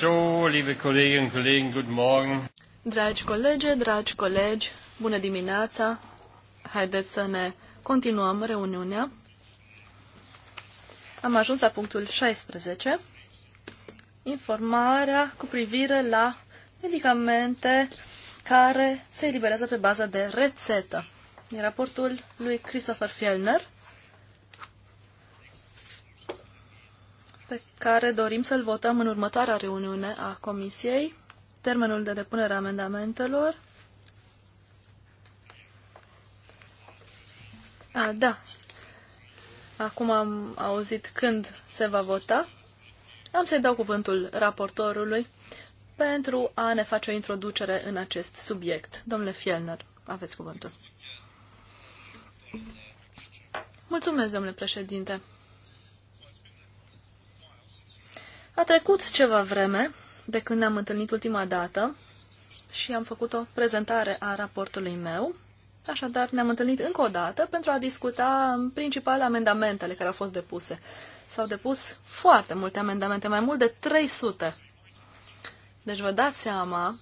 So, liebe Kolleginnen und Kollegen, guten Morgen. Dragi colegi, dragi colegi, bună dimineața. Haideți să ne continuăm reuniunea. Am ajuns la punctul 16. Informarea cu privire la medicamente care se eliberează pe bază de rețetă. E raportul lui Christopher Fjellner. pe care dorim să-l votăm în următoarea reuniune a Comisiei, termenul de depunere a amendamentelor. A, da. Acum am auzit când se va vota. Am să-i dau cuvântul raportorului pentru a ne face o introducere în acest subiect. Domnule Fielner, aveți cuvântul. Mulțumesc, domnule președinte. A trecut ceva vreme de când ne-am întâlnit ultima dată și am făcut o prezentare a raportului meu. Așadar, ne-am întâlnit încă o dată pentru a discuta în principal amendamentele care au fost depuse. S-au depus foarte multe amendamente, mai mult de 300. Deci vă dați seama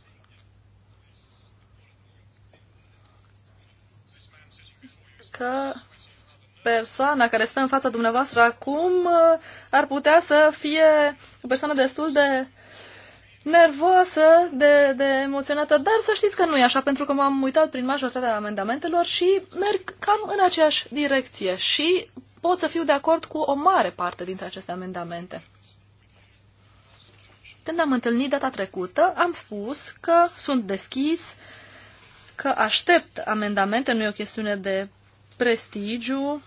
că persoana care stă în fața dumneavoastră acum uh, ar putea să fie o persoană destul de nervoasă, de, de emoționată, dar să știți că nu e așa, pentru că m-am uitat prin majoritatea amendamentelor și merg cam în aceeași direcție și pot să fiu de acord cu o mare parte dintre aceste amendamente. Când am întâlnit data trecută, am spus că sunt deschis, că aștept amendamente, nu e o chestiune de prestigiu,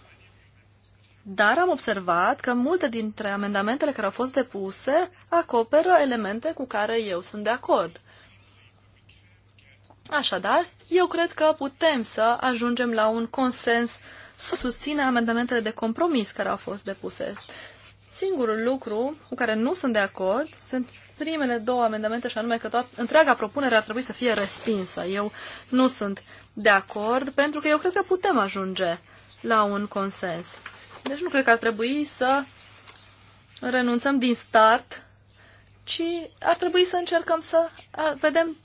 dar am observat că multe dintre amendamentele care au fost depuse acoperă elemente cu care eu sunt de acord. Așadar, eu cred că putem să ajungem la un consens să susține amendamentele de compromis care au fost depuse. Singurul lucru cu care nu sunt de acord sunt primele două amendamente și anume că toată, întreaga propunere ar trebui să fie respinsă. Eu nu sunt de acord pentru că eu cred că putem ajunge la un consens. Deci nu cred că ar trebui să renunțăm din start, ci ar trebui să încercăm să vedem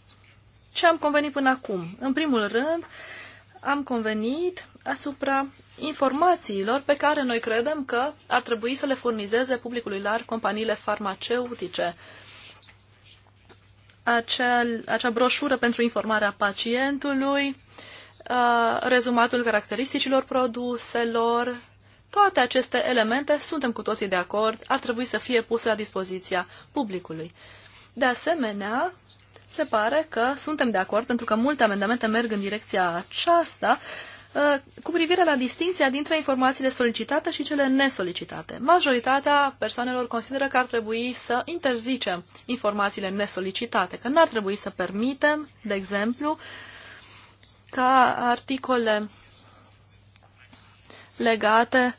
ce am convenit până acum. În primul rând, am convenit asupra informațiilor pe care noi credem că ar trebui să le furnizeze publicului larg companiile farmaceutice. Acea, acea broșură pentru informarea pacientului, rezumatul caracteristicilor produselor, toate aceste elemente, suntem cu toții de acord, ar trebui să fie puse la dispoziția publicului. De asemenea, se pare că suntem de acord, pentru că multe amendamente merg în direcția aceasta, ă, cu privire la distinția dintre informațiile solicitate și cele nesolicitate. Majoritatea persoanelor consideră că ar trebui să interzicem informațiile nesolicitate, că n-ar trebui să permitem, de exemplu, ca articole legate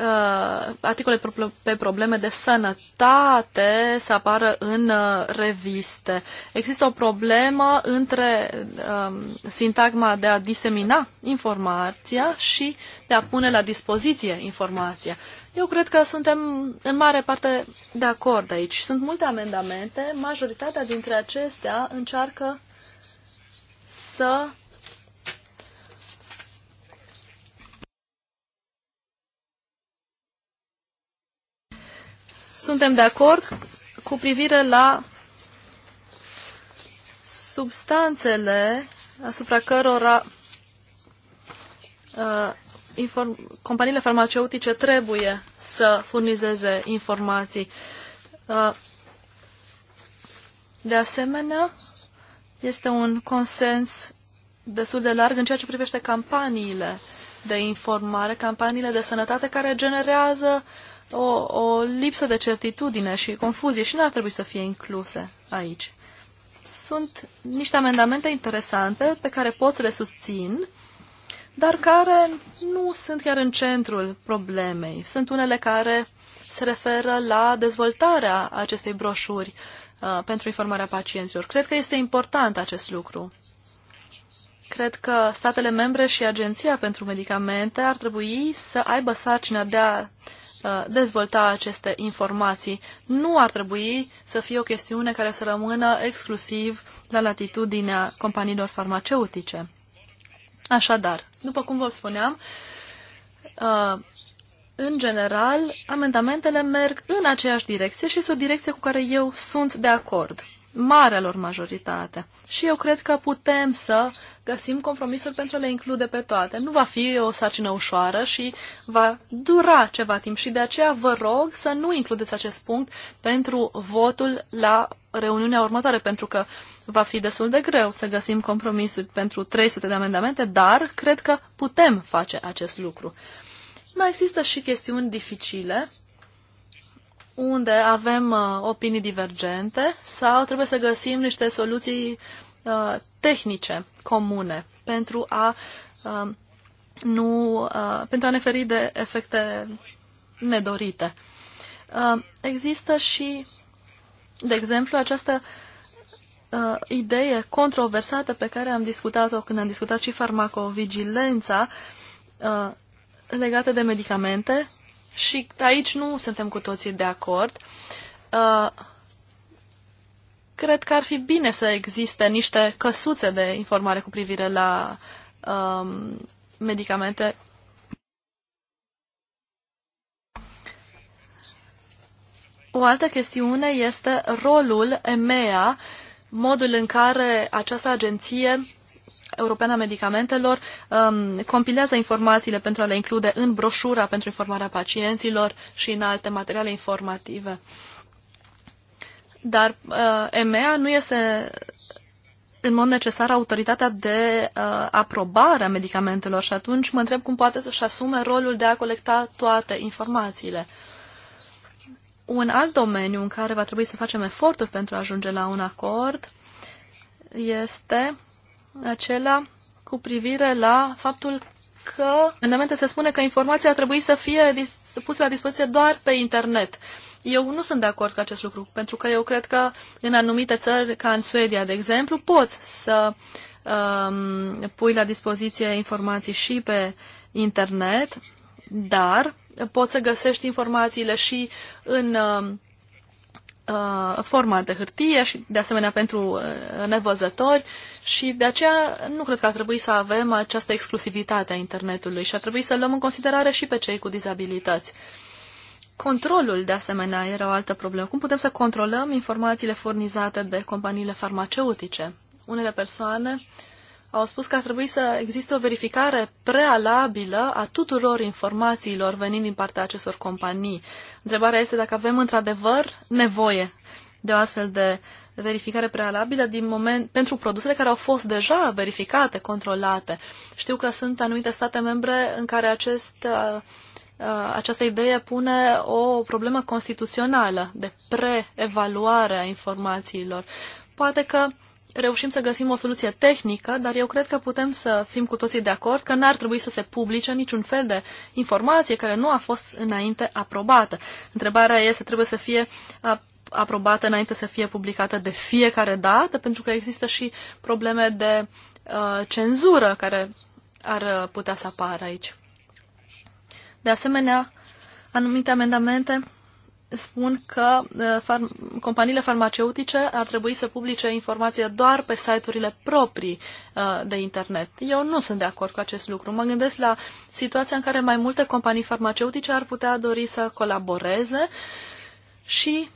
uh, articole pe probleme de sănătate să apară în uh, reviste. Există o problemă între um, sintagma de a disemina informația și de a pune la dispoziție informația. Eu cred că suntem în mare parte de acord aici. Sunt multe amendamente, majoritatea dintre acestea încearcă să Suntem de acord cu privire la substanțele asupra cărora uh, inform- companiile farmaceutice trebuie să furnizeze informații. Uh, de asemenea, este un consens destul de larg în ceea ce privește campaniile de informare, campaniile de sănătate care generează uh, o, o lipsă de certitudine și confuzie și nu ar trebui să fie incluse aici. Sunt niște amendamente interesante pe care pot să le susțin, dar care nu sunt chiar în centrul problemei. Sunt unele care se referă la dezvoltarea acestei broșuri uh, pentru informarea pacienților. Cred că este important acest lucru. Cred că statele membre și Agenția pentru Medicamente ar trebui să aibă sarcina de a uh, Uh, dezvolta aceste informații. Nu ar trebui să fie o chestiune care să rămână exclusiv la latitudinea companiilor farmaceutice. Așadar, după cum vă spuneam, uh, în general, amendamentele merg în aceeași direcție și este o direcție cu care eu sunt de acord marelor majoritate. Și eu cred că putem să găsim compromisul pentru a le include pe toate. Nu va fi o sarcină ușoară și va dura ceva timp și de aceea vă rog să nu includeți acest punct pentru votul la reuniunea următoare, pentru că va fi destul de greu să găsim compromisul pentru 300 de amendamente, dar cred că putem face acest lucru. Mai există și chestiuni dificile unde avem uh, opinii divergente sau trebuie să găsim niște soluții uh, tehnice comune pentru a uh, nu uh, pentru a ne feri de efecte nedorite. Uh, există și, de exemplu, această uh, idee controversată pe care am discutat-o când am discutat și farmacovigilența uh, legată de medicamente și aici nu suntem cu toții de acord. Uh, cred că ar fi bine să existe niște căsuțe de informare cu privire la um, medicamente. O altă chestiune este rolul EMEA, modul în care această agenție Europeană a Medicamentelor um, compilează informațiile pentru a le include în broșura pentru informarea pacienților și în alte materiale informative. Dar uh, EMEA nu este în mod necesar autoritatea de uh, aprobare a medicamentelor și atunci mă întreb cum poate să-și asume rolul de a colecta toate informațiile. Un alt domeniu în care va trebui să facem eforturi pentru a ajunge la un acord este acela cu privire la faptul că în se spune că informația ar trebui să fie pusă la dispoziție doar pe internet. Eu nu sunt de acord cu acest lucru, pentru că eu cred că în anumite țări, ca în Suedia, de exemplu, poți să um, pui la dispoziție informații și pe internet, dar poți să găsești informațiile și în um, Uh, forma de hârtie și de asemenea pentru uh, nevăzători și de aceea nu cred că ar trebui să avem această exclusivitate a internetului și ar trebui să luăm în considerare și pe cei cu dizabilități. Controlul, de asemenea, era o altă problemă. Cum putem să controlăm informațiile furnizate de companiile farmaceutice? Unele persoane au spus că ar trebui să existe o verificare prealabilă a tuturor informațiilor venind din partea acestor companii. Întrebarea este dacă avem într-adevăr nevoie de o astfel de verificare prealabilă din moment, pentru produsele care au fost deja verificate, controlate. Știu că sunt anumite state membre în care acest, uh, uh, această idee pune o problemă constituțională de preevaluare a informațiilor. Poate că reușim să găsim o soluție tehnică, dar eu cred că putem să fim cu toții de acord că n-ar trebui să se publice niciun fel de informație care nu a fost înainte aprobată. Întrebarea este, trebuie să fie aprobată înainte să fie publicată de fiecare dată, pentru că există și probleme de uh, cenzură care ar putea să apară aici. De asemenea, anumite amendamente spun că uh, farm, companiile farmaceutice ar trebui să publice informația doar pe site-urile proprii uh, de internet. Eu nu sunt de acord cu acest lucru. Mă gândesc la situația în care mai multe companii farmaceutice ar putea dori să colaboreze și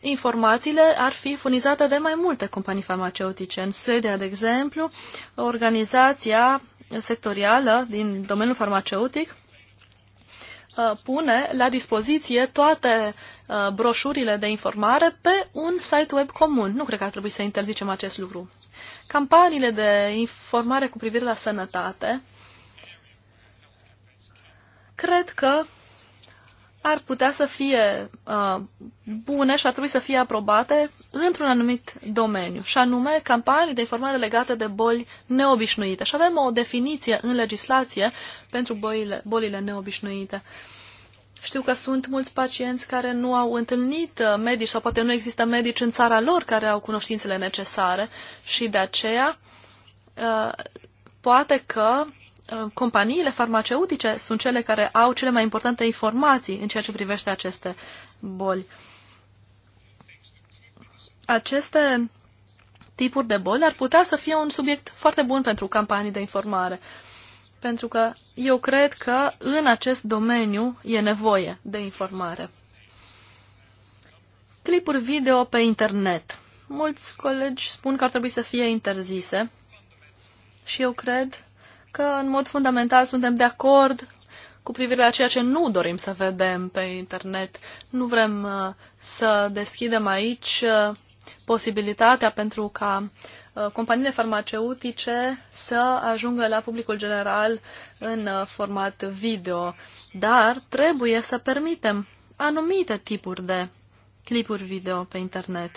informațiile ar fi furnizate de mai multe companii farmaceutice. În Suedia, de exemplu, organizația sectorială din domeniul farmaceutic uh, pune la dispoziție toate Uh, broșurile de informare pe un site web comun. Nu cred că ar trebui să interzicem acest lucru. Campaniile de informare cu privire la sănătate cred că ar putea să fie uh, bune și ar trebui să fie aprobate într-un anumit domeniu, și anume campanii de informare legate de boli neobișnuite. Și avem o definiție în legislație pentru bolile, bolile neobișnuite. Uh, știu că sunt mulți pacienți care nu au întâlnit uh, medici sau poate nu există medici în țara lor care au cunoștințele necesare și de aceea uh, poate că uh, companiile farmaceutice sunt cele care au cele mai importante informații în ceea ce privește aceste boli. Aceste tipuri de boli ar putea să fie un subiect foarte bun pentru campanii de informare. Uh, pentru că eu cred că în acest domeniu e nevoie de informare. Clipuri video pe internet. Mulți colegi spun că ar trebui să fie interzise și eu cred că în mod fundamental suntem de acord cu privire la ceea ce nu dorim să vedem pe internet. Nu vrem uh, să deschidem aici uh, posibilitatea pentru ca uh, Uh, companiile farmaceutice să ajungă la publicul general în uh, format video, dar trebuie să permitem anumite tipuri de clipuri video pe internet.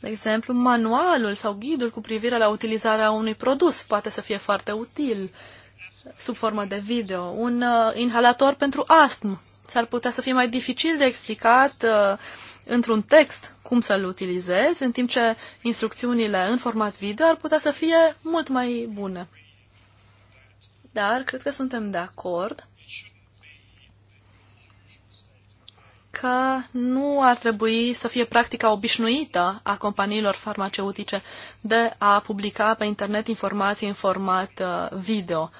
De exemplu, manualul sau ghidul cu privire la utilizarea unui produs poate să fie foarte util sub formă de video. Un uh, inhalator pentru astm s-ar putea să fie mai dificil de explicat uh, într-un text cum să-l utilizezi, în timp ce instrucțiunile în format video ar putea să fie mult mai bune. Dar cred că suntem de acord că nu ar trebui să fie practica obișnuită a companiilor farmaceutice de a publica pe internet informații în format uh, video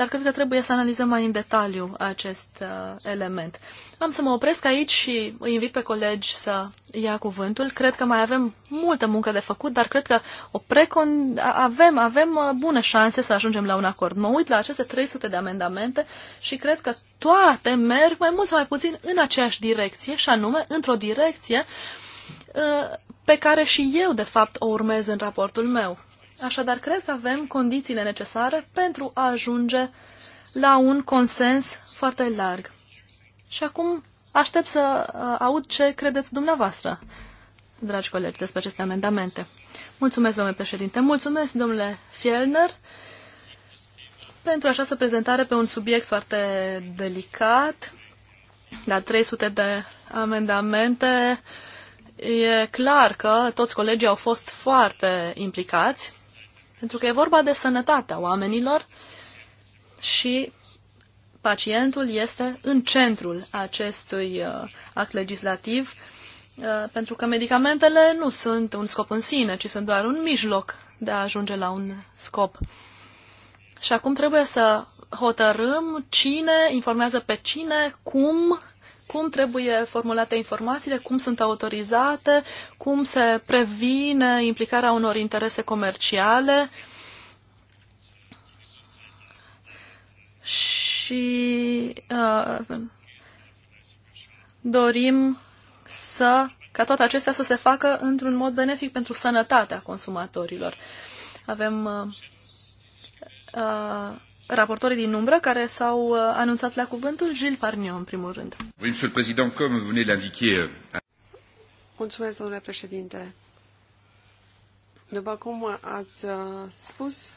dar cred că trebuie să analizăm mai în detaliu acest uh, element. Am să mă opresc aici și îi invit pe colegi să ia cuvântul. Cred că mai avem multă muncă de făcut, dar cred că o precon... avem, avem uh, bune șanse să ajungem la un acord. Mă uit la aceste 300 de amendamente și cred că toate merg mai mult sau mai puțin în aceeași direcție, și anume într-o direcție uh, pe care și eu, de fapt, o urmez în raportul meu. Așadar, cred că avem condițiile necesare pentru a ajunge la un consens foarte larg. Și acum aștept să uh, aud ce credeți dumneavoastră, dragi colegi, despre aceste amendamente. Mulțumesc, domnule președinte. Mulțumesc, domnule Fielner, pentru această prezentare pe un subiect foarte delicat. La da, 300 de amendamente, e clar că toți colegii au fost foarte implicați pentru că e vorba de sănătatea oamenilor și pacientul este în centrul acestui uh, act legislativ, uh, pentru că medicamentele nu sunt un scop în sine, ci sunt doar un mijloc de a ajunge la un scop. Și acum trebuie să hotărâm cine informează pe cine, cum cum trebuie formulate informațiile, cum sunt autorizate, cum se previne implicarea unor interese comerciale și uh, dorim să ca toate acestea să se facă într-un mod benefic pentru sănătatea consumatorilor. Avem uh, uh, raportorii din umbră care s-au uh, anunțat la cuvântul, Gilles Parnion, în primul rând. Euh, Mulțumesc, domnule președinte. După cum ați uh, spus,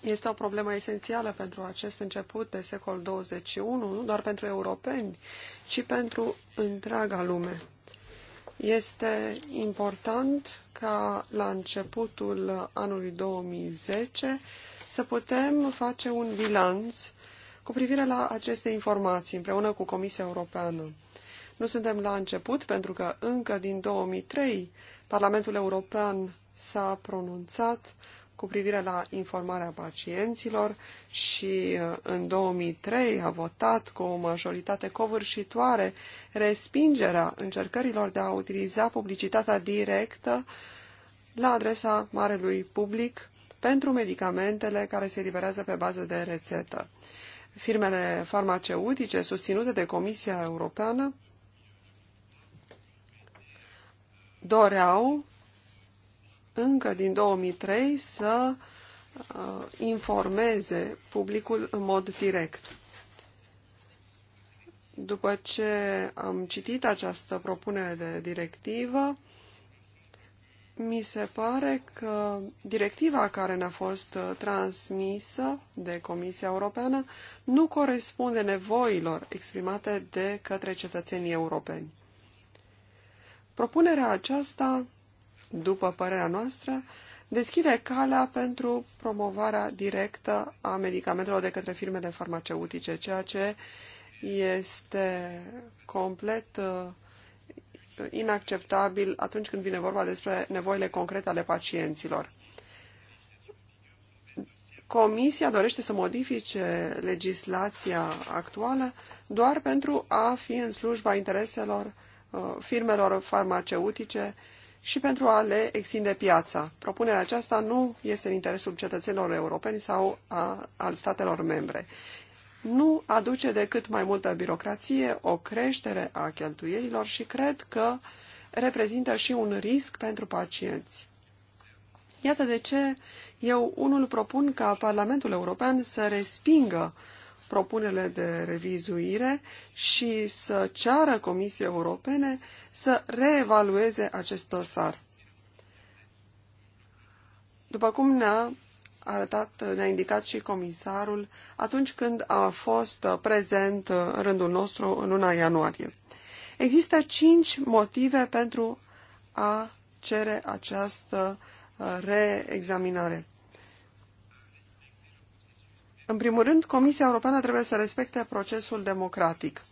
este o problemă esențială pentru acest început de secol 21, nu doar pentru europeni, ci pentru întreaga lume. Este important ca la începutul anului 2010 să putem face un bilanț cu privire la aceste informații împreună cu Comisia Europeană. Nu suntem la început, pentru că încă din 2003 Parlamentul European s-a pronunțat cu privire la informarea pacienților și uh, în 2003 a votat cu o majoritate covârșitoare respingerea încercărilor de a utiliza publicitatea directă la adresa marelui public pentru medicamentele care se eliberează pe bază de rețetă. Firmele farmaceutice susținute de Comisia Europeană doreau încă din 2003 să uh, informeze publicul în mod direct. După ce am citit această propunere de directivă, mi se pare că directiva care ne-a fost uh, transmisă de Comisia Europeană nu corespunde nevoilor exprimate de către cetățenii europeni. Propunerea aceasta, după părerea noastră, deschide calea pentru promovarea directă a medicamentelor de către firmele farmaceutice, ceea ce este complet uh, inacceptabil atunci când vine vorba despre nevoile concrete ale pacienților. Comisia dorește să modifice legislația actuală doar pentru a fi în slujba intereselor uh, firmelor farmaceutice și pentru a le extinde piața. Propunerea aceasta nu este în interesul cetățenilor europeni sau a, al statelor membre nu aduce decât mai multă birocrație, o creștere a cheltuielilor și cred că reprezintă și un risc pentru pacienți. Iată de ce eu unul propun ca Parlamentul European să respingă propunerile de revizuire și să ceară Comisiei Europene să reevalueze acest dosar. După cum ne-a arătat, ne-a indicat și comisarul atunci când a fost prezent în rândul nostru în luna ianuarie. Există cinci motive pentru a cere această uh, reexaminare. În primul rând, Comisia Europeană trebuie să respecte procesul democratic.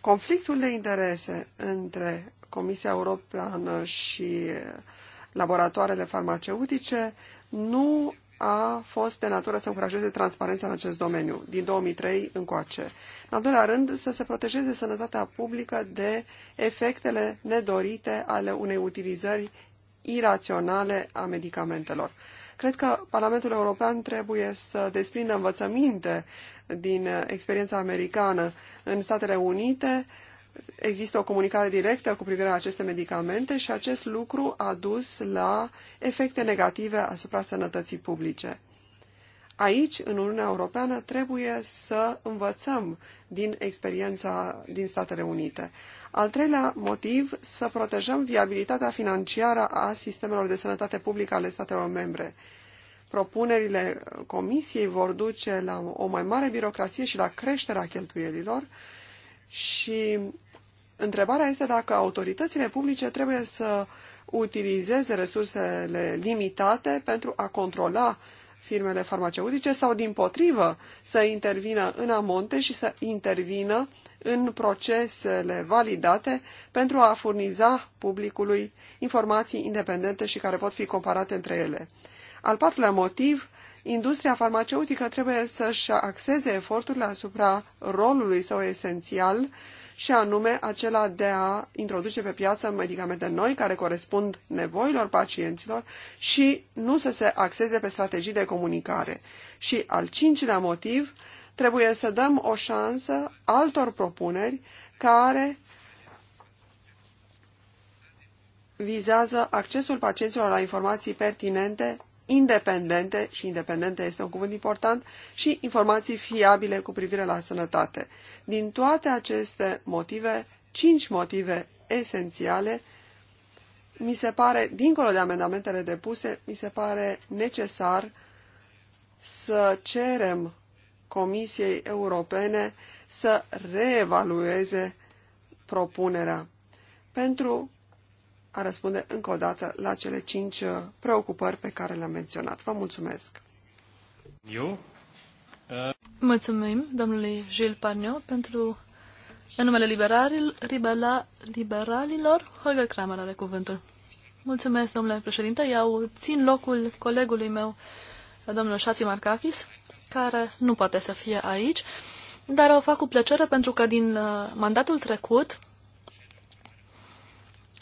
Conflictul de interese între Comisia Europeană și laboratoarele farmaceutice nu a fost de natură să încurajeze transparența în acest domeniu, din 2003 încoace. În al doilea rând, să se protejeze sănătatea publică de efectele nedorite ale unei utilizări iraționale a medicamentelor. Cred că Parlamentul European trebuie să desprindă învățăminte din experiența americană. În Statele Unite, există o comunicare directă cu privire la aceste medicamente și acest lucru a dus la efecte negative asupra sănătății publice. Aici, în Uniunea Europeană, trebuie să învățăm din experiența din Statele Unite. Al treilea motiv, să protejăm viabilitatea financiară a sistemelor de sănătate publică ale statelor membre. Propunerile Comisiei vor duce la o mai mare birocrație și la creșterea cheltuielilor și Întrebarea este dacă autoritățile publice trebuie să utilizeze resursele limitate pentru a controla firmele farmaceutice sau, din potrivă, să intervină în amonte și să intervină în procesele validate pentru a furniza publicului informații independente și care pot fi comparate între ele. Al patrulea motiv, industria farmaceutică trebuie să-și axeze eforturile asupra rolului său esențial și anume acela de a introduce pe piață medicamente noi care corespund nevoilor pacienților și nu să se axeze pe strategii de comunicare. Și al cincilea motiv, trebuie să dăm o șansă altor propuneri care vizează accesul pacienților la informații pertinente independente, și independente este un cuvânt important, și informații fiabile cu privire la sănătate. Din toate aceste motive, cinci motive esențiale, mi se pare, dincolo de amendamentele depuse, mi se pare necesar să cerem Comisiei Europene să reevalueze propunerea pentru a răspunde încă o dată la cele cinci uh, preocupări pe care le-am menționat. Vă mulțumesc! Eu? Uh... Mulțumim, domnului Gilles Parnio, pentru în numele liberalil, libera, liberalilor, Holger Kramer are cuvântul. Mulțumesc, domnule președinte. Eu țin locul colegului meu, domnul Șații Marcakis, care nu poate să fie aici, dar o fac cu plăcere pentru că din uh, mandatul trecut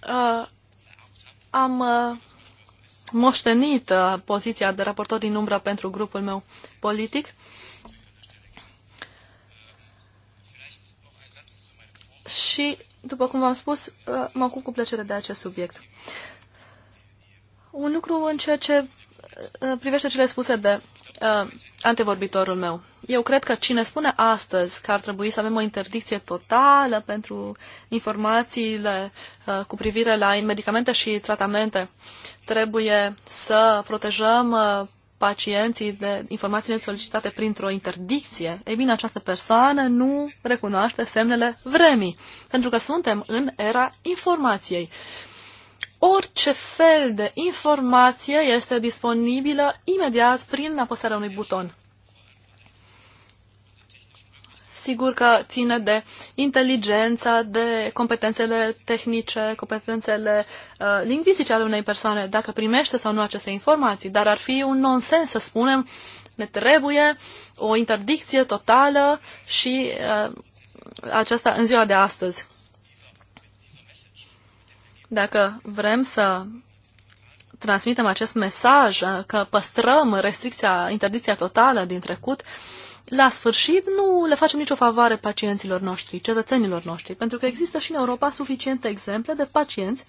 uh, am uh, moștenit uh, poziția de raportor din umbră pentru grupul meu politic. Și, după cum v-am spus, uh, mă ocup cu plăcere de acest subiect. Un lucru în ceea ce Uh, privește cele spuse de uh, antevorbitorul meu. Eu cred că cine spune astăzi că ar trebui să avem o interdicție totală pentru informațiile uh, cu privire la medicamente și tratamente, trebuie să protejăm uh, pacienții de informațiile solicitate printr-o interdicție, e bine, această persoană nu recunoaște semnele vremii, pentru că suntem în era informației. Uh, orice fel de informație este disponibilă imediat prin apăsarea unui buton. Sigur că ține de inteligența, de competențele tehnice, competențele uh, lingvistice ale unei persoane, dacă primește sau nu aceste informații, dar ar fi un nonsens să spunem ne trebuie o interdicție totală și uh, aceasta în ziua de astăzi. Dacă vrem să transmitem acest mesaj că păstrăm restricția, interdicția totală din trecut, la sfârșit nu le facem nicio favoare pacienților noștri, cetățenilor noștri, pentru că există și în Europa suficiente exemple de pacienți.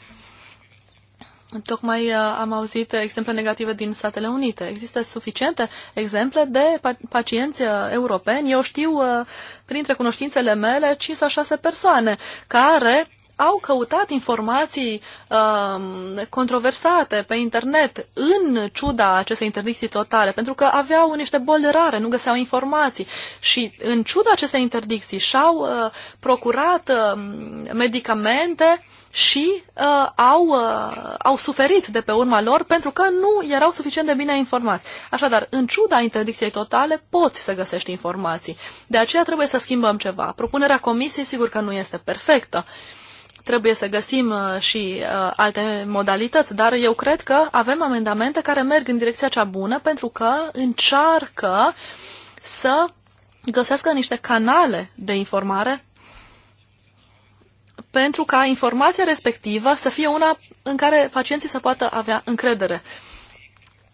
Tocmai uh, am auzit exemple negative din Statele Unite. Există suficiente exemple de pacienți uh, europeni. Eu știu, uh, printre cunoștințele mele, 5 sau 6 persoane care au căutat informații uh, controversate pe internet în ciuda acestei interdicții totale, pentru că aveau niște boli rare, nu găseau informații și în ciuda acestei interdicții și-au uh, procurat uh, medicamente și uh, au, uh, au suferit de pe urma lor pentru că nu erau suficient de bine informați. Așadar, în ciuda interdicției totale, poți să găsești informații. De aceea trebuie să schimbăm ceva. Propunerea comisiei sigur că nu este perfectă. Trebuie să găsim uh, și uh, alte modalități, dar eu cred că avem amendamente care merg în direcția cea bună pentru că încearcă să găsească niște canale de informare pentru ca informația respectivă să fie una în care pacienții să poată avea încredere.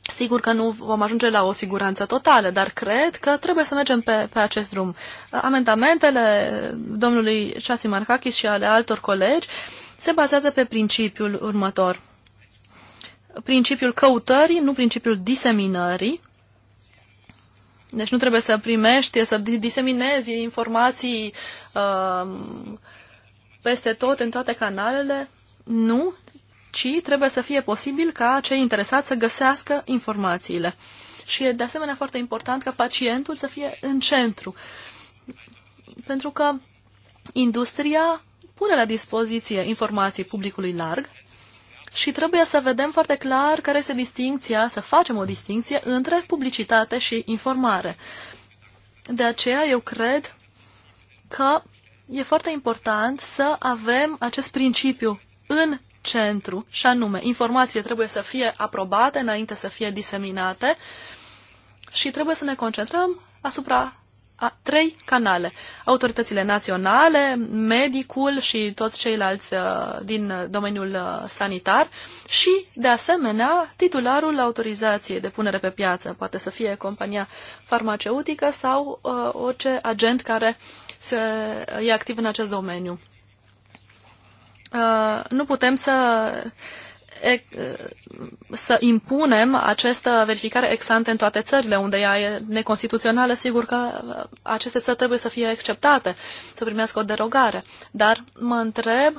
Sigur că nu vom ajunge la o siguranță totală, dar cred că trebuie să mergem pe, pe acest drum. Amendamentele domnului Chasi Markakis și ale altor colegi se bazează pe principiul următor. Principiul căutării, nu principiul diseminării. Deci nu trebuie să primești, să diseminezi informații uh, peste tot, în toate canalele. Nu, ci trebuie să fie posibil ca cei interesați să găsească informațiile. Și e de asemenea foarte important ca pacientul să fie în centru. Pentru că industria pune la dispoziție informații publicului larg și trebuie să vedem foarte clar care este distinția, să facem o distinție între publicitate și informare. De aceea eu cred că e foarte important să avem acest principiu în centru, și anume, informațiile trebuie să fie aprobate înainte să fie diseminate și trebuie să ne concentrăm asupra a trei canale. Autoritățile naționale, medicul și toți ceilalți uh, din domeniul uh, sanitar și, de asemenea, titularul autorizației de punere pe piață. Poate să fie compania farmaceutică sau uh, orice agent care se, uh, e activ în acest domeniu. Uh, nu putem să uh, să impunem această verificare ex ante în toate țările unde ea e neconstituțională, sigur că uh, aceste țări trebuie să fie acceptate, să primească o derogare. Dar mă întreb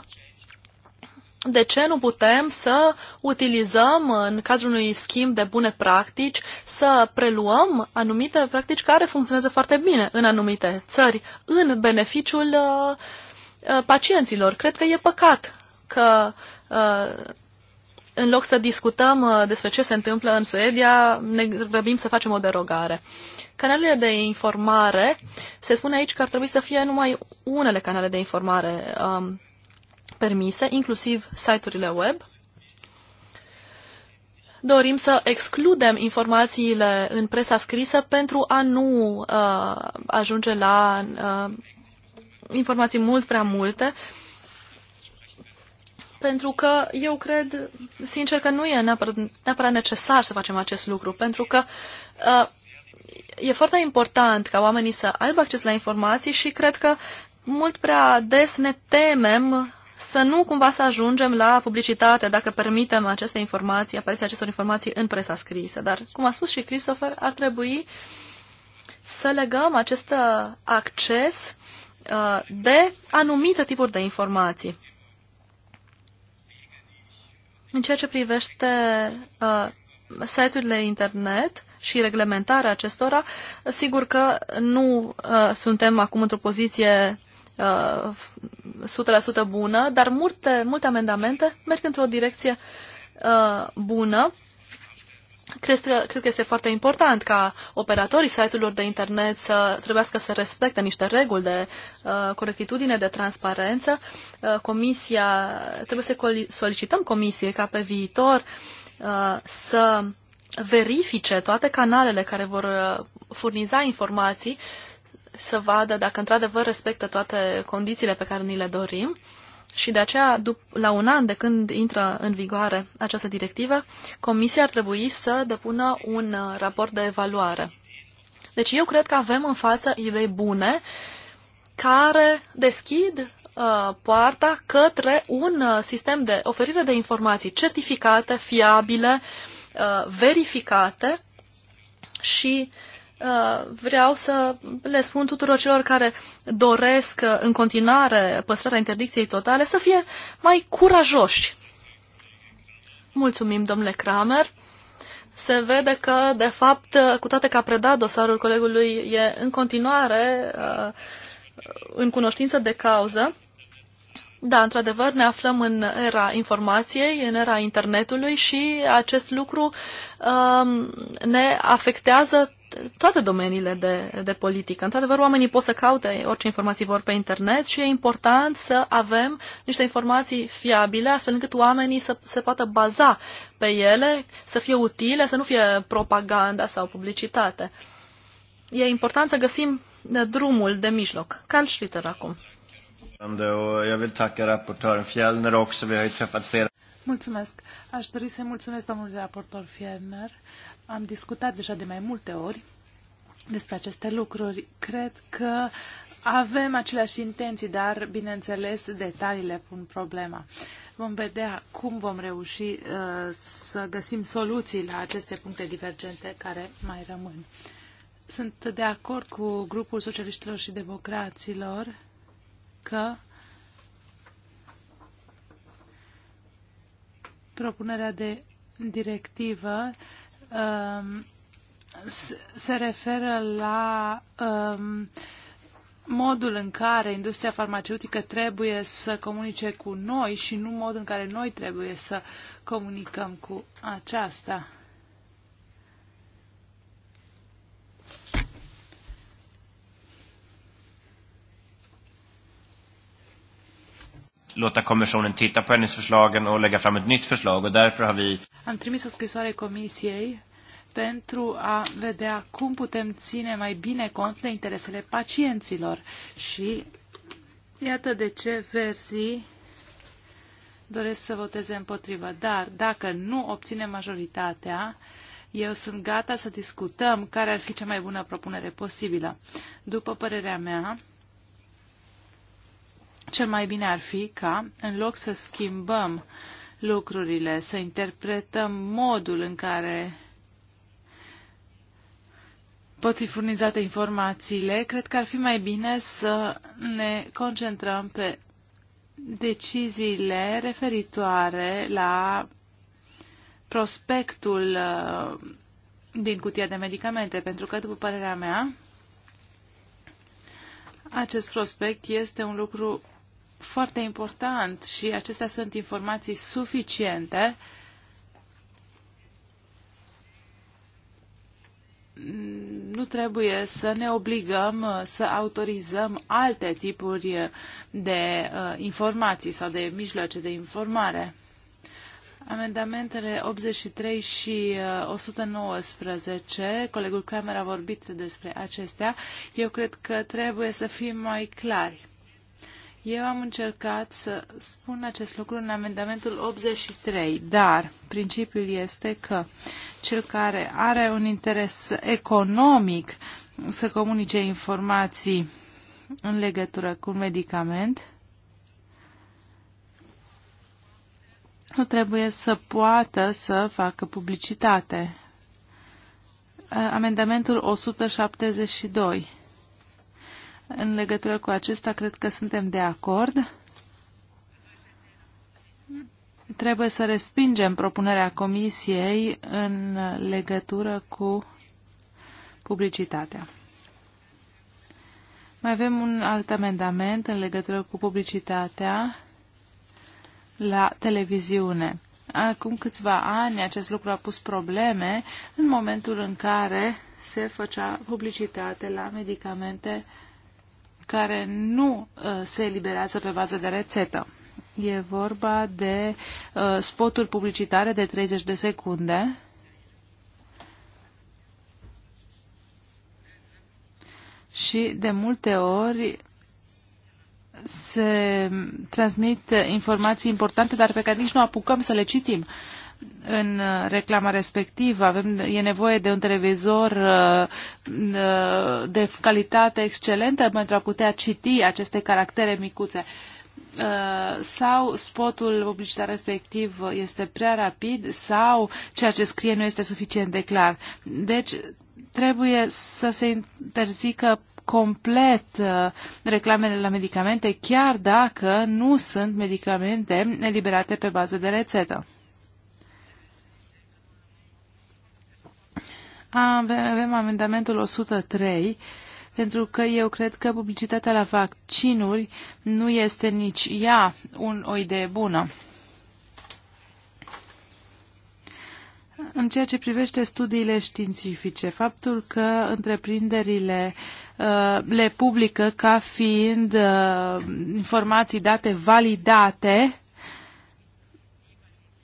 de ce nu putem să utilizăm în cadrul unui schimb de bune practici, să preluăm anumite practici care funcționează foarte bine în anumite țări, în beneficiul uh, Uh, pacienților. Cred că e păcat că uh, în loc să discutăm uh, despre ce se întâmplă în Suedia, ne grăbim să facem o derogare. Canalele de informare, se spune aici că ar trebui să fie numai unele canale de informare um, permise, inclusiv site-urile web. Dorim să excludem informațiile în presa scrisă pentru a nu uh, ajunge la uh, informații mult prea multe, pentru că eu cred, sincer, că nu e neapărat, neapărat necesar să facem acest lucru, pentru că uh, e foarte important ca oamenii să aibă acces la informații și cred că mult prea des ne temem să nu cumva să ajungem la publicitate dacă permitem aceste informații, apariția acestor informații în presa scrisă. Dar, cum a spus și Christopher, ar trebui să legăm acest uh, acces Uh, de anumite tipuri de informații. În ceea ce privește uh, site-urile internet și reglementarea acestora, sigur că nu uh, suntem acum într-o poziție uh, 100% bună, dar multe, multe amendamente merg într-o direcție uh, bună Cred că, cred că este foarte important ca operatorii site-urilor de internet să trebuiască să respecte niște reguli de uh, corectitudine, de transparență. Uh, comisia, trebuie să solicităm comisiei ca pe viitor uh, să verifice toate canalele care vor uh, furniza informații, să vadă dacă într-adevăr respectă toate condițiile pe care ni le dorim. Uh, și de aceea, la un an de când intră în vigoare această directivă, Comisia ar trebui să depună un uh, raport de evaluare. Deci eu cred că avem în față idei bune care deschid uh, poarta către un uh, sistem de oferire de informații certificate, fiabile, verificate și Uh, vreau să le spun tuturor celor care doresc uh, în continuare păstrarea interdicției totale să fie mai curajoși. Mulțumim, domnule Kramer. Se vede că, de fapt, uh, cu toate că a predat dosarul colegului, e în continuare în cunoștință de cauză. Da, într-adevăr, ne aflăm în era informației, în era internetului și acest lucru um, ne afectează toate domeniile de, de politică. Într-adevăr, oamenii pot să caute orice informații vor pe internet și e important să avem niște informații fiabile, astfel încât oamenii să se poată baza pe ele, să fie utile, să nu fie propaganda sau publicitate. E important să găsim drumul de mijloc. Carl Schlitter acum. Mulțumesc. Aș dori să-i mulțumesc domnului raportor Fierner. Am discutat deja de mai multe ori despre aceste lucruri. Cred că avem aceleași intenții, dar, bineînțeles, detaliile pun problema. Vom vedea cum vom reuși uh, să găsim soluții la aceste puncte divergente care mai rămân. Sunt de acord cu grupul socialiștilor și democraților că propunerea de directivă uh, Um, se referă la um, modul în care industria farmaceutică trebuie să comunice cu noi și nu modul în care noi trebuie să comunicăm cu aceasta. låta kommissionen titta på ändringsförslagen och lägga fram ett nytt förslag och därför har vi... Am trimis o scrisoare comisiei pentru a vedea cum putem ține mai bine cont de interesele pacienților și iată de ce versi, doresc să voteze împotrivă. Dar dacă nu obținem majoritatea, eu sunt gata să discutăm care ar fi cea mai bună propunere posibilă. După părerea mea, cel mai bine ar fi ca, în loc să schimbăm lucrurile, să interpretăm modul în care pot fi furnizate informațiile, cred că ar fi mai bine să ne concentrăm pe deciziile referitoare la prospectul uh, din cutia de medicamente, pentru că, după părerea mea, acest prospect este un lucru foarte important și acestea sunt informații suficiente nu trebuie să ne obligăm uh, să autorizăm alte tipuri uh, de uh, informații sau de mijloace de informare. Amendamentele 83 și 119, colegul Kramer a vorbit despre acestea, eu cred că trebuie să fim mai clari. Eu am încercat să spun acest lucru în amendamentul 83, dar principiul este că cel care are un interes economic să comunice informații în legătură cu un medicament nu trebuie să poată să facă publicitate. Amendamentul 172 în legătură cu acesta, cred că suntem de acord. Trebuie să respingem propunerea Comisiei în legătură cu publicitatea. Mai avem un alt amendament în legătură cu publicitatea la televiziune. Acum câțiva ani acest lucru a pus probleme în momentul în care se făcea publicitate la medicamente care nu uh, se eliberează pe bază de rețetă. E vorba de uh, spoturi publicitare de 30 de secunde. Și de multe ori se transmit informații importante, dar pe care nici nu apucăm să le citim. Uh, în uh, reclama respectivă. Avem, e nevoie de un televizor uh, uh, de calitate excelentă pentru a putea citi aceste caractere micuțe sau spotul publicitar respectiv este prea rapid sau ceea ce scrie nu este suficient de clar. Deci trebuie să se interzică complet reclamele la medicamente, chiar dacă nu sunt medicamente eliberate pe bază de rețetă. Avem amendamentul 103 pentru că eu cred că publicitatea la vaccinuri nu este nici ea un, o idee bună. În ceea ce privește studiile științifice, faptul că întreprinderile uh, le publică ca fiind uh, informații date validate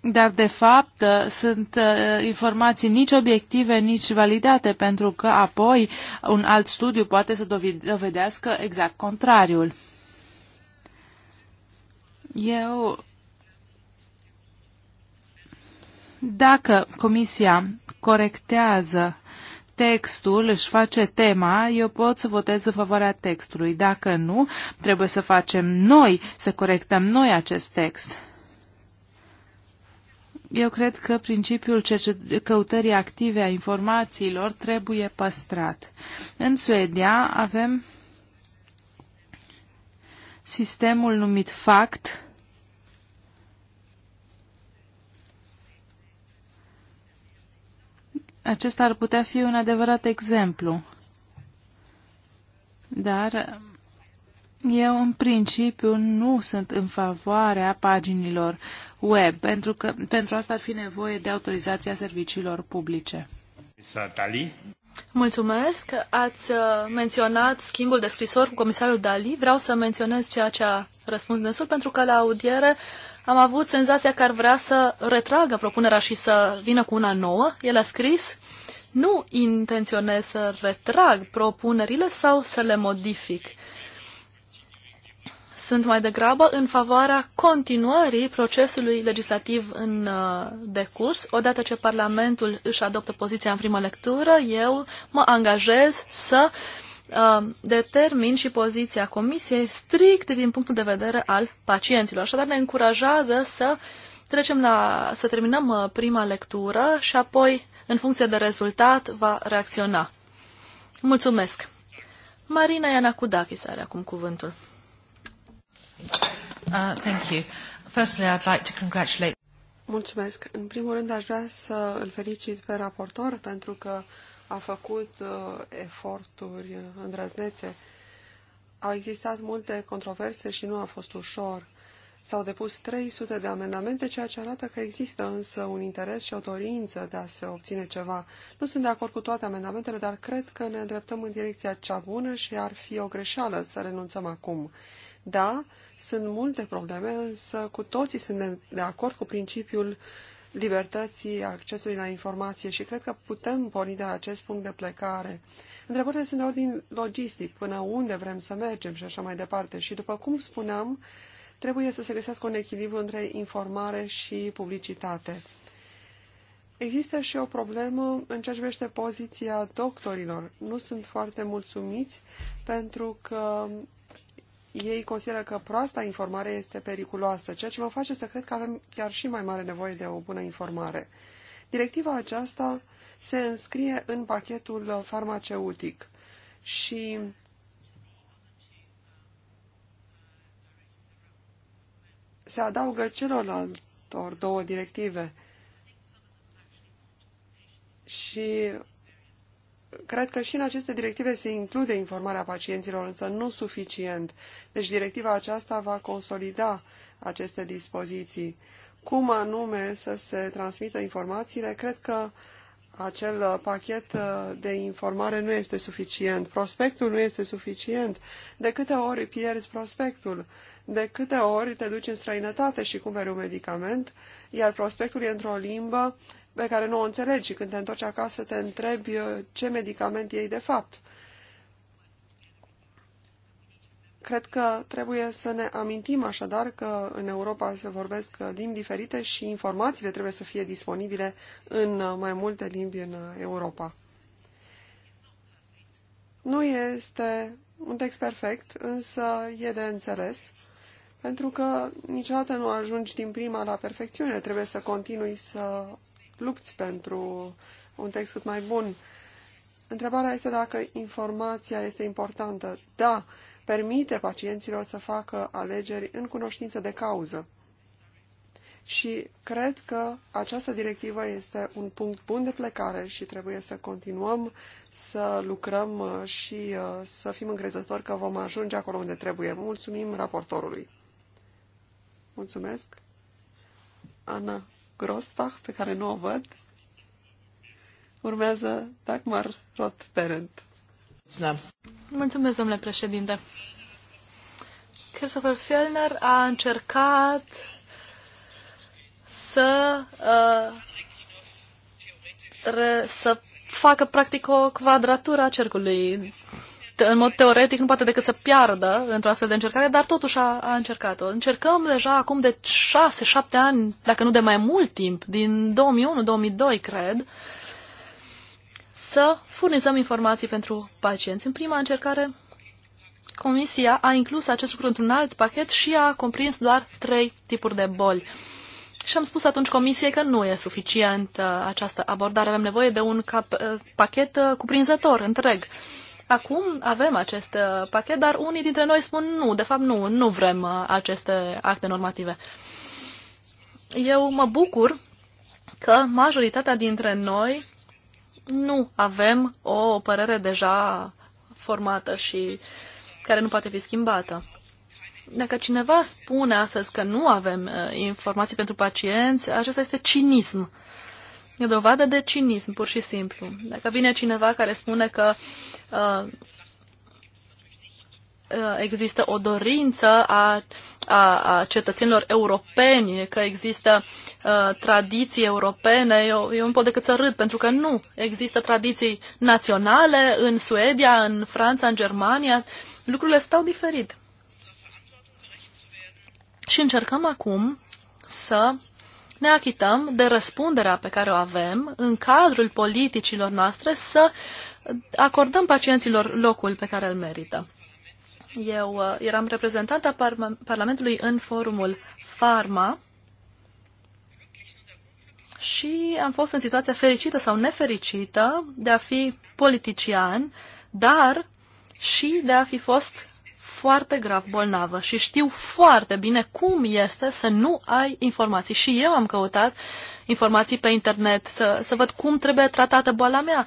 dar, de fapt, ă, sunt ă, informații nici obiective, nici validate, pentru că apoi un alt studiu poate să dovedească exact contrariul. Eu, dacă comisia corectează textul, își face tema, eu pot să votez în favoarea textului. Dacă nu, trebuie să facem noi, să corectăm noi acest text. Eu cred că principiul căutării active a informațiilor trebuie păstrat. În Suedia avem sistemul numit FACT, Acesta ar putea fi un adevărat exemplu. Dar eu, în principiu, nu sunt în favoarea paginilor web, pentru că pentru asta ar fi nevoie de autorizația serviciilor publice. Satali. Mulțumesc. Ați uh, menționat schimbul de scrisori cu comisarul Dali. Vreau să menționez ceea ce a răspuns dânsul, pentru că la audiere am avut senzația că ar vrea să retragă propunerea și să vină cu una nouă. El a scris, nu intenționez să retrag propunerile sau să le modific sunt mai degrabă în favoarea continuării procesului legislativ în uh, decurs. Odată ce Parlamentul își adoptă poziția în primă lectură, eu mă angajez să uh, determin și poziția Comisiei strict din punctul de vedere al pacienților. Așadar ne încurajează să trecem la, să terminăm uh, prima lectură și apoi, în funcție de rezultat, va reacționa. Mulțumesc! Marina Kudakis are acum cuvântul. Uh, thank you. Firstly, I'd like to congratulate... Mulțumesc. În primul rând aș vrea să îl felicit pe raportor pentru că a făcut uh, eforturi îndrăznețe. Au existat multe controverse și nu a fost ușor. S-au depus 300 de amendamente, ceea ce arată că există însă un interes și o dorință de a se obține ceva. Nu sunt de acord cu toate amendamentele, dar cred că ne îndreptăm în direcția cea bună și ar fi o greșeală să renunțăm acum. Da, sunt multe probleme, însă cu toții suntem de acord cu principiul libertății accesului la informație și cred că putem porni de la acest punct de plecare. Întrebările sunt de ordin logistic, până unde vrem să mergem și așa mai departe. Și după cum spuneam, trebuie să se găsească un echilibru între informare și publicitate. Există și o problemă în ceea ce privește poziția doctorilor. Nu sunt foarte mulțumiți pentru că ei consideră că proasta informare este periculoasă, ceea ce mă face să cred că avem chiar și mai mare nevoie de o bună informare. Directiva aceasta se înscrie în pachetul farmaceutic și se adaugă celorlalte două directive și cred că și în aceste directive se include informarea pacienților, însă nu suficient. Deci directiva aceasta va consolida aceste dispoziții. Cum anume să se transmită informațiile? Cred că acel pachet de informare nu este suficient. Prospectul nu este suficient. De câte ori pierzi prospectul? De câte ori te duci în străinătate și cumperi un medicament, iar prospectul e într-o limbă uh, pe care nu o înțelegi și când te întorci acasă te întrebi uh, ce medicament iei de fapt. Cred că trebuie să ne amintim așadar că în Europa se vorbesc uh, limbi diferite și informațiile trebuie să fie disponibile în uh, mai multe limbi în Europa. Nu este un text perfect, însă e de înțeles, pentru că niciodată nu ajungi din prima la perfecțiune, trebuie să continui să lupți pentru un text cât mai bun. Întrebarea este dacă informația este importantă. Da, permite pacienților să facă alegeri în cunoștință de cauză. Și cred că această directivă este un punct bun de plecare și trebuie să continuăm să lucrăm uh, și uh, să fim încrezători că vom ajunge acolo unde trebuie. Mulțumim raportorului. Mulțumesc. Ana Grosbach, pe care nu o văd. Urmează Dagmar Roth-Berend. Mulțumesc, domnule președinte. Christopher Fellner a încercat să, uh, re, să facă practic o quadratură a cercului în mod teoretic, nu poate decât să piardă într-o astfel de încercare, dar totuși a, a încercat-o. Încercăm deja acum de 6-7 ani, dacă nu de mai mult timp, din 2001-2002, cred, să furnizăm informații pentru pacienți. În prima încercare, Comisia a inclus acest lucru într-un alt pachet și a comprins doar trei tipuri de boli. Și am spus atunci Comisiei că nu e suficient această abordare, avem nevoie de un cap, eh, pachet eh, cuprinzător, întreg. Uh, Acum avem acest uh, pachet, dar unii dintre noi spun nu, de fapt nu, nu vrem uh, aceste acte normative. Eu mă bucur că majoritatea dintre noi nu avem o părere deja formată și care nu poate fi schimbată. Dacă cineva spune astăzi că nu avem uh, informații pentru pacienți, acesta este cinism. Uh, E dovadă de cinism, pur și simplu. Dacă vine cineva care spune că uh, uh, există o dorință a, a, a cetățenilor europeni, că există uh, tradiții europene. Eu, eu nu pot decât să râd, pentru că nu. Există tradiții naționale în Suedia, în Franța, în Germania. Lucrurile stau diferit. Și încercăm acum să ne achităm de răspunderea pe care o avem în cadrul politicilor noastre să acordăm pacienților locul pe care îl merită. Eu uh, eram reprezentanta par Parlamentului în forumul Pharma și am fost în situația fericită sau nefericită de a fi politician, dar și de a fi fost foarte grav bolnavă și știu foarte bine cum este să nu ai informații. Și eu am căutat informații pe internet să, să văd cum trebuie tratată boala mea.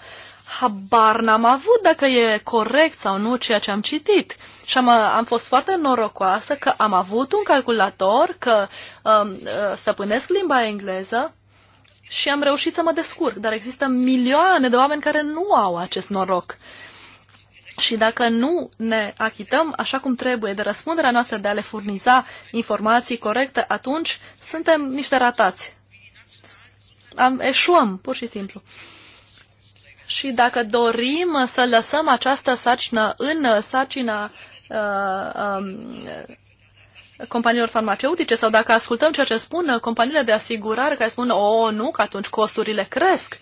Habar n-am avut dacă e corect sau nu ceea ce am citit. Și am, am fost foarte norocoasă că am avut un calculator, că um, stăpânesc limba engleză, și am reușit să mă descurc, dar există milioane de oameni care nu au acest noroc. Și dacă nu ne achităm așa cum trebuie de răspunderea noastră de a le furniza informații corecte, atunci suntem niște ratați. Am, eșuăm, pur și simplu. Și dacă dorim să lăsăm această sarcină în sarcina uh, uh, companiilor farmaceutice sau dacă ascultăm ceea ce spun companiile de asigurare care spun, o, nu, că atunci costurile cresc.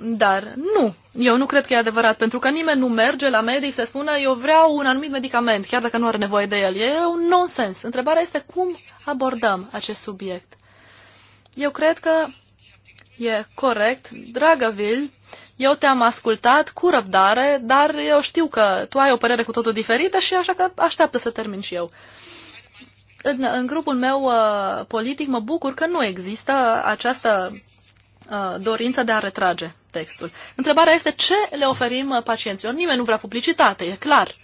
Dar nu, eu nu cred că e adevărat, pentru că nimeni nu merge la medic să spună eu vreau un anumit medicament, chiar dacă nu are nevoie de el. E un nonsens. Întrebarea este cum abordăm acest subiect. Eu cred că e corect. Dragă Vil, eu te-am ascultat cu răbdare, dar eu știu că tu ai o părere cu totul diferită și așa că așteaptă să termin și eu. În, în grupul meu uh, politic mă bucur că nu există această Uh, dorință de a retrage textul. Întrebarea este ce le oferim uh, pacienților. Nimeni nu vrea publicitate, e clar.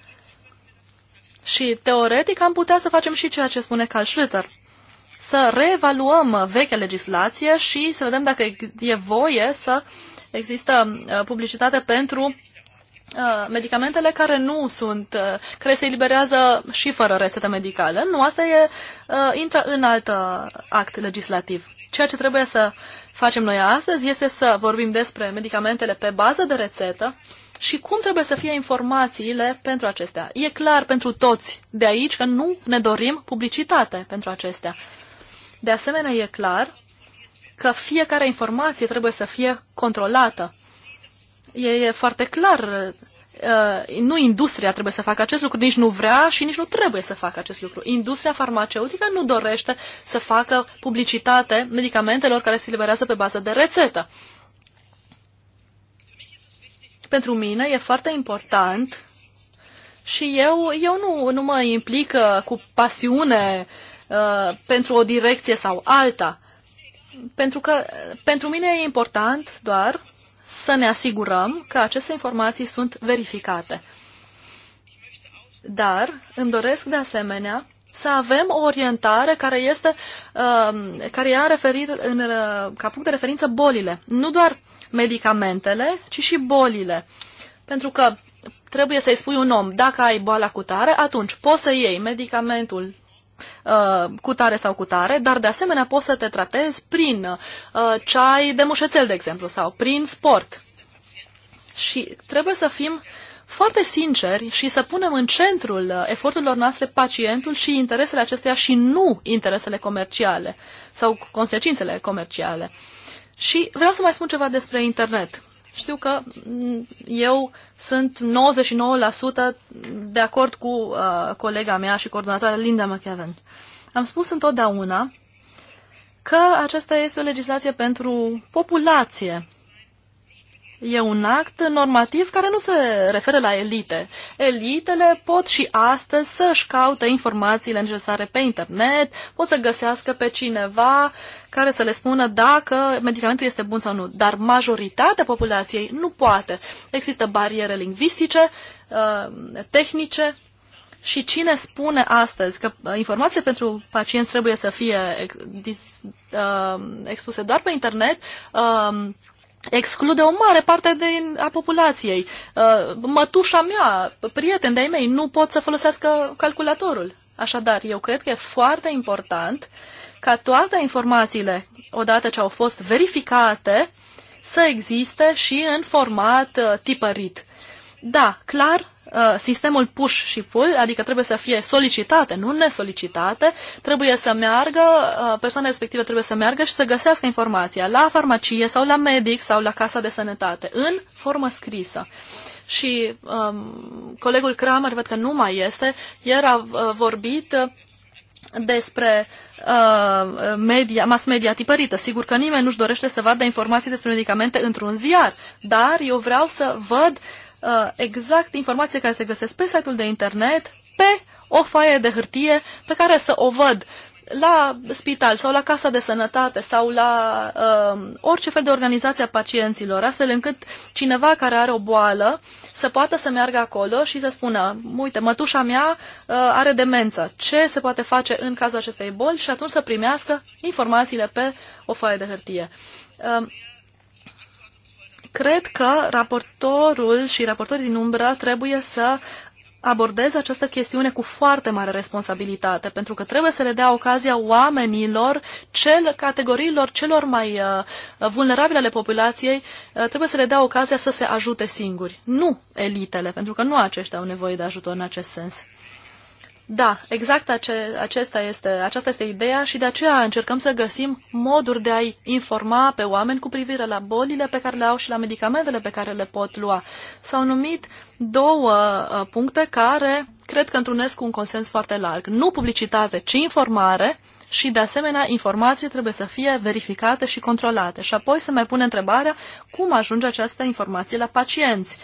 Și teoretic am putea să facem și ceea ce spune Carl Schlüter. Să reevaluăm uh, vechea legislație și să vedem dacă e voie să există publicitate pentru medicamentele care nu sunt, care se eliberează și fără rețetă medicală. Nu, asta e, intră în alt act legislativ. Ceea ce trebuie să facem noi astăzi este să vorbim despre medicamentele pe bază de rețetă și cum trebuie să fie informațiile pentru acestea. E clar pentru toți de aici că nu ne dorim publicitate pentru acestea. De asemenea, e clar că fiecare informație trebuie să fie controlată. E, e foarte clar uh, nu industria trebuie să facă acest lucru, nici nu vrea și nici nu trebuie să facă acest lucru. Industria farmaceutică nu dorește să facă publicitate medicamentelor care se liberează pe bază de rețetă. Pentru mine e foarte important și eu, eu nu, nu mă implic uh, cu pasiune uh, pentru o direcție sau alta. Pentru că uh, pentru mine e important doar să ne asigurăm că aceste informații sunt verificate. Dar îmi doresc de asemenea să avem o orientare care este um, care are referire în, uh, ca punct de referință bolile, nu doar medicamentele, ci și bolile. Pentru că trebuie să-i spui un om, dacă ai boala cutare, atunci poți să iei medicamentul Uh, cu tare sau cu tare, dar de asemenea poți să te tratezi prin uh, ceai de mușețel, de exemplu, sau prin sport. Și trebuie să fim foarte sinceri și să punem în centrul uh, eforturilor noastre pacientul și interesele acesteia și nu interesele comerciale sau consecințele comerciale. Și vreau să mai spun ceva despre internet. Știu că mm, eu sunt 99% de acord cu uh, colega mea și coordonatoarea Linda McEvans. Am spus întotdeauna că aceasta este o legislație pentru populație, E un act normativ care nu se referă la elite. Elitele pot și astăzi să-și caute informațiile necesare pe internet, pot să găsească pe cineva care să le spună dacă medicamentul este bun sau nu. Dar majoritatea populației nu poate. Există bariere lingvistice, uh, tehnice, și cine spune astăzi că informația pentru pacienți trebuie să fie uh, expuse doar pe internet, uh, exclude o mare parte de, a populației. Uh, mătușa mea, prieteni de-ai mei, nu pot să folosească calculatorul. Așadar, eu cred că e foarte important ca toate informațiile, odată ce au fost verificate, să existe și în format uh, tipărit. Da, clar, Uh, sistemul push și pull, adică trebuie să fie solicitate, nu nesolicitate, trebuie să meargă, uh, persoana respectivă trebuie să meargă și să găsească informația la farmacie sau la medic sau la casa de sănătate, în formă scrisă. Și um, colegul Kramer, văd că nu mai este, ieri a uh, vorbit despre uh, media, mass media tipărită. Sigur că nimeni nu-și dorește să vadă informații despre medicamente într-un ziar, dar eu vreau să văd Uh, exact informații care se găsesc pe site-ul de internet, pe o foaie de hârtie pe care să o văd la spital sau la casa de sănătate sau la uh, orice fel de organizație a pacienților, astfel încât cineva care are o boală să poată să meargă acolo și să spună, uite, mătușa mea uh, are demență, ce se poate face în cazul acestei boli și atunci să primească informațiile pe o foaie de hârtie. Uh, Cred că raportorul și raportorii din umbră trebuie să abordeze această chestiune cu foarte mare responsabilitate, pentru că trebuie să le dea ocazia oamenilor, cel, categoriilor celor mai uh, vulnerabile ale populației, uh, trebuie să le dea ocazia să se ajute singuri, nu elitele, pentru că nu aceștia au nevoie de ajutor în acest sens. Da, exact ace- acesta este, aceasta este ideea și de aceea încercăm să găsim moduri de a-i informa pe oameni cu privire la bolile pe care le au și la medicamentele pe care le pot lua. S-au numit două uh, puncte care cred că întrunesc un consens foarte larg. Nu publicitate, ci informare și, de asemenea, informații trebuie să fie verificate și controlate. Și apoi se mai pune întrebarea cum ajunge această informație la pacienți.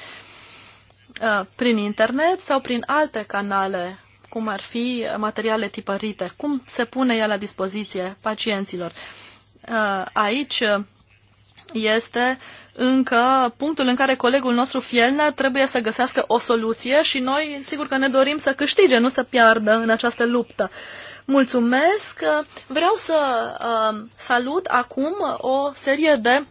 Uh, prin internet sau prin alte canale cum ar fi materiale tipărite. Cum se pune ea la dispoziție pacienților? Uh, aici este încă punctul în care colegul nostru Fielner trebuie să găsească o soluție și noi sigur că ne dorim să câștige, nu să piardă în această luptă. Mulțumesc! Vreau să uh, salut acum o serie de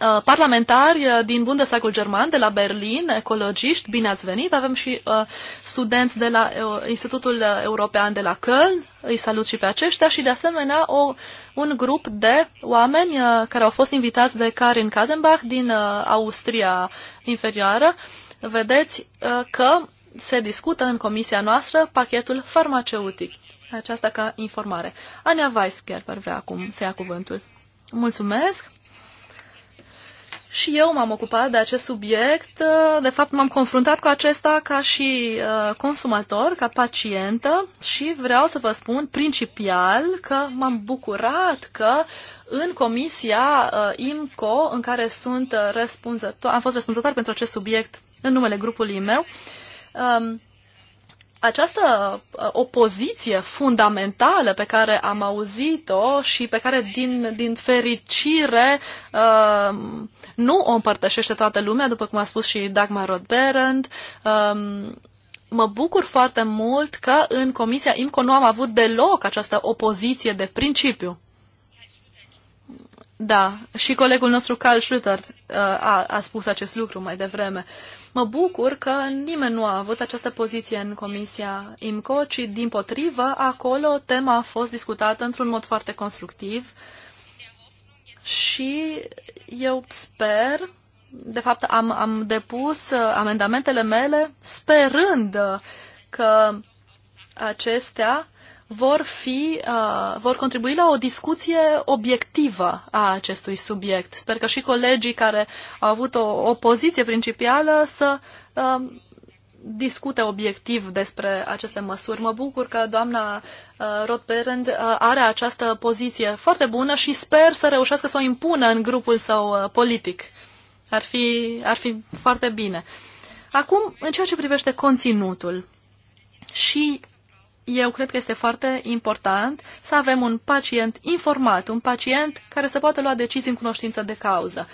Uh, parlamentari uh, din Bundestagul German, de la Berlin, ecologiști, bine ați venit. Avem și uh, studenți de la uh, Institutul European de la Köln, îi salut și pe aceștia și de asemenea o, un grup de oameni uh, care au fost invitați de Karin Kadenbach din uh, Austria Inferioară. Vedeți uh, că se discută în comisia noastră pachetul farmaceutic. Aceasta ca informare. Ania chiar vrea acum să ia cuvântul. Mulțumesc! Și eu m-am ocupat de acest subiect, uh, de fapt m-am confruntat cu acesta ca și uh, consumator, ca pacientă și vreau să vă spun principial că m-am bucurat că în comisia uh, IMCO, în care sunt răspunzător, am fost răspunzător pentru acest subiect în numele grupului meu, um, această uh, opoziție fundamentală pe care am auzit-o și pe care, din, din fericire, uh, nu o împărtășește toată lumea, după cum a spus și Dagmar Rodberend, um, mă bucur foarte mult că în Comisia IMCO nu am avut deloc această opoziție de principiu. Da, și colegul nostru Carl Schlüter uh, a, a spus acest lucru mai devreme. Mă bucur că nimeni nu a avut această poziție în Comisia IMCO, ci din potrivă, acolo tema a fost discutată într-un mod foarte constructiv și eu sper, de fapt am, am depus uh, amendamentele mele sperând că acestea vor, fi, uh, vor contribui la o discuție obiectivă a acestui subiect. Sper că și colegii care au avut o, o poziție principială să uh, discute obiectiv despre aceste măsuri. Mă bucur că doamna uh, Rothberend uh, are această poziție foarte bună și sper să reușească să o impună în grupul său uh, politic. Ar fi, ar fi foarte bine. Acum, în ceea ce privește conținutul, și eu cred că este foarte important să avem un pacient informat, un pacient care să poată lua decizii în cunoștință de cauză.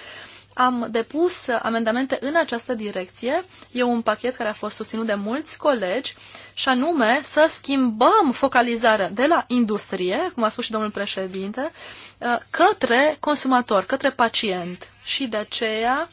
Am depus amendamente în această direcție. E un pachet care a fost susținut de mulți colegi și anume să schimbăm focalizarea de la industrie, cum a spus și domnul președinte, uh, către consumator, către pacient. Și de aceea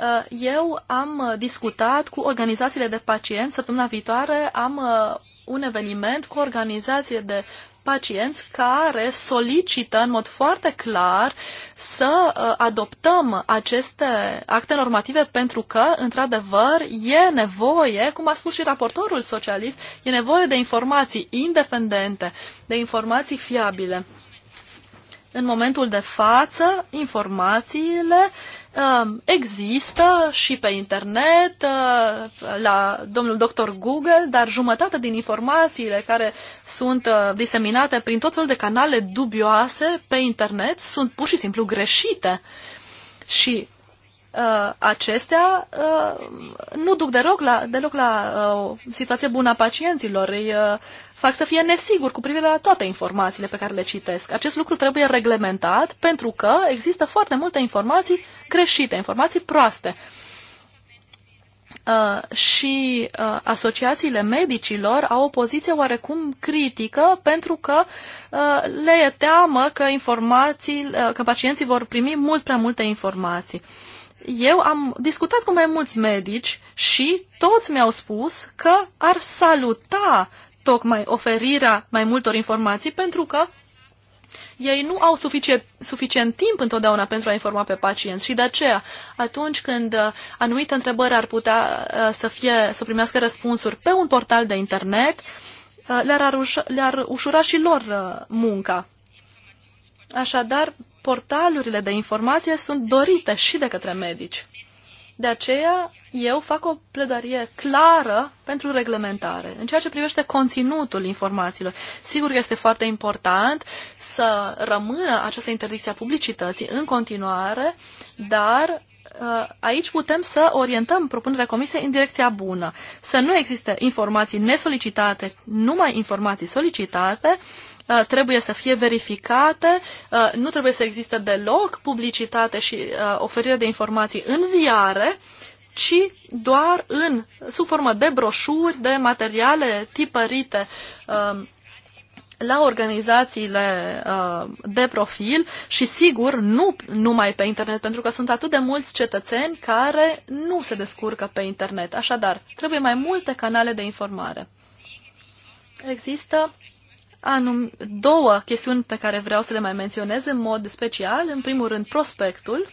uh, eu am discutat cu organizațiile de pacienți. Săptămâna viitoare am uh, un eveniment cu o organizație de pacienți care solicită în mod foarte clar să uh, adoptăm aceste acte normative pentru că, într-adevăr, e nevoie, cum a spus și raportorul socialist, e nevoie de informații independente, de informații fiabile în momentul de față, informațiile um, există și pe internet, uh, la domnul doctor Google, dar jumătate din informațiile care sunt uh, diseminate prin tot felul de canale dubioase pe internet sunt pur și simplu greșite. Și uh, acestea uh, nu duc deloc la, deloc la uh, situație bună a pacienților. Îi uh, fac să fie nesigur cu privire la toate informațiile pe care le citesc. Acest lucru trebuie reglementat pentru că există foarte multe informații greșite, informații proaste. Uh, și uh, asociațiile medicilor au o poziție oarecum critică pentru că uh, le e teamă că, informații, uh, că pacienții vor primi mult prea multe informații. Eu am discutat cu mai mulți medici și toți mi-au spus că ar saluta tocmai oferirea mai multor informații pentru că ei nu au suficient, suficient timp întotdeauna pentru a informa pe pacienți și de aceea, atunci când uh, anumite întrebări ar putea uh, să, fie, să primească răspunsuri pe un portal de internet, uh, le-ar, uș- le ușura și lor munca. Așadar, portalurile de informație sunt dorite și de către medici. De aceea, eu fac o pledoarie clară pentru reglementare în ceea ce privește conținutul informațiilor. Sigur că este foarte important să rămână această interdicție a publicității în continuare, dar Uh, aici putem să orientăm propunerea Comisiei în direcția bună. Să nu existe informații nesolicitate, numai informații solicitate, uh, trebuie să fie verificate, uh, nu trebuie să existe deloc publicitate și oferire de informații în ziare, ci doar în, sub formă de broșuri, de materiale tipărite la organizațiile uh, de profil și sigur nu numai pe internet, pentru că sunt atât de mulți cetățeni care nu se descurcă pe internet. Așadar, trebuie mai multe canale de informare. Există anum, două chestiuni pe care vreau să le mai menționez în mod special. În primul rând, prospectul.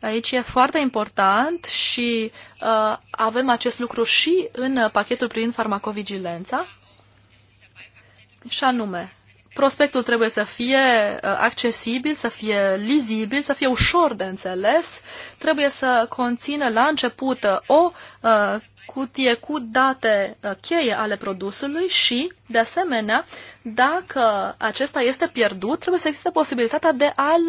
Aici e foarte important și uh, avem acest lucru și în uh, pachetul privind farmacovigilența. Și anume, prospectul trebuie să fie uh, accesibil, să fie lizibil, să fie ușor de înțeles, trebuie să conțină la început uh, o uh, cutie cu date cheie ale produsului și, de asemenea, dacă acesta este pierdut, trebuie să existe posibilitatea de, al,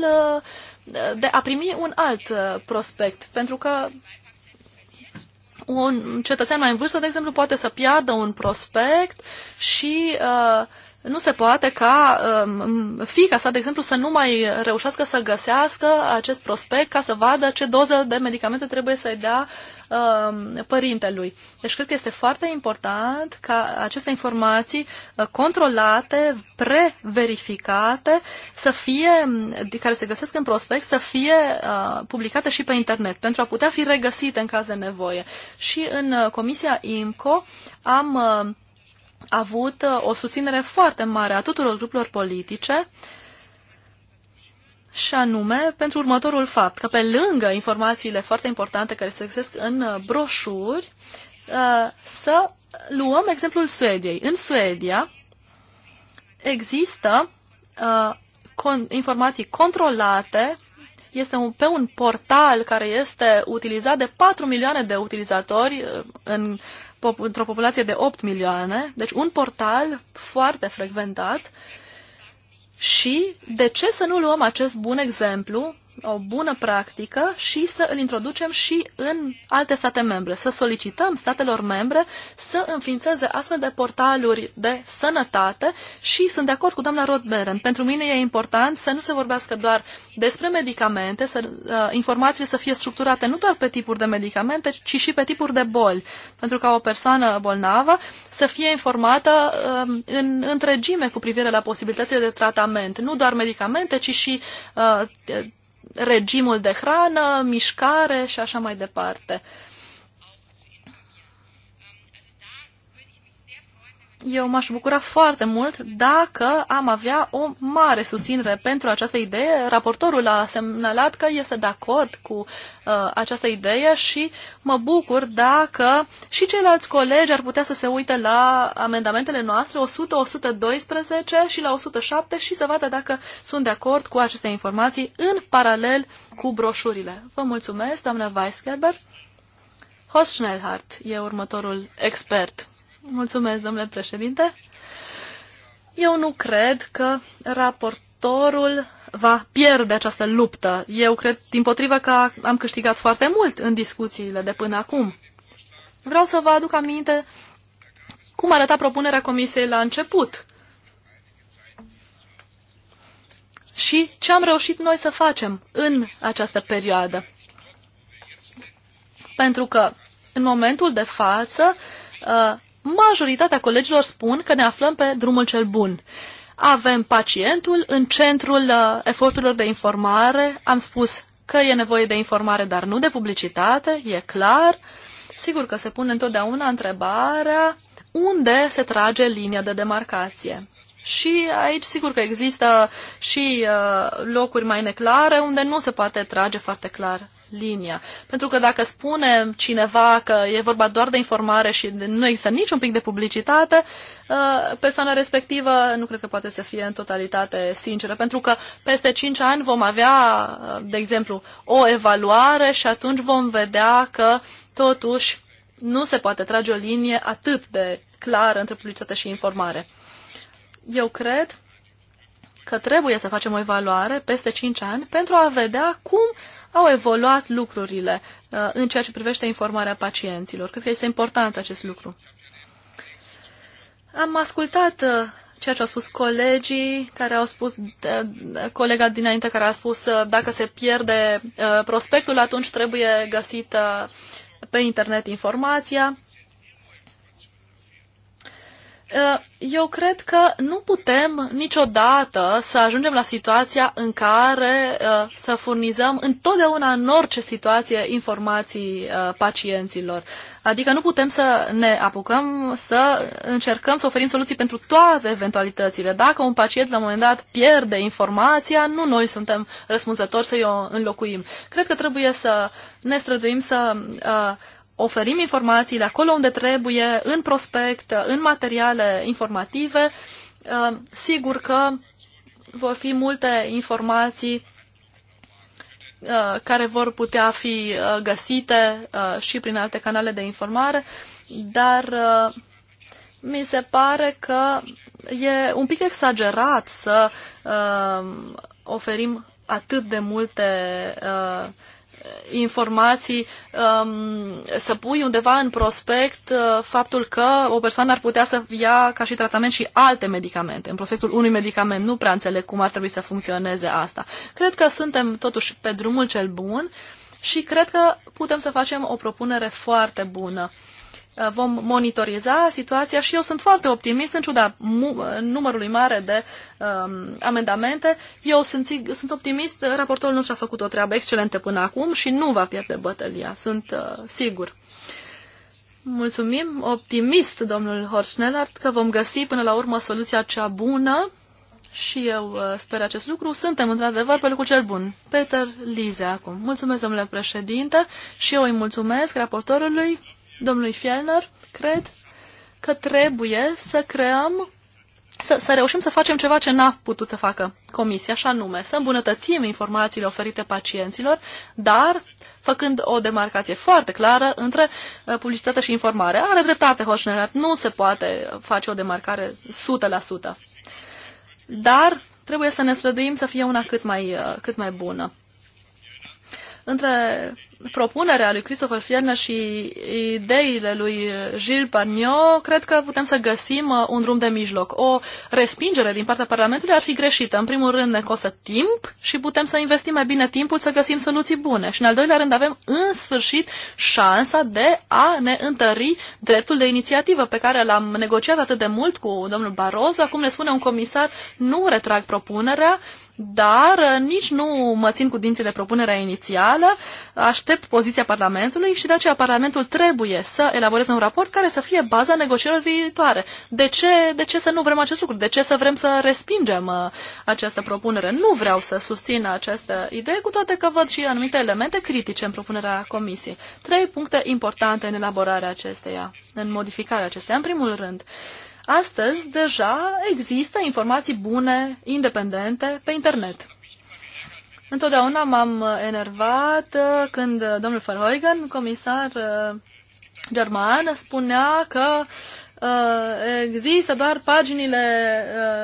de a primi un alt prospect, pentru că un cetățean mai în vârstă, de exemplu, poate să piardă un prospect și uh, nu se poate ca um, fica sa, de exemplu, să nu mai reușească să găsească acest prospect ca să vadă ce doză de medicamente trebuie să-i dea um, părintelui. Deci cred că este foarte important ca aceste informații uh, controlate, preverificate, să fie, um, care se găsesc în prospect, să fie uh, publicate și pe internet, pentru a putea fi regăsite în caz de nevoie. Și în uh, Comisia IMCO am uh, avut uh, o susținere foarte mare a tuturor grupurilor politice și anume pentru următorul fapt, că pe lângă informațiile foarte importante care se găsesc în uh, broșuri, uh, să luăm exemplul Suediei. În Suedia există informații controlate este un, pe un portal care este utilizat de 4 milioane de utilizatori în într-o populație de 8 milioane, deci un portal foarte frecventat și de ce să nu luăm acest bun exemplu o bună practică și să îl introducem și în alte state membre, să solicităm statelor membre să înființeze astfel de portaluri de sănătate și sunt de acord cu doamna Rodberen. Pentru mine e important să nu se vorbească doar despre medicamente, să uh, informațiile să fie structurate nu doar pe tipuri de medicamente, ci și pe tipuri de boli, pentru ca o persoană bolnavă să fie informată uh, în întregime cu privire la posibilitățile de tratament, nu doar medicamente, ci și uh, regimul de hrană, mișcare și așa mai departe. eu m-aș bucura foarte mult dacă am avea o mare susținere pentru această idee. Raportorul a semnalat că este de acord cu uh, această idee și mă bucur dacă și ceilalți colegi ar putea să se uite la amendamentele noastre 100, 112 și la 107 și să vadă dacă sunt de acord cu aceste informații în paralel cu broșurile. Vă mulțumesc, doamna Weisgerber. Horst Schnellhardt e următorul expert. Mulțumesc, domnule președinte. Eu nu cred că raportorul va pierde această luptă. Eu cred, din potrivă, că am câștigat foarte mult în discuțiile de până acum. Vreau să vă aduc aminte cum arăta propunerea comisiei la început. Și ce am reușit noi să facem în această perioadă. Pentru că, în momentul de față, uh, majoritatea colegilor spun că ne aflăm pe drumul cel bun. Avem pacientul în centrul uh, eforturilor de informare. Am spus că e nevoie de informare, dar nu de publicitate, e clar. Sigur că se pune întotdeauna întrebarea unde se trage linia de demarcație. Și aici sigur că există și uh, locuri mai neclare unde nu se poate trage foarte clar linia. Pentru că dacă spune cineva că e vorba doar de informare și nu există niciun pic de publicitate, uh, persoana respectivă nu cred că poate să fie în totalitate sinceră. Pentru că peste 5 ani vom avea, uh, de exemplu, o evaluare și atunci vom vedea că totuși nu se poate trage o linie atât de clară între publicitate și informare. Eu cred că trebuie să facem o evaluare peste 5 ani pentru a vedea cum au evoluat lucrurile uh, în ceea ce privește informarea pacienților. Cred că este important acest lucru. Am ascultat uh, ceea ce au spus colegii care au spus, colega dinainte care a spus uh, dacă se pierde prospectul, atunci trebuie găsită pe internet informația. Uh, eu cred că nu putem niciodată să ajungem la situația în care uh, să furnizăm întotdeauna în orice situație informații uh, pacienților. Adică nu putem să ne apucăm să încercăm să oferim soluții pentru toate eventualitățile. Dacă un pacient la un moment dat pierde informația, nu noi suntem răspunzători să-i o înlocuim. Cred că trebuie să ne străduim să uh, oferim informațiile acolo unde trebuie, în prospect, în materiale informative, uh, sigur că vor fi multe informații uh, care vor putea fi uh, găsite și prin alte canale de informare, dar mi se pare că e un pic exagerat să oferim atât de multe uh, informații, um, să pui undeva în prospect uh, faptul că o persoană ar putea să ia ca și tratament și alte medicamente. În prospectul unui medicament nu prea înțeleg cum ar trebui să funcționeze asta. Cred că suntem totuși pe drumul cel bun și cred că putem să facem o propunere foarte bună vom monitoriza situația și eu sunt foarte optimist în ciuda numărului mare de um, amendamente. Eu sunt, sunt optimist, raportorul nostru a făcut o treabă excelentă până acum și nu va pierde bătălia, sunt uh, sigur. Mulțumim, optimist, domnul Horschnellart, că vom găsi până la urmă soluția cea bună și eu uh, sper acest lucru. Suntem, într-adevăr, pe lucru cel bun. Peter Lize acum. Mulțumesc, domnule președinte, și eu îi mulțumesc raportorului domnului Fielner, cred că trebuie să creăm, să, să reușim să facem ceva ce n-a putut să facă comisia, așa nume, să îmbunătățim informațiile oferite pacienților, dar făcând o demarcație foarte clară între uh, publicitate și informare. Are dreptate Hoșnerat, nu se poate face o demarcare 100%. Dar trebuie să ne străduim să fie una cât mai, uh, cât mai bună. Între propunerea lui Christopher Fierner și ideile lui Gilles Pagnot, cred că putem să găsim uh, un drum de mijloc. O respingere din partea Parlamentului ar fi greșită. În primul rând ne costă timp și putem să investim mai bine timpul să găsim soluții bune. Și în al doilea rând avem în sfârșit șansa de a ne întări dreptul de inițiativă pe care l-am negociat atât de mult cu domnul Barroso. Acum ne spune un comisar, nu retrag propunerea, dar uh, nici nu mă țin cu dinții propunerea inițială, aștept poziția Parlamentului și de aceea Parlamentul trebuie să elaboreze un raport care să fie baza negocierilor viitoare. De ce, de ce să nu vrem acest lucru? De ce să vrem să respingem uh, această propunere? Nu vreau să susțin această idee, cu toate că văd și anumite elemente critice în propunerea Comisiei. Trei puncte importante în elaborarea acesteia, în modificarea acesteia. În primul rând, uh, Astăzi deja există informații bune, independente, pe internet. Întotdeauna m-am enervat uh, când domnul Verheugen, comisar uh, german, spunea că uh, există doar paginile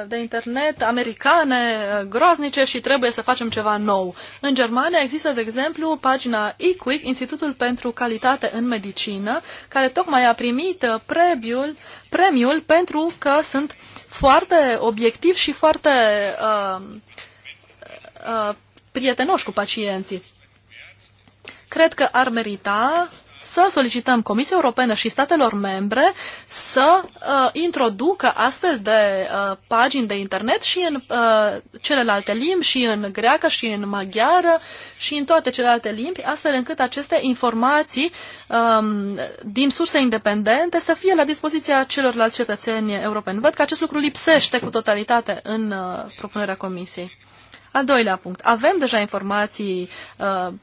de internet americane groaznice și trebuie să facem ceva nou. În Germania există, de exemplu, pagina eQuick, Institutul pentru Calitate în Medicină, care tocmai a primit prebiul premiul pentru că sunt foarte obiectivi și foarte uh, uh, prietenoși cu pacienții. Cred că ar merita să solicităm Comisiei Europene și statelor membre să uh, introducă astfel de uh, pagini de internet și în uh, celelalte limbi, și în greacă, și în maghiară, și în toate celelalte limbi, astfel încât aceste informații um, din surse independente să fie la dispoziția celorlalți cetățeni europeni. Văd că acest lucru lipsește cu totalitate în uh, propunerea Comisiei. Al doilea punct. Avem deja informații uh,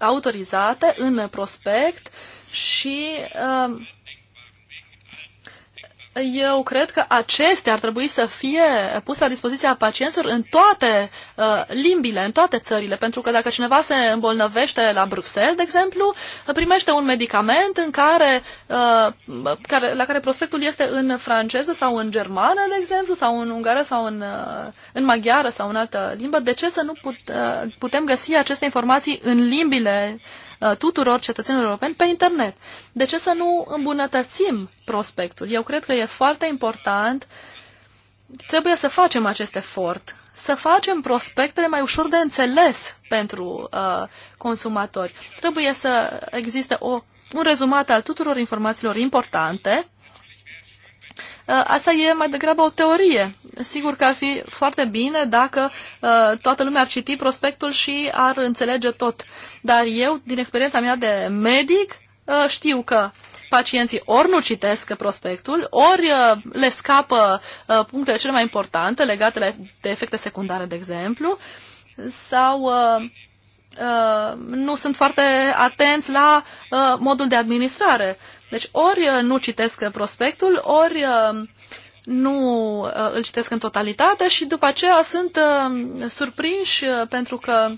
autorizate în prospect și uh, eu cred că acestea ar trebui să fie puse la dispoziția pacienților în toate uh, limbile, în toate țările, pentru că dacă cineva se îmbolnăvește la Bruxelles, de exemplu, primește un medicament în care, uh, care, la care prospectul este în franceză sau în germană, de exemplu, sau în ungară sau în, uh, în maghiară sau în altă limbă. De ce să nu put, uh, putem găsi aceste informații în limbile uh, Uh, tuturor cetățenilor europeni pe internet. De ce să nu îmbunătățim prospectul? Eu cred că e foarte important, trebuie să facem acest efort, să facem prospectele mai ușor de înțeles pentru uh, consumatori. Trebuie să existe o, un rezumat al tuturor informațiilor importante Uh, asta e mai degrabă o teorie. Sigur că ar fi foarte bine dacă uh, toată lumea ar citi prospectul și ar înțelege tot. Dar eu, din experiența mea de medic, uh, știu că pacienții ori nu citesc prospectul, ori le scapă punctele cele mai importante legate de efecte secundare, de exemplu, sau nu sunt foarte atenți la modul de administrare. Deci ori uh, nu citesc prospectul, ori uh, nu uh, îl citesc în totalitate și după aceea sunt surprinși pentru că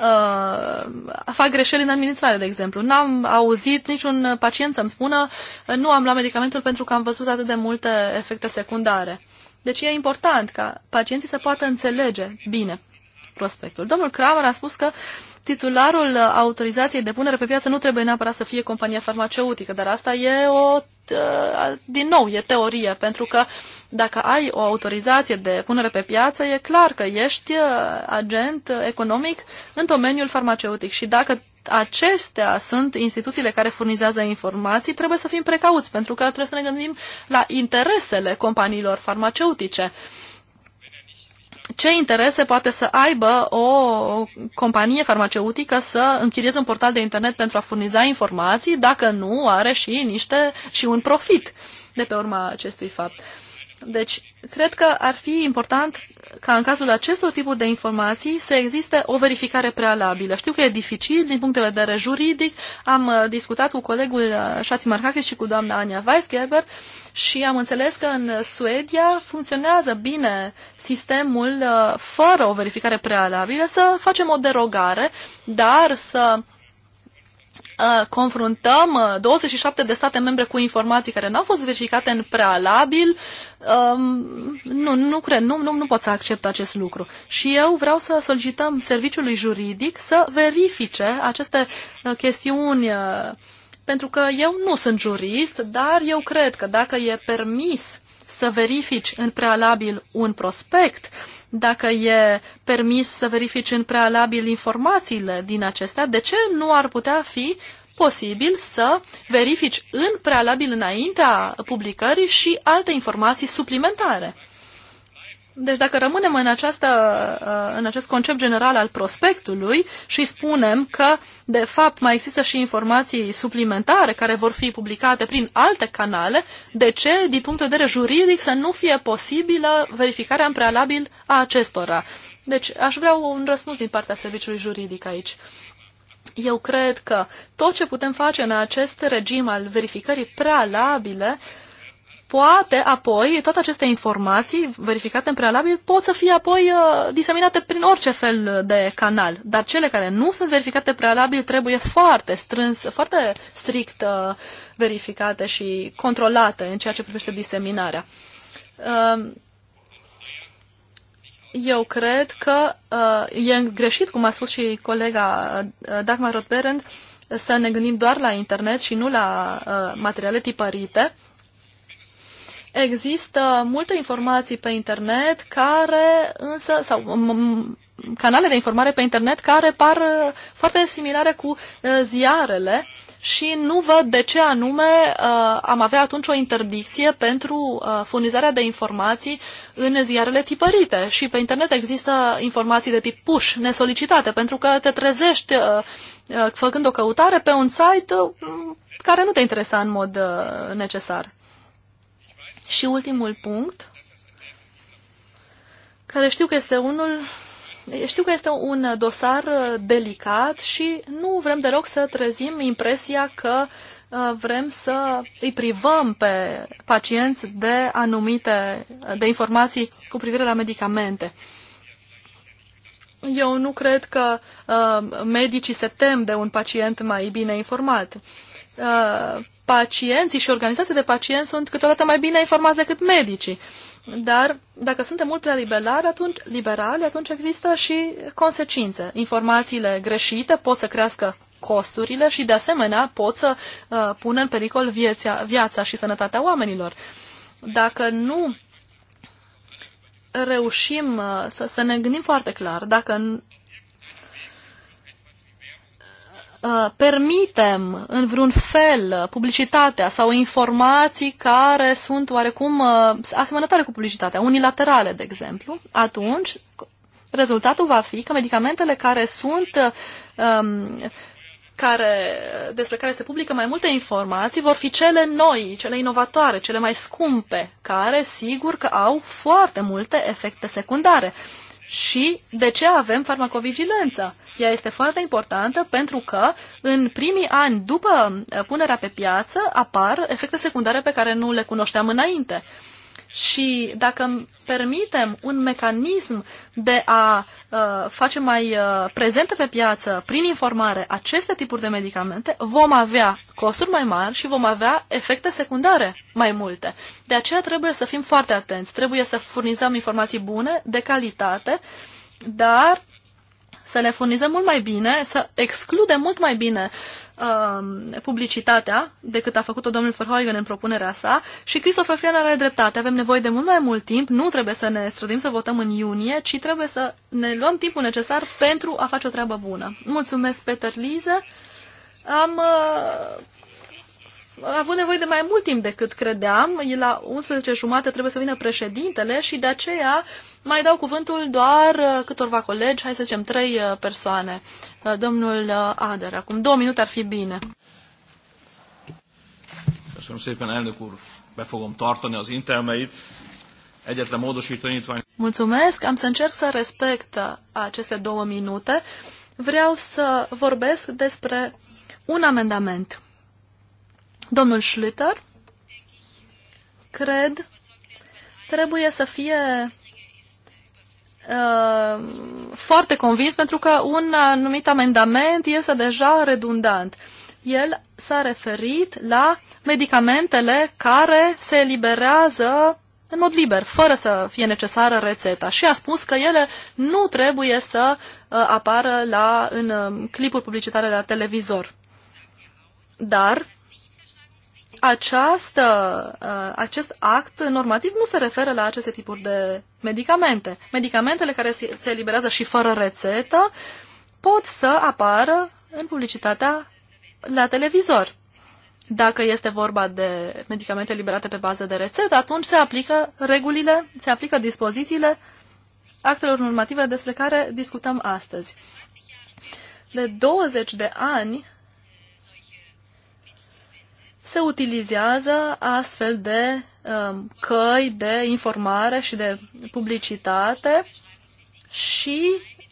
uh, fac greșeli în administrare, de exemplu. N-am auzit niciun pacient să-mi spună nu am luat medicamentul pentru că am văzut atât de multe efecte secundare. Deci e important ca pacienții să poată înțelege bine prospectul. Domnul Kramer a spus că uh, titularul uh, autorizației de punere pe piață nu trebuie neapărat să fie compania farmaceutică, dar asta e o, uh, din nou, e teorie, pentru că dacă ai o autorizație de punere pe piață, e clar că ești uh, agent economic în domeniul farmaceutic și dacă acestea sunt instituțiile care furnizează informații, trebuie să fim precauți, pentru că trebuie să ne gândim la interesele companiilor farmaceutice. Uh, ce interese poate să aibă o companie farmaceutică să închirieze un portal de internet pentru a furniza informații, dacă nu are și niște și un profit de pe urma acestui fapt. Deci, cred că ar fi important ca în cazul acestor tipuri de informații să existe o verificare prealabilă. Știu că e dificil din punct de vedere juridic. Am uh, discutat cu colegul uh, Șați Marcachis și cu doamna Ania Weisgerber și am înțeles că în Suedia funcționează bine sistemul uh, fără o verificare prealabilă să facem o derogare, dar să Uh, confruntăm 27 uh, de state membre cu informații care n-au fost verificate în prealabil, um, nu, nu cred, nu, nu, nu pot să accept acest lucru. Și eu vreau să solicităm serviciului juridic să verifice aceste uh, chestiuni pentru că eu nu sunt jurist, dar eu cred că dacă e permis să verifici în prealabil un prospect, uh, dacă e permis să verifici în prealabil informațiile din acestea, de ce nu ar putea fi posibil să verifici în prealabil înaintea publicării și alte informații suplimentare? Deci dacă rămânem în, această, uh, în acest concept general al prospectului și spunem că, de fapt, mai există și informații suplimentare care vor fi publicate prin alte canale, de ce, din punct de vedere juridic, să nu fie posibilă verificarea în prealabil a acestora? Deci aș vrea un răspuns din partea serviciului juridic aici. Eu cred că tot ce putem face în acest regim al verificării prealabile poate apoi toate aceste informații verificate în prealabil pot să fie apoi uh, diseminate prin orice fel de canal, dar cele care nu sunt verificate prealabil trebuie foarte strâns, foarte strict uh, verificate și controlate în ceea ce privește diseminarea. Uh, eu cred că uh, e greșit, cum a spus și colega uh, Dagmar Rotberend, să ne gândim doar la internet și nu la uh, materiale tipărite, Există multe informații pe internet care însă, sau canale de informare pe internet care par uh, foarte similare cu uh, ziarele și nu văd de ce anume uh, am avea atunci o interdicție pentru uh, furnizarea de informații în ziarele tipărite. Și pe internet există informații de tip push, nesolicitate, pentru că te trezești uh, uh, făcând o căutare pe un site uh, care nu te interesa în mod uh, necesar. Și ultimul punct, care știu că este unul știu că este un dosar uh, delicat și nu vrem deloc să trezim impresia că uh, vrem să îi privăm pe pacienți de anumite uh, de informații cu privire la medicamente. Eu nu cred că medicii se tem de un pacient mai bine informat. Uh, pacienții și organizații de pacienți sunt câteodată mai bine informați decât medicii. Dar dacă suntem mult prea liberali, atunci, liberali, atunci există și consecințe. Informațiile greșite pot să crească costurile și, de asemenea, pot să uh, pună în pericol viața, viața și sănătatea oamenilor. Dacă nu reușim uh, să, să ne gândim foarte clar, dacă Uh, permitem în vreun fel publicitatea sau informații care sunt oarecum uh, asemănătoare cu publicitatea, unilaterale, de exemplu, atunci rezultatul va fi că medicamentele care sunt um, care, despre care se publică mai multe informații vor fi cele noi, cele inovatoare, cele mai scumpe, care sigur că au foarte multe efecte secundare. Și de ce avem farmacovigilența? Ea este foarte importantă pentru că în primii ani după eh, punerea pe piață apar efecte secundare pe care nu le cunoșteam înainte. Și dacă permitem un mecanism de a uh, face mai uh, eh, prezente pe piață, prin informare, aceste tipuri de medicamente, vom avea costuri mai mari și vom avea efecte secundare mai multe. De aceea trebuie să fim foarte atenți, trebuie să furnizăm informații bune, de calitate, dar să le furnizăm mult mai bine, să excludem mult mai bine uh, publicitatea decât a făcut-o domnul Verhoeven în propunerea sa și Christopher Fian are dreptate. Avem nevoie de mult mai mult timp, nu trebuie să ne strădim să votăm în iunie, ci trebuie să ne luăm timpul necesar pentru a face o treabă bună. Mulțumesc, Peter Lise. Am uh, a avut nevoie de mai mult timp decât credeam. La 11 jumate trebuie să vină președintele și de aceea mai dau cuvântul doar uh, câtorva colegi, hai să zicem trei uh, persoane. Uh, domnul Ader, acum două minute ar fi bine. Mulțumesc, am să încerc să respect aceste două minute. Vreau să vorbesc despre un amendament Domnul Schlüter, cred, trebuie să fie uh, foarte convins pentru că un anumit amendament este deja redundant. El s-a referit la medicamentele care se eliberează în mod liber, fără să fie necesară rețeta. Și a spus că ele nu trebuie să uh, apară la, în um, clipuri publicitare la televizor. Dar această, uh, acest act normativ nu se referă la aceste tipuri de medicamente. Medicamentele care se eliberează și fără rețetă pot să apară în publicitatea la televizor. Dacă este vorba de medicamente liberate pe bază de rețetă, atunci se aplică regulile, se aplică dispozițiile actelor normative despre care discutăm astăzi. De 20 de ani, se utilizează astfel de um, căi de informare și de publicitate și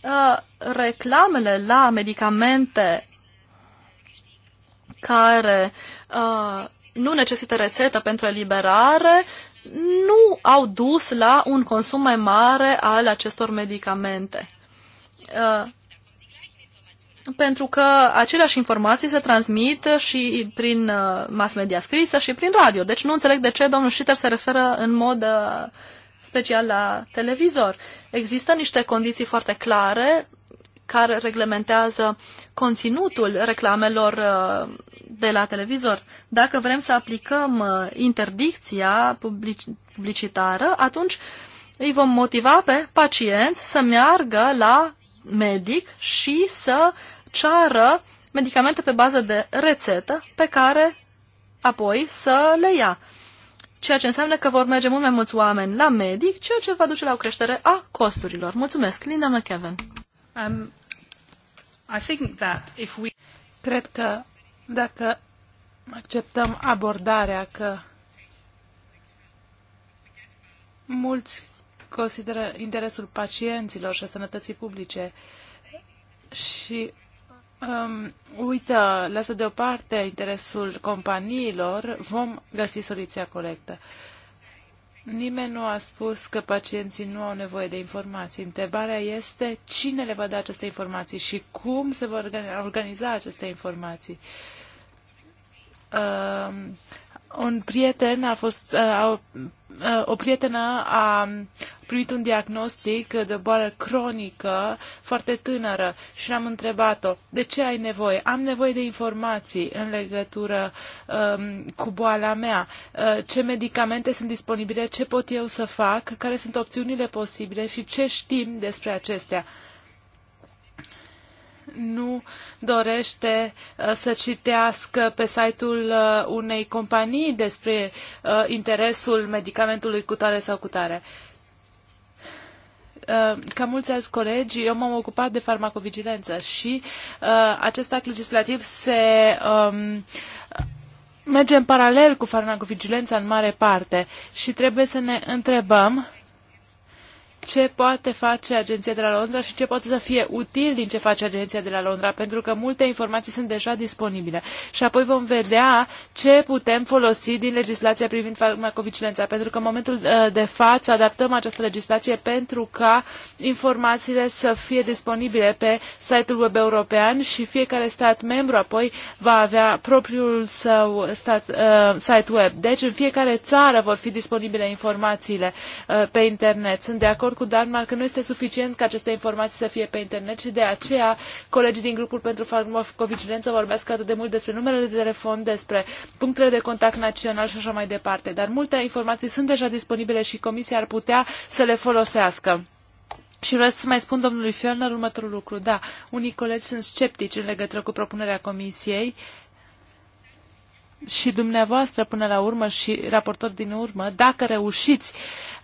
uh, reclamele la medicamente care uh, nu necesită rețetă pentru eliberare nu au dus la un consum mai mare al acestor medicamente. Uh, pentru că aceleași informații se transmit și prin uh, mass media scrisă și prin radio. Deci nu înțeleg de ce domnul Schitter se referă în mod uh, special la televizor. Există niște condiții foarte clare care reglementează conținutul reclamelor uh, de la televizor. Dacă vrem să aplicăm interdicția publicitară, atunci îi vom motiva pe pacienți să meargă la medic și să uh, ceară medicamente pe bază de rețetă pe care apoi să le ia. Ceea ce înseamnă că vor merge mult mai mulți oameni la medic, ceea ce va duce la o creștere a costurilor. Mulțumesc, Linda McKeven. Um, I think that if we... Cred că dacă acceptăm abordarea că mulți consideră interesul pacienților și a sănătății publice și um, uită, lasă deoparte interesul companiilor, vom găsi soluția corectă. Nimeni nu a spus că pacienții nu au nevoie de informații. Întrebarea este cine le va da aceste informații și cum se vor organiza aceste informații. Um, un prieten a fost, uh, a, a, uh, o prietenă a primit un diagnostic de boală cronică foarte tânără și l-am întrebat-o, de ce ai nevoie? Am nevoie de informații în legătură um, cu boala mea, uh, ce medicamente sunt disponibile, ce pot eu să fac, care sunt opțiunile posibile și ce știm despre acestea. Uh, nu dorește uh, să citească pe site-ul uh, unei companii despre uh, interesul medicamentului cu tare sau cu tare. Ca mulți alți colegi, eu m-am ocupat de farmacovigilență și acest act legislativ se um, merge în paralel cu farmacovigilența în mare parte și trebuie să ne întrebăm ce poate face agenția de la Londra și ce poate să fie util din ce face agenția de la Londra, pentru că multe informații sunt deja disponibile. Și apoi vom vedea ce putem folosi din legislația privind farmacovigilența, pentru că în momentul uh, de față adaptăm această legislație pentru ca uh, informațiile să fie disponibile pe site-ul web european și fiecare stat membru apoi va avea propriul său stat, uh, site web. Deci în fiecare țară vor fi disponibile informațiile uh, pe internet. Sunt de acord cu Danmark că nu este suficient ca aceste informații să fie pe internet și de aceea colegii din grupul pentru farmacovigilență vorbesc atât de mult despre numerele de telefon, despre punctele de contact național și așa mai departe. Dar multe informații sunt deja disponibile și Comisia ar putea să le folosească. Și vreau să mai spun domnului Fielner următorul lucru. Da, unii colegi sunt sceptici în legătură cu propunerea comisiei uh, și dumneavoastră până la urmă și raportor din urmă, dacă reușiți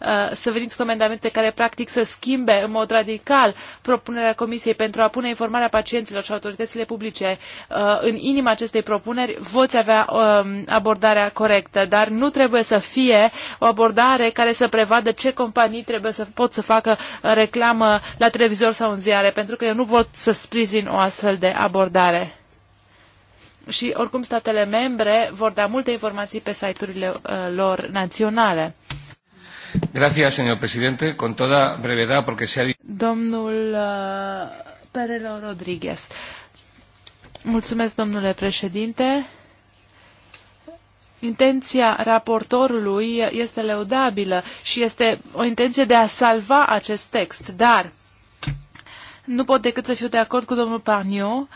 uh, să veniți cu amendamente care practic să schimbe în mod radical propunerea Comisiei pentru a pune informarea pacienților și autoritățile publice uh, în inima acestei propuneri, voți avea uh, abordarea corectă, dar nu trebuie să fie o abordare care să prevadă ce companii trebuie să pot să facă uh, reclamă la televizor sau în ziare, pentru că eu nu pot să sprijin o astfel de abordare și oricum statele membre vor da multe informații pe site-urile uh, lor naționale. Gracias, señor presidente. Con toda brevedad, porque se ha Domnul uh, Perelo Rodríguez. Mulțumesc, domnule președinte. Intenția raportorului este leudabilă și este o intenție de a salva acest text, dar nu pot decât să fiu de acord cu domnul Parniu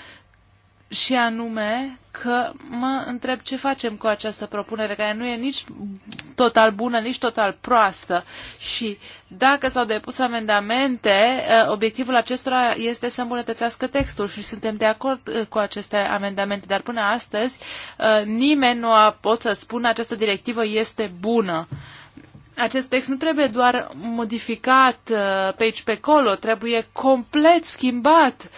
și anume că mă întreb ce facem cu această propunere, care nu e nici total bună, nici total proastă. Și dacă s-au depus amendamente, ă, obiectivul acestora este să îmbunătățească textul și suntem de acord ă, cu aceste amendamente. Dar până astăzi ă, nimeni nu a pot să spună această directivă este bună. Acest text nu trebuie doar modificat pe aici pe acolo, trebuie complet schimbat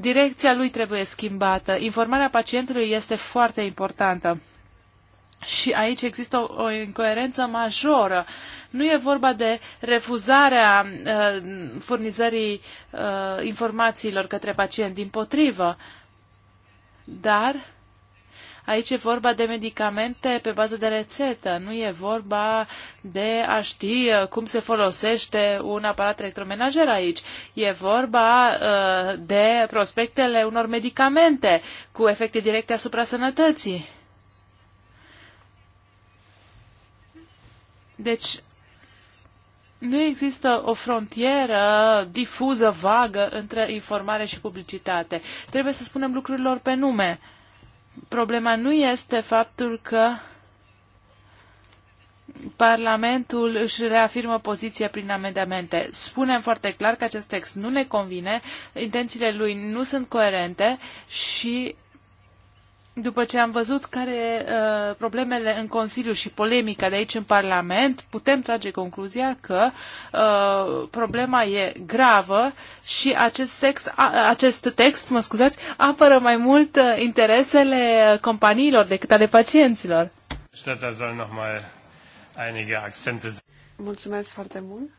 direcția lui trebuie schimbată. Informarea pacientului este foarte importantă. Și aici există o, o incoerență majoră. Nu e vorba de refuzarea uh, furnizării uh, informațiilor către pacient, din potrivă, dar Aici e vorba de medicamente pe bază de rețetă, nu e vorba de a ști uh, cum se folosește un aparat electromenager aici. E vorba uh, de prospectele unor medicamente cu efecte directe asupra sănătății. Deci, nu există o frontieră difuză, vagă, între informare și publicitate. Trebuie să spunem lucrurilor pe nume. Uh, problema nu este faptul că Parlamentul își reafirmă poziția prin amendamente. Spunem foarte clar că acest text nu ne convine, intențiile lui nu sunt coerente și după ce am văzut care uh, problemele în Consiliu și polemica de aici în Parlament, putem trage concluzia că uh, problema e gravă și acest, text, a, acest text, mă scuzați, apără mai mult uh, interesele companiilor decât ale pacienților. Mulțumesc foarte mult.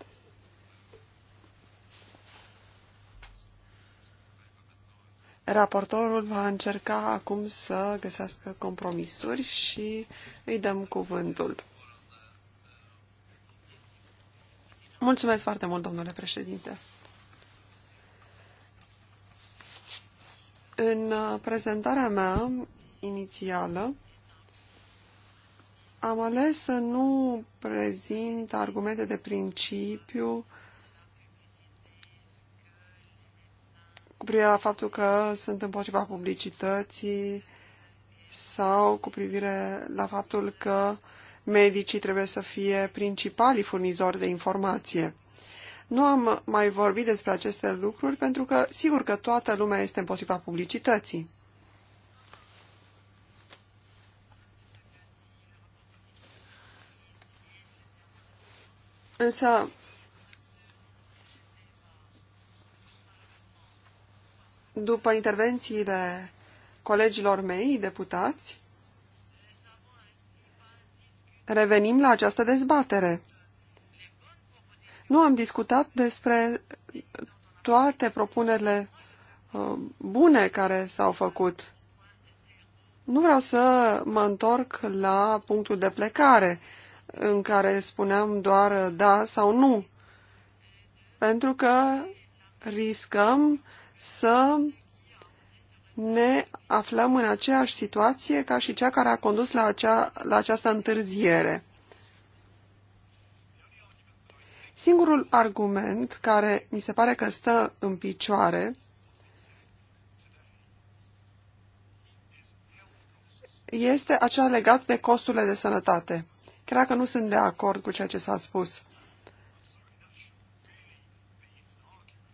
Raportorul va încerca acum să găsească compromisuri și îi dăm cuvântul. Mulțumesc foarte mult, domnule președinte. În prezentarea mea inițială, am ales să nu prezint argumente de principiu privire la faptul că sunt împotriva publicității sau cu privire la faptul că medicii trebuie să fie principalii furnizori de informație. Nu am mai vorbit despre aceste lucruri pentru că sigur că toată lumea este împotriva publicității. Însă după intervențiile colegilor mei, deputați, revenim la această dezbatere. Nu am discutat despre toate propunerile uh, bune care s-au făcut. Nu vreau să mă întorc la punctul de plecare, în care spuneam doar da sau nu, pentru că riscăm să ne aflăm în aceeași situație ca și cea care a condus la, acea, la această întârziere. Singurul argument care mi se pare că stă în picioare este acela legat de costurile de sănătate. Cred că nu sunt de acord cu ceea ce s-a spus.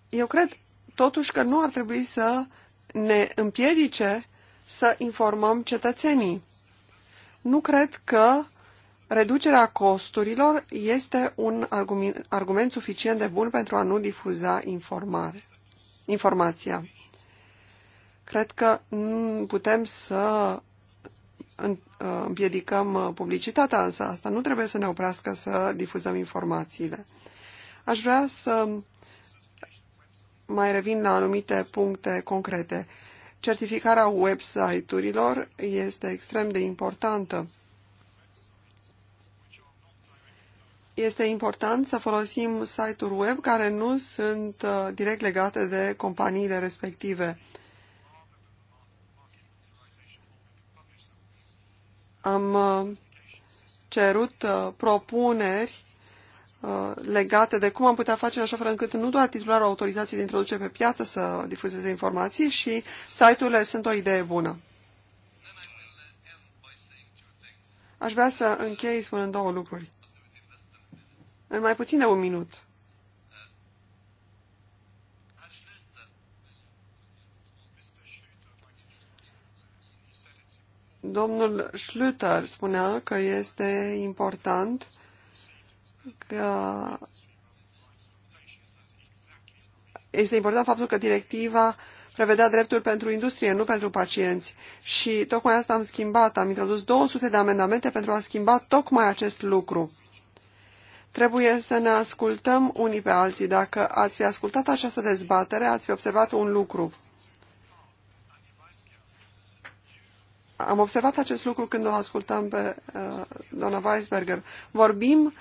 Eu cred totuși că nu ar trebui să ne împiedice să informăm cetățenii. Nu cred că reducerea costurilor este un argument, suficient de bun pentru a nu difuza informare, informația. Cred că putem să uh, împiedicăm uh, publicitatea, însă asta nu trebuie să ne oprească să difuzăm informațiile. Aș vrea să mai revin la anumite puncte concrete. Certificarea website-urilor este extrem de importantă. Este important să folosim site-uri web care nu sunt uh, direct legate de companiile respective. Am uh, cerut uh, propuneri Uh, legate de cum am putea face în așa fel încât nu doar titularul autorizației de introducere pe piață să difuzeze informații și site-urile sunt o idee bună. Aș vrea să închei spunând două lucruri. În mai puțin de un minut. Domnul Schlüter spunea că este important că este important faptul că directiva prevedea drepturi pentru industrie, nu pentru pacienți. Și tocmai asta am schimbat. Am introdus 200 de amendamente pentru a schimba tocmai acest lucru. Trebuie să ne ascultăm unii pe alții. Dacă ați fi ascultat această dezbatere, ați fi observat un lucru. am observat acest lucru când o ascultam pe uh, doamna Weisberger. Vorbim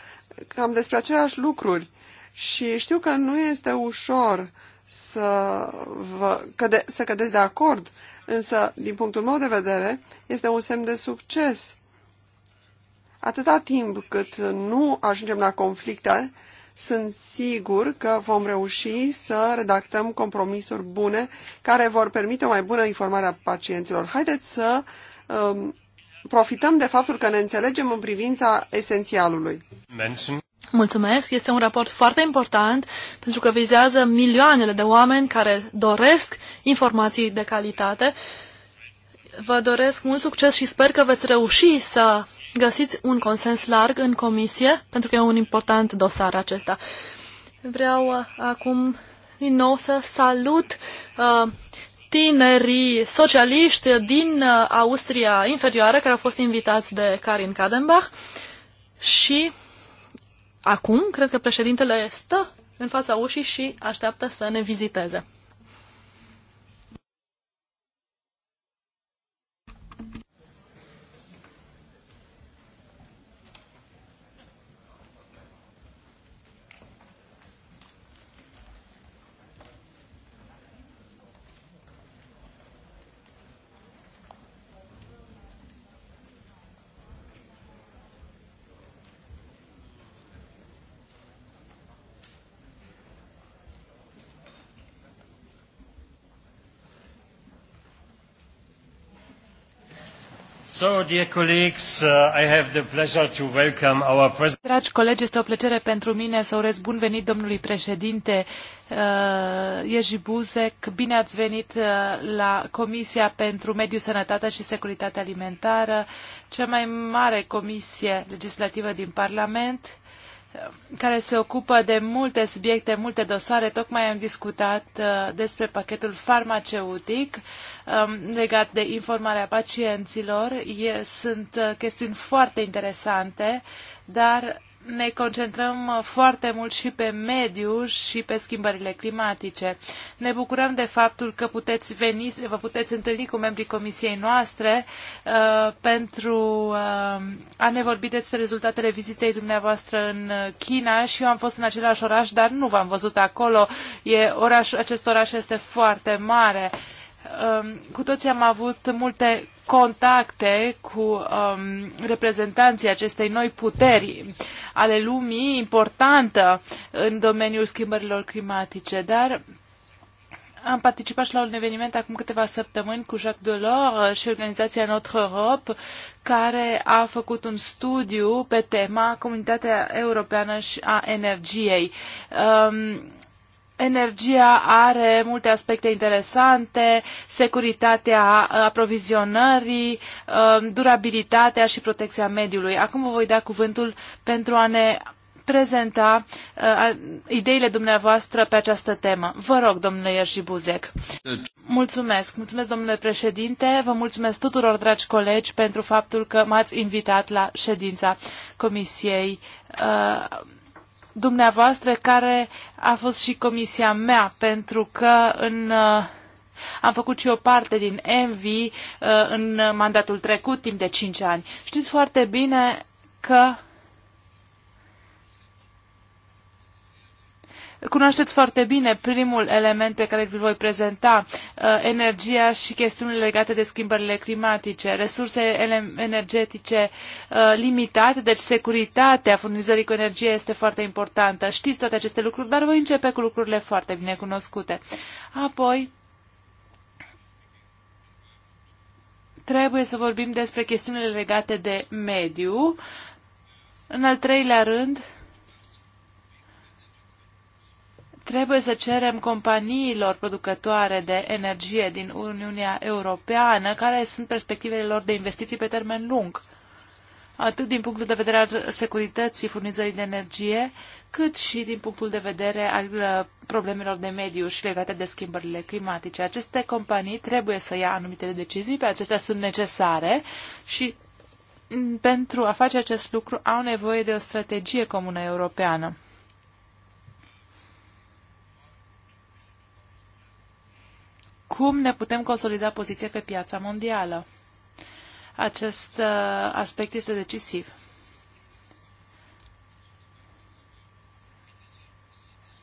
cam despre aceleași lucruri și știu că nu este ușor să, vă căde, să cădeți de acord, însă, din punctul meu de vedere, este un semn de succes. Atâta timp cât nu ajungem la conflicte, sunt sigur că vom reuși să redactăm compromisuri bune care vor permite o mai bună informare a pacienților. Haideți să um, profităm de faptul că ne înțelegem în privința esențialului. Mention. Mulțumesc, este un raport foarte important pentru că vizează milioanele de oameni care doresc informații de calitate. Vă doresc mult succes și sper că veți reuși să găsiți un consens larg în comisie, pentru că e un important dosar acesta. Vreau uh, acum din nou să salut uh, tinerii socialiști din uh, Austria Inferioară, care au fost invitați de Karin Kadenbach și acum cred că președintele stă în fața ușii și așteaptă să ne viziteze. So, dear colleagues, uh, I have the pleasure to welcome our president. Dragi colegi, este o plăcere pentru mine să urez bun venit domnului președinte uh, Ieji Buzek. Bine ați venit uh, la Comisia pentru Mediu, Sănătatea și Securitate Alimentară, cea mai mare comisie legislativă din Parlament care se ocupă de multe subiecte, multe dosare. Tocmai am discutat uh, despre pachetul farmaceutic um, legat de informarea pacienților. sunt uh, chestiuni foarte interesante, dar ne concentrăm uh, foarte mult și pe mediu și pe schimbările climatice. Ne bucurăm de faptul că puteți veni, vă puteți întâlni cu membrii comisiei noastre uh, pentru uh, a ne vorbi despre rezultatele vizitei dumneavoastră în China și eu am fost în același oraș, dar nu v-am văzut acolo. E oraș, acest oraș este foarte mare. Uh, Um, cu toții am avut multe contacte cu um, reprezentanții acestei noi puteri ale lumii importantă în domeniul schimbărilor climatice, dar am participat și la un eveniment acum câteva săptămâni cu Jacques Delors și organizația Notre Europe, care a făcut un studiu pe tema Comunitatea Europeană și a Energiei. Um, energia are multe aspecte interesante, securitatea aprovizionării, um, durabilitatea și protecția mediului. Acum vă voi da cuvântul pentru a ne prezenta uh, ideile dumneavoastră pe această temă. Vă rog, domnule Ierși Buzec. Mulțumesc. Mulțumesc, domnule președinte. Vă mulțumesc tuturor, dragi colegi, pentru faptul că m-ați invitat la ședința Comisiei uh, dumneavoastră, care a fost și comisia mea, pentru că în, uh, am făcut și o parte din Envy uh, în mandatul trecut, timp de 5 ani. Știți foarte bine că Cunoașteți foarte bine primul element pe care vi-l voi prezenta, uh, energia și chestiunile legate de schimbările climatice, resurse energetice uh, limitate, deci securitatea furnizării cu energie este foarte importantă. Știți toate aceste lucruri, dar voi începe cu lucrurile foarte bine cunoscute. Apoi, trebuie să vorbim despre chestiunile legate de mediu. În al treilea rând, Trebuie să cerem companiilor producătoare de energie din Uniunea Europeană care sunt perspectivele lor de investiții pe termen lung, atât din punctul de vedere al securității furnizării de energie, cât și din punctul de vedere al uh, problemelor de mediu și legate de schimbările climatice. Aceste companii trebuie să ia anumite decizii, pe acestea sunt necesare și mm, pentru a face acest lucru au nevoie de o strategie comună europeană. cum ne putem consolida poziția pe piața mondială. Acest uh, aspect este decisiv.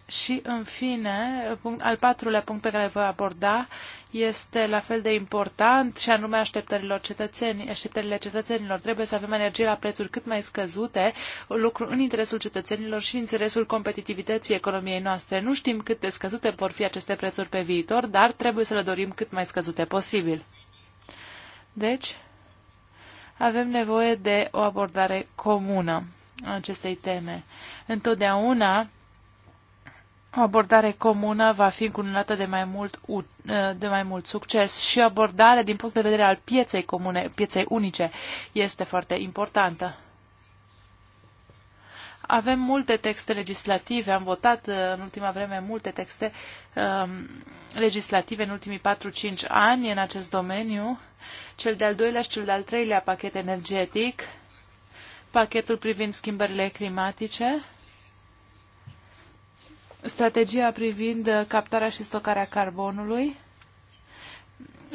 Și, în fine, punct, al patrulea punct pe care îl voi aborda este la fel de important și anume așteptărilor cetățenii. Așteptările cetățenilor trebuie să avem energie la prețuri cât mai scăzute, lucru în interesul cetățenilor și în interesul competitivității economiei noastre. Nu știm cât de scăzute vor fi aceste prețuri pe viitor, dar trebuie să le dorim cât mai scăzute posibil. Deci, avem nevoie de o abordare comună a acestei teme. Întotdeauna o abordare comună va fi încununată de mai mult, uh, de mai mult succes și abordare din punct de vedere al pieței comune, pieței unice, este foarte importantă. Avem multe texte legislative, am votat uh, în ultima vreme multe texte um, legislative în ultimii 4-5 ani în acest domeniu, cel de-al doilea și cel de-al treilea pachet energetic, pachetul privind schimbările climatice, strategia privind captarea și stocarea carbonului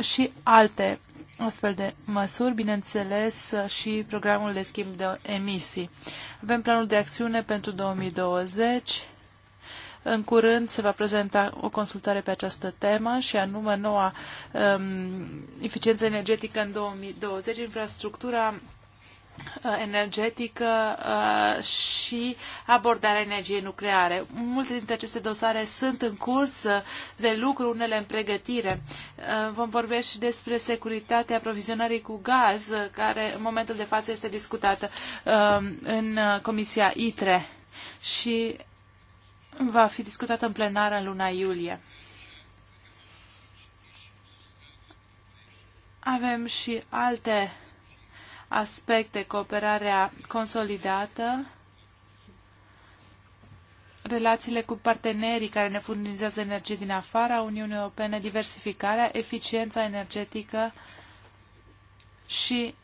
și alte astfel de măsuri, bineînțeles, și programul de schimb de emisii. Avem planul de acțiune pentru 2020. În curând se va prezenta o consultare pe această temă și anume noua um, eficiență energetică în 2020, infrastructura Uh, energetică uh, și abordarea energiei nucleare. Multe dintre aceste dosare sunt în curs de lucru, unele în pregătire. Uh, vom vorbi și despre securitatea aprovizionării cu gaz, care în momentul de față este discutată în Comisia ITRE și va fi discutată în plenară în luna iulie. Avem și alte aspecte, cooperarea consolidată, relațiile cu partenerii care ne furnizează energie din afara Uniunii Europene, diversificarea, eficiența energetică și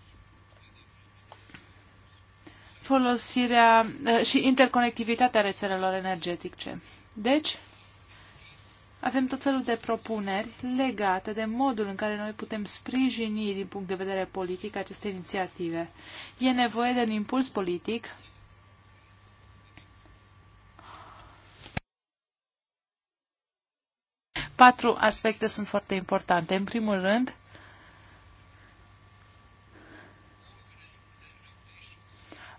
folosirea eh, și interconectivitatea rețelelor energetice. Deci, avem tot felul de propuneri legate de modul în care noi putem sprijini din punct de vedere politic aceste inițiative. E nevoie de un impuls politic patru aspecte sunt foarte importante. În primul rând,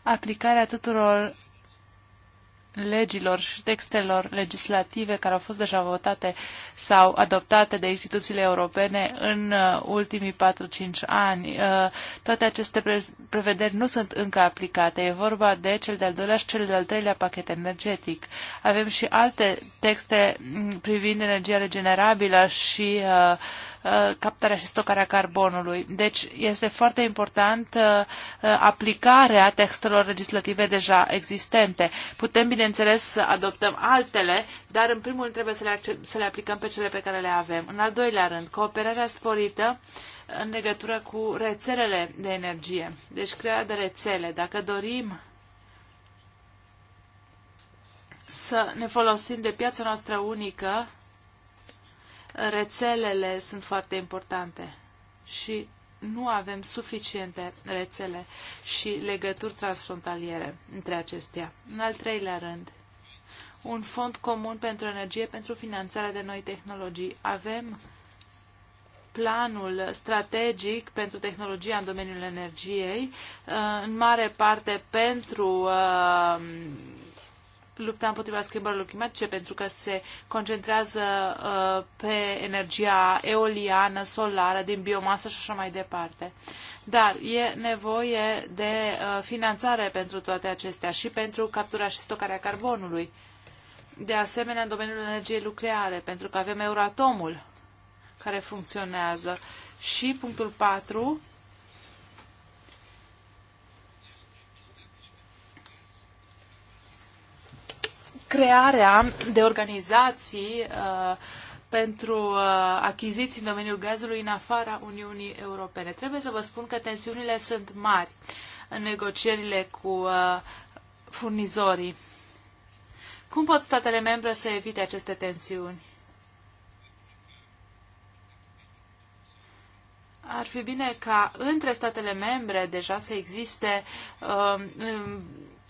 aplicarea tuturor legilor și textelor legislative care au fost deja votate sau adoptate de instituțiile europene în uh, ultimii 4-5 ani. Uh, toate aceste prevederi nu sunt încă aplicate. E vorba de cel de-al doilea și cel de-al treilea pachet energetic. Avem și alte texte mm, privind energia regenerabilă și uh, Uh, captarea și stocarea carbonului. Deci este foarte important uh, uh, aplicarea textelor legislative deja existente. Putem, bineînțeles, să adoptăm altele, dar în primul rând trebuie să le, să le aplicăm pe cele pe care le avem. În al doilea rând, cooperarea sporită în legătură cu rețelele de energie. Deci crearea de rețele. Dacă dorim să ne folosim de piața noastră unică, rețelele sunt foarte importante și nu avem suficiente rețele și legături transfrontaliere între acestea. În al treilea rând, un fond comun pentru energie pentru finanțarea de noi tehnologii. Avem planul strategic pentru tehnologia în domeniul energiei, uh, în mare parte pentru uh, lupta împotriva schimbărilor climatice pentru că se concentrează uh, pe energia eoliană, solară, din biomasă și așa mai departe. Dar e nevoie de uh, finanțare pentru toate acestea și pentru captura și stocarea carbonului. De asemenea, în domeniul energiei nucleare, pentru că avem Euratomul care funcționează. Și punctul 4, crearea de organizații uh, pentru uh, achiziții în domeniul gazului în afara Uniunii Europene. Trebuie să vă spun că tensiunile sunt mari în negocierile cu uh, furnizorii. Cum pot statele membre să evite aceste tensiuni? Ar fi bine ca între statele membre deja să existe uh,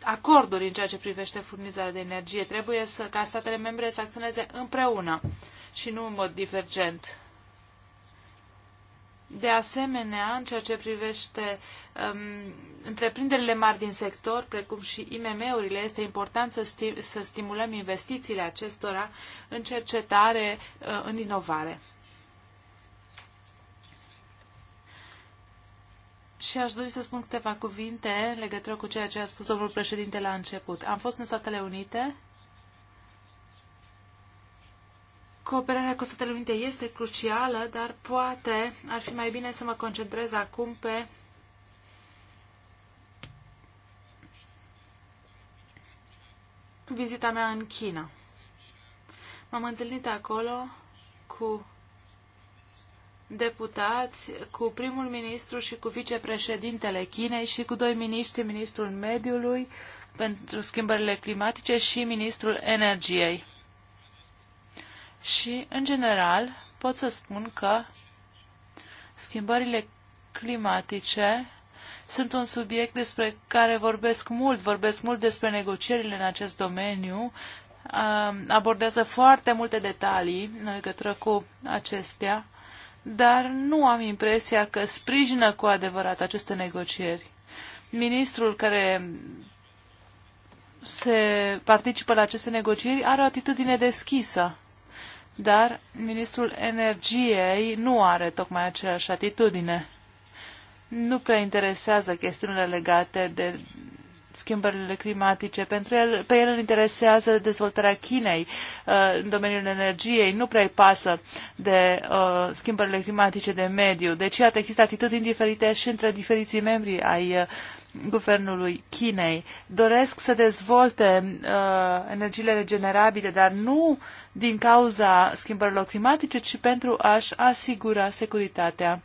acorduri în ceea ce privește furnizarea de energie. Trebuie să, ca statele membre să acționeze împreună și nu în mod divergent. De asemenea, în ceea ce privește um, întreprinderile mari din sector, precum și IMM-urile, este important să, sti- să stimulăm investițiile acestora în cercetare, uh, în inovare. Și aș dori să spun câteva cuvinte în legătură cu ceea ce a spus domnul președinte la început. Am fost în Statele Unite. Cooperarea cu Statele Unite este crucială, dar poate ar fi mai bine să mă concentrez acum pe vizita mea în China. M-am întâlnit acolo cu deputați cu primul ministru și cu vicepreședintele Chinei și cu doi miniștri, ministrul mediului pentru schimbările climatice și ministrul energiei. Și, în general, pot să spun că schimbările climatice sunt un subiect despre care vorbesc mult, vorbesc mult despre negocierile în acest domeniu, abordează foarte multe detalii în legătură cu acestea dar nu am impresia că sprijină cu adevărat aceste negocieri. Ministrul care se participă la aceste negocieri are o atitudine deschisă, dar ministrul energiei nu are tocmai aceeași atitudine. Nu prea interesează chestiunile legate de schimbările climatice. Pentru el, pe el îl interesează dezvoltarea Chinei uh, în domeniul energiei. Nu prea îi pasă de uh, schimbările climatice de mediu. Deci, iată, există atitudini diferite și între diferiții membri ai uh, guvernului Chinei. Doresc să dezvolte uh, energiile regenerabile, dar nu din cauza schimbărilor climatice, ci pentru a-și asigura securitatea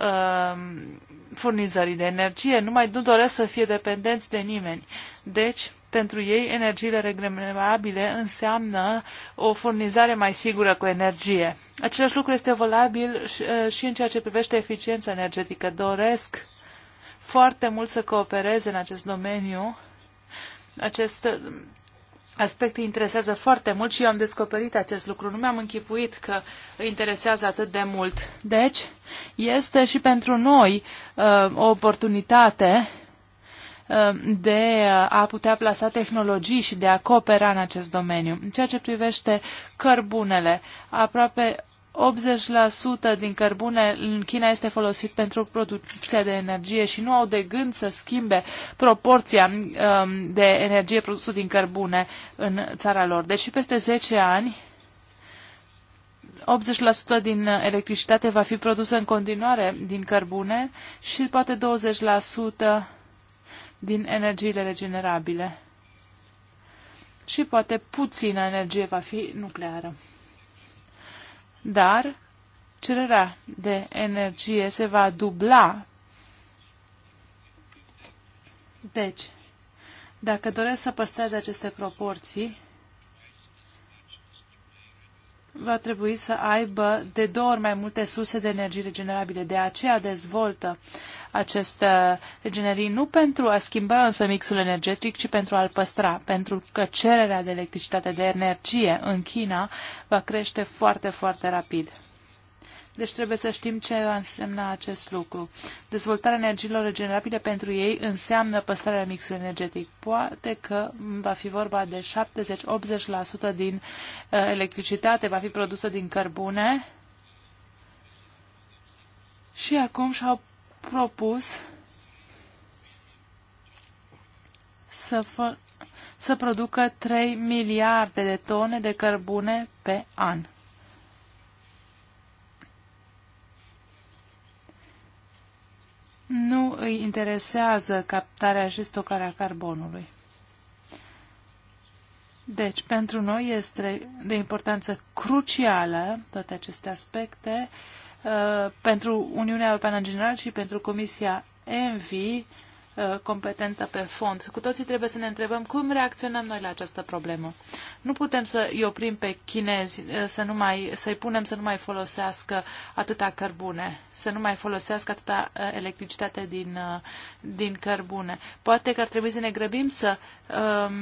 uh, furnizării de energie, nu mai nu doresc să fie dependenți de nimeni. Deci, pentru ei, energiile regenerabile înseamnă o furnizare mai sigură cu energie. Același lucru este valabil și în ceea ce privește eficiența energetică. Doresc foarte mult să coopereze în acest domeniu. Acest aspect interesează foarte mult și eu am descoperit acest lucru. Nu mi-am închipuit că îi interesează atât de mult. Deci, este și pentru noi uh, o oportunitate uh, de a putea plasa tehnologii și de a coopera în acest domeniu. În ceea ce privește cărbunele, aproape 80% din cărbune în China este folosit pentru producția de energie și nu au de gând să schimbe proporția um, de energie produsă din cărbune în țara lor. Deci peste 10 ani 80% din electricitate va fi produsă în continuare din cărbune și poate 20% din energiile regenerabile. Și poate puțină energie va fi nucleară dar cererea de energie se va dubla. Deci, dacă doresc să păstrez aceste proporții, va trebui să aibă de două ori mai multe surse de energie regenerabile. De aceea dezvoltă aceste regenerii uh, nu pentru a schimba însă mixul energetic, ci pentru a-l păstra, pentru că cererea de electricitate, de energie în China va crește foarte, foarte rapid. Deci trebuie să știm ce însemna acest lucru. Dezvoltarea energiilor regenerabile pentru ei înseamnă păstrarea mixului energetic. Poate că va fi vorba de 70-80% din uh, electricitate va fi produsă din cărbune. Și acum și-au propus să, fă, să producă 3 miliarde de tone de cărbune pe an. Nu îi interesează captarea și stocarea carbonului. Deci, pentru noi este de importanță crucială toate aceste aspecte Uh, pentru Uniunea Europeană în general și pentru Comisia ENVI Uh, competentă pe fond. Cu toții trebuie să ne întrebăm cum reacționăm noi la această problemă. Nu putem să îi oprim pe chinezi, uh, să nu mai, să-i punem să nu mai folosească atâta cărbune, să nu mai folosească atâta uh, electricitate din, din cărbune. Poate că ar trebui să ne grăbim să um,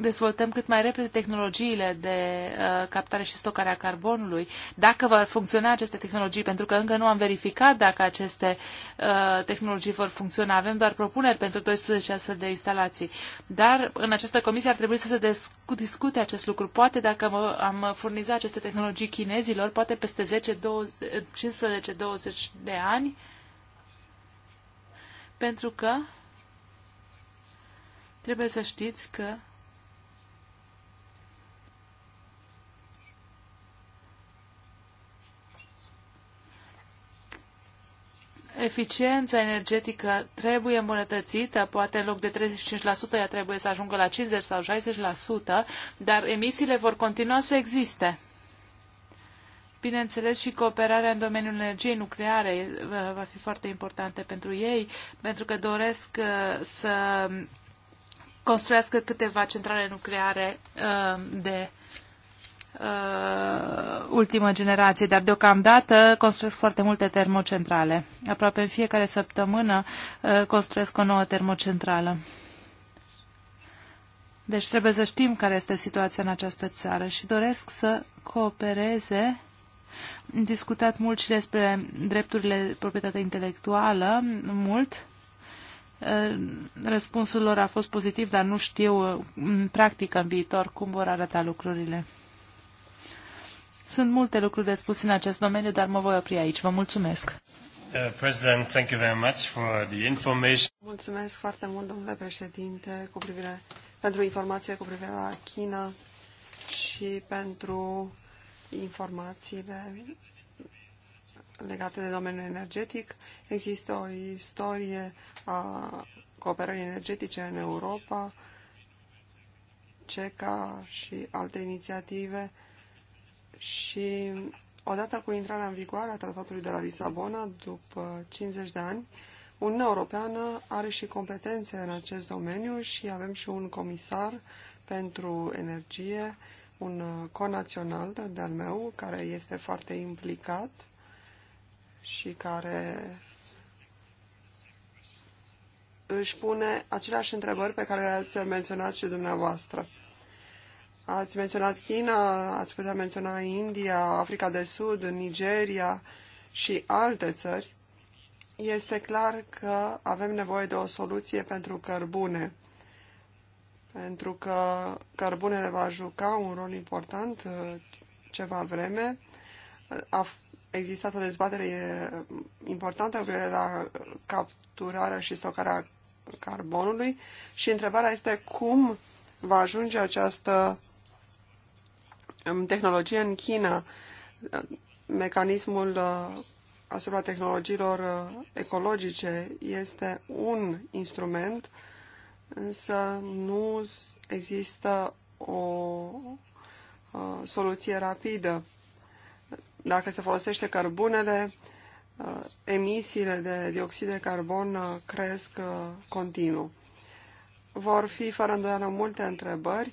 dezvoltăm cât mai repede tehnologiile de uh, captare și stocare a carbonului. Dacă vor funcționa aceste tehnologii, pentru că încă nu am verificat dacă aceste uh, tehnologii vor funcționa, avem doar propuneri propuneri pentru 12 astfel de instalații. Dar în această comisie ar trebui să se discute acest lucru. Poate dacă am furnizat aceste tehnologii chinezilor, poate peste 15-20 de ani, pentru că trebuie să știți că eficiența energetică trebuie îmbunătățită, poate în loc de 35% ea trebuie să ajungă la 50 sau 60%, dar emisiile vor continua să existe. Bineînțeles, și cooperarea în domeniul energiei nucleare eh, va fi foarte importantă pentru ei, pentru că doresc eh, să construiască câteva centrale nucleare eh, de uh, ultimă generație, dar deocamdată construiesc foarte multe termocentrale. Aproape în fiecare săptămână uh, construiesc o nouă termocentrală. Deci trebuie să știm care este situația în această țară și doresc să coopereze. Am discutat mult și despre drepturile de proprietate intelectuală, mult. Uh, răspunsul lor a fost pozitiv, dar nu știu uh, în practică în viitor cum vor arăta lucrurile. Sunt multe lucruri de spus în acest domeniu, dar mă voi opri aici. Vă mulțumesc. Uh, President, thank you very much for the information. Mulțumesc foarte mult, domnule președinte, cu privire, pentru informație cu privire la China și pentru informațiile legate de domeniul energetic. Există o istorie a cooperării energetice în Europa, CECA și alte inițiative și odată cu intrarea în vigoare a tratatului de la Lisabona, după 50 de ani, Uniunea Europeană are și competențe în acest domeniu și avem și un comisar pentru energie, un conațional de-al meu, care este foarte implicat și care își pune aceleași întrebări pe care le-ați menționat și dumneavoastră. Ați menționat China, ați putea menționa India, Africa de Sud, Nigeria și alte țări. Este clar că avem nevoie de o soluție pentru cărbune, pentru că cărbunele va juca un rol important uh, ceva vreme. A existat o dezbatere importantă cu la capturarea și stocarea carbonului și întrebarea este cum va ajunge această tehnologie în China, mecanismul uh, asupra tehnologiilor uh, ecologice este un instrument, însă nu există o uh, soluție rapidă. Dacă se folosește cărbunele, emisiile de dioxid de carbon cresc continuu. Vor fi fără îndoială multe întrebări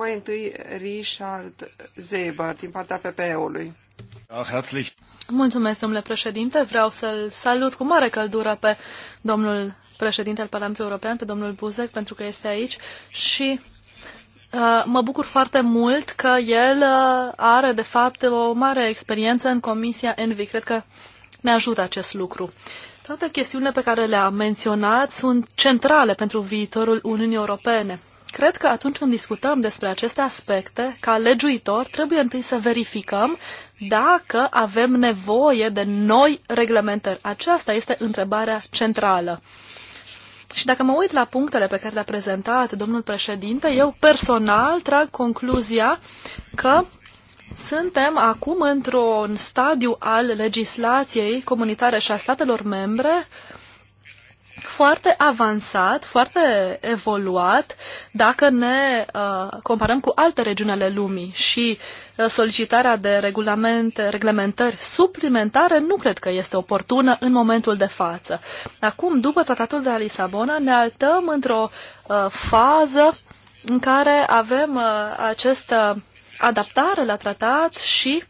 mai întâi Richard Zeber din partea PPE-ului. Mulțumesc, domnule președinte. Vreau să-l salut cu mare căldură pe domnul președinte al Parlamentului European, pe domnul Buzek, pentru că este aici și uh, mă bucur foarte mult că el uh, are, de fapt, o mare experiență în Comisia Envi. Cred că ne ajută acest lucru. Toate chestiunile pe care le-a menționat sunt centrale pentru viitorul Uniunii Europene. Cred că atunci când discutăm despre aceste aspecte, ca legiuitor, trebuie întâi să verificăm dacă avem nevoie de noi reglementări. Aceasta este întrebarea centrală. Și dacă mă uit la punctele pe care le-a prezentat domnul președinte, eu personal trag concluzia că suntem acum într-un stadiu al legislației comunitare și a statelor membre uh, foarte avansat, foarte evoluat dacă ne uh, comparăm cu alte regiuni ale lumii și uh, solicitarea de regulamente, reglementări suplimentare nu cred că este oportună în momentul de față. Acum, după tratatul de la Lisabona, ne altăm într-o uh, fază în care avem uh, această adaptare la tratat și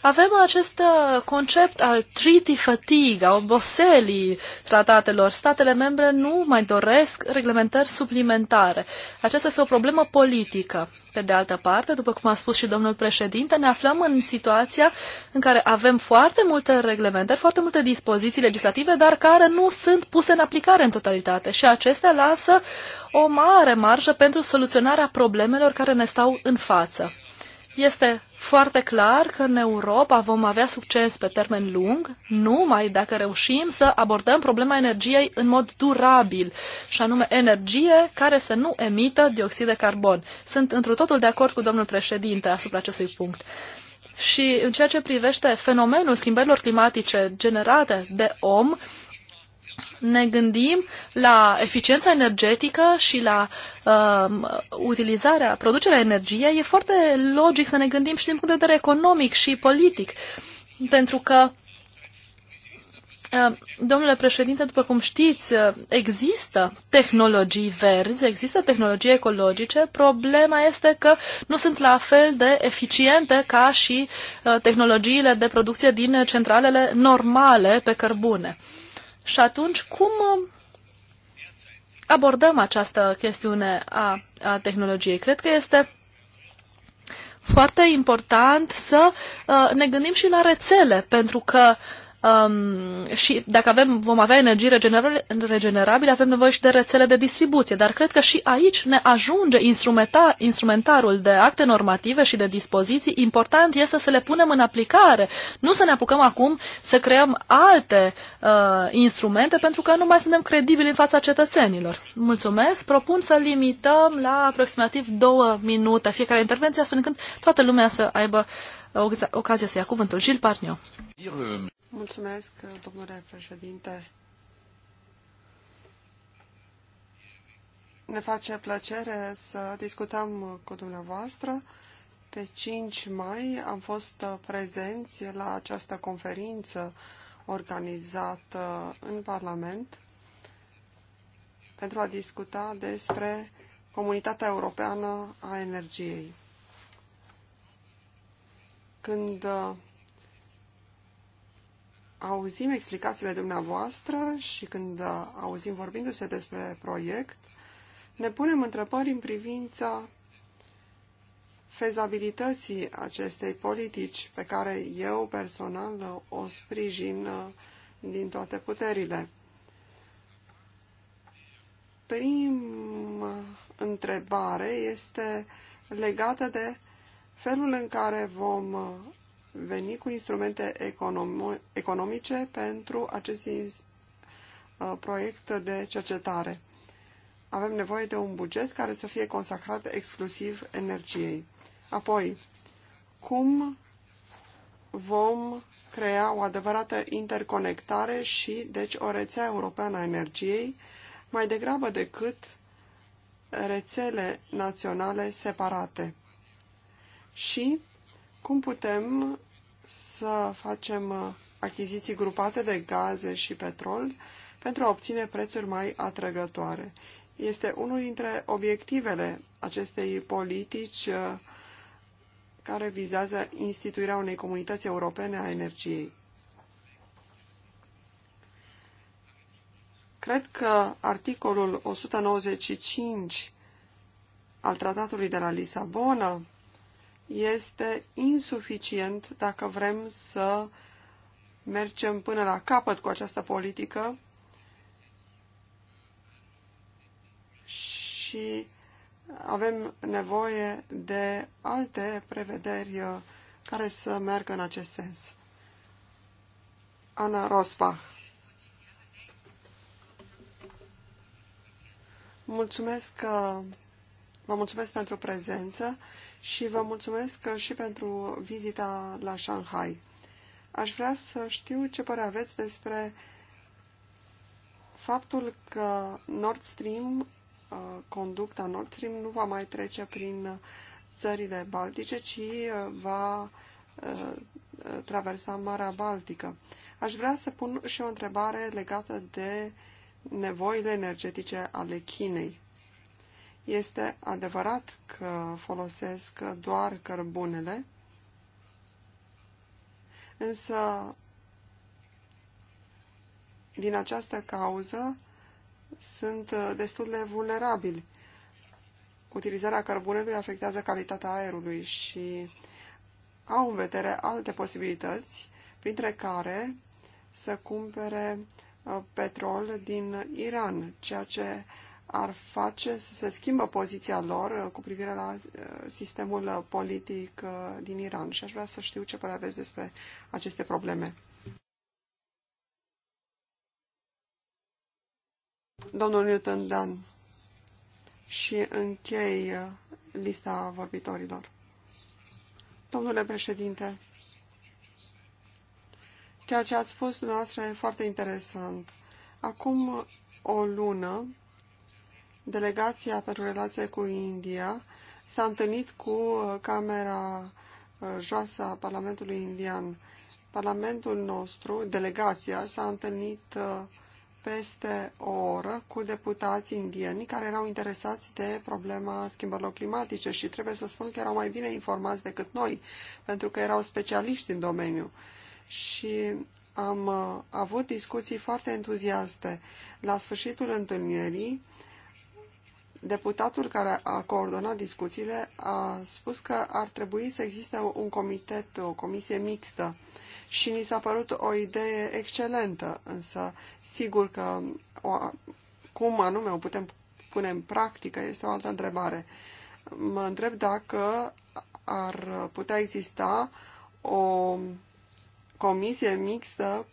avem acest uh, concept al treaty fatigue, a oboselii tratatelor. Statele membre nu mai doresc reglementări suplimentare. Aceasta este o problemă politică. Pe de altă parte, după cum a spus și domnul președinte, ne aflăm în situația în care avem foarte multe reglementări, foarte multe dispoziții legislative, dar care nu sunt puse în aplicare în totalitate și acestea lasă o mare marjă pentru soluționarea problemelor care ne stau în față. Este foarte clar că în Europa vom avea succes pe termen lung numai dacă reușim să abordăm problema energiei în mod durabil, și anume energie care să nu emită dioxid de carbon. Sunt întru totul de acord cu domnul președinte asupra acestui punct. Și în ceea ce privește fenomenul schimbărilor climatice generate de om, uh, ne gândim la eficiența energetică și la uh, utilizarea, producerea energiei, e foarte logic să ne gândim și din punct de vedere economic și politic. Pentru că, uh, domnule președinte, după cum știți, există tehnologii verzi, există tehnologii ecologice, problema este că nu sunt la fel de eficiente ca și uh, tehnologiile de producție din centralele normale pe cărbune. Uh, și atunci, cum uh, abordăm această chestiune a, a tehnologiei? Cred că este foarte important să uh, ne gândim și la rețele, pentru că uh, Um, și dacă avem, vom avea energii regenerabile, avem nevoie și de rețele de distribuție. Dar cred că și aici ne ajunge instrumenta, instrumentarul de acte normative și de dispoziții. Important este să le punem în aplicare, nu să ne apucăm acum să creăm alte uh, instrumente pentru că nu mai suntem credibili în fața cetățenilor. Mulțumesc. Propun să limităm la aproximativ două minute fiecare intervenție, astfel încât toată lumea să aibă ocazia să ia cuvântul. Gilles Parniu. Mulțumesc, domnule președinte. Ne face plăcere să discutăm cu dumneavoastră. Pe 5 mai am fost prezenți la această conferință organizată în Parlament pentru a discuta despre Comunitatea Europeană a Energiei. Când auzim explicațiile dumneavoastră și când uh, auzim vorbindu-se despre proiect, ne punem întrebări în privința fezabilității acestei politici pe care eu personal o sprijin uh, din toate puterile. Prima întrebare este legată de felul în care vom uh, veni cu instrumente economice pentru acest uh, proiect de cercetare. Avem nevoie de un buget care să fie consacrat exclusiv energiei. Apoi, cum vom crea o adevărată interconectare și, deci, o rețea europeană a energiei, mai degrabă decât rețele naționale separate. Și cum putem să facem uh, achiziții grupate de gaze și petrol pentru a obține prețuri mai atrăgătoare? Este unul dintre obiectivele acestei politici uh, care vizează instituirea unei comunități europene a energiei. Cred că articolul 195 al Tratatului de la Lisabona este insuficient dacă vrem să mergem până la capăt cu această politică și avem nevoie de alte prevederi uh, care să meargă în acest sens. Ana Rosbach Mulțumesc, uh, vă mulțumesc pentru prezență și vă mulțumesc și pentru vizita la Shanghai. Aș vrea să știu ce părere aveți despre faptul că Nord Stream, uh, conducta Nord Stream, nu va mai trece prin țările Baltice, ci uh, va uh, traversa Marea Baltică. Aș vrea să pun și o întrebare legată de nevoile energetice ale Chinei. Este adevărat că folosesc doar cărbunele, însă din această cauză sunt destul de vulnerabili. Utilizarea cărbunelui afectează calitatea aerului și au în vedere alte posibilități, printre care să cumpere uh, petrol din Iran, ceea ce ar face să se schimbă poziția lor uh, cu privire la uh, sistemul uh, politic din Iran și aș vrea să știu ce părere aveți despre aceste probleme. Domnul Newton Dan și închei lista vorbitorilor. Domnule președinte, ceea ce ați spus dumneavoastră e foarte interesant. Acum o lună delegația pentru relație cu India s-a întâlnit cu uh, Camera uh, Joasă a Parlamentului Indian. Parlamentul nostru, delegația, s-a întâlnit uh, peste o oră cu deputați indieni care erau interesați de problema schimbărilor climatice și trebuie să spun că erau mai bine informați decât noi, pentru că erau specialiști în domeniu. Și am avut discuții foarte entuziaste. La sfârșitul întâlnirii, Deputatul care a coordonat discuțiile a spus că ar trebui să existe un comitet, o comisie mixtă și ni s-a părut o idee excelentă, însă sigur că o, cum anume o putem pune în practică este o altă întrebare. Mă întreb dacă ar putea exista o comisie mixtă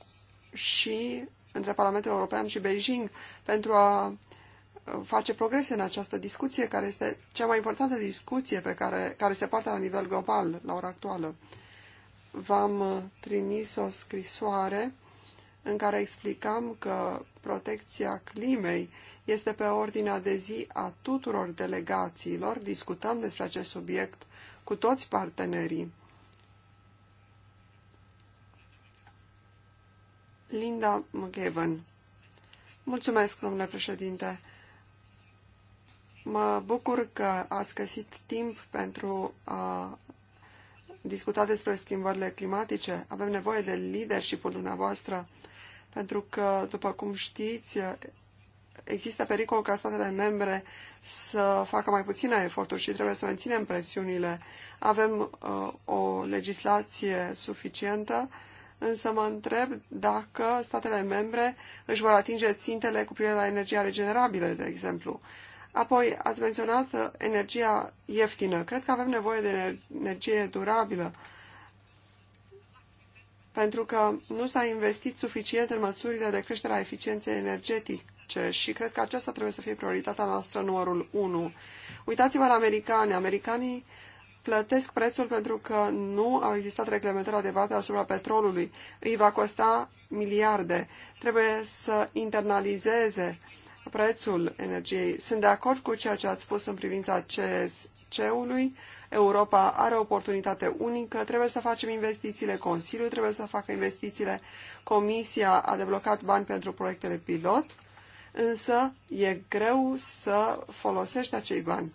și între Parlamentul European și Beijing pentru a face progrese în această discuție, care este cea mai importantă discuție pe care, care se poate la nivel global la ora actuală. V-am uh, trimis o scrisoare în care explicam că protecția climei este pe ordinea de zi a tuturor delegațiilor. Discutăm despre acest subiect cu toți partenerii. Linda McGavin. Mulțumesc, domnule președinte. Mă bucur că ați găsit timp pentru a discuta despre schimbările climatice. Avem nevoie de leadership-ul dumneavoastră, pentru că, după cum știți, există pericol ca statele membre să facă mai puține eforturi și trebuie să menținem presiunile. Avem uh, o legislație suficientă, însă mă întreb dacă statele membre își vor atinge țintele cu privire la energia regenerabilă, de exemplu. Apoi, ați menționat uh, energia ieftină. Cred că avem nevoie de energie durabilă, pentru că nu s-a investit suficient în măsurile de creștere a eficienței energetice și cred că aceasta trebuie să fie prioritatea noastră numărul 1. Uitați-vă la americani. Americanii plătesc prețul pentru că nu au existat reglementări adecvate asupra petrolului. Îi va costa miliarde. Trebuie să internalizeze prețul energiei. Sunt de acord cu ceea ce ați spus în privința CSC-ului. Europa are o oportunitate unică, trebuie să facem investițiile, Consiliul trebuie să facă investițiile, Comisia a deblocat bani pentru proiectele pilot, însă e greu să folosești acei bani.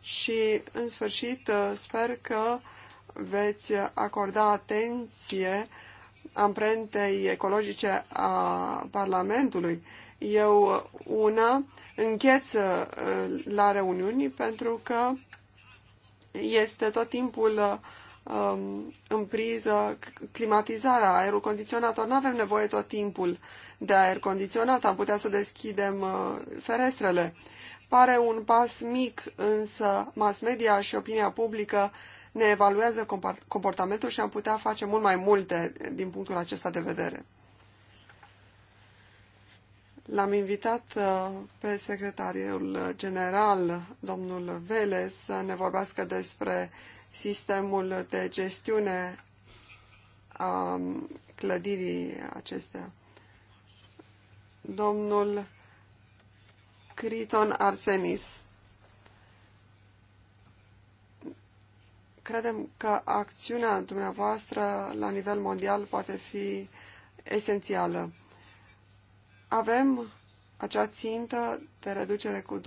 Și, în sfârșit, sper că veți acorda atenție amprentei ecologice a Parlamentului. Eu una încheț uh, la reuniuni pentru că este tot timpul uh, um, în priză climatizarea, aerul condiționat. nu avem nevoie tot timpul de aer condiționat, am putea să deschidem uh, ferestrele. Pare un pas mic, însă mass media și opinia publică ne evaluează comportamentul și am putea face mult mai multe din punctul acesta de vedere. L-am invitat uh, pe secretariul general, domnul Vele, să ne vorbească despre sistemul de gestiune a um, clădirii acestea. Domnul Criton Arsenis. Credem că acțiunea dumneavoastră la nivel mondial poate fi esențială. Avem acea țintă de reducere cu 20%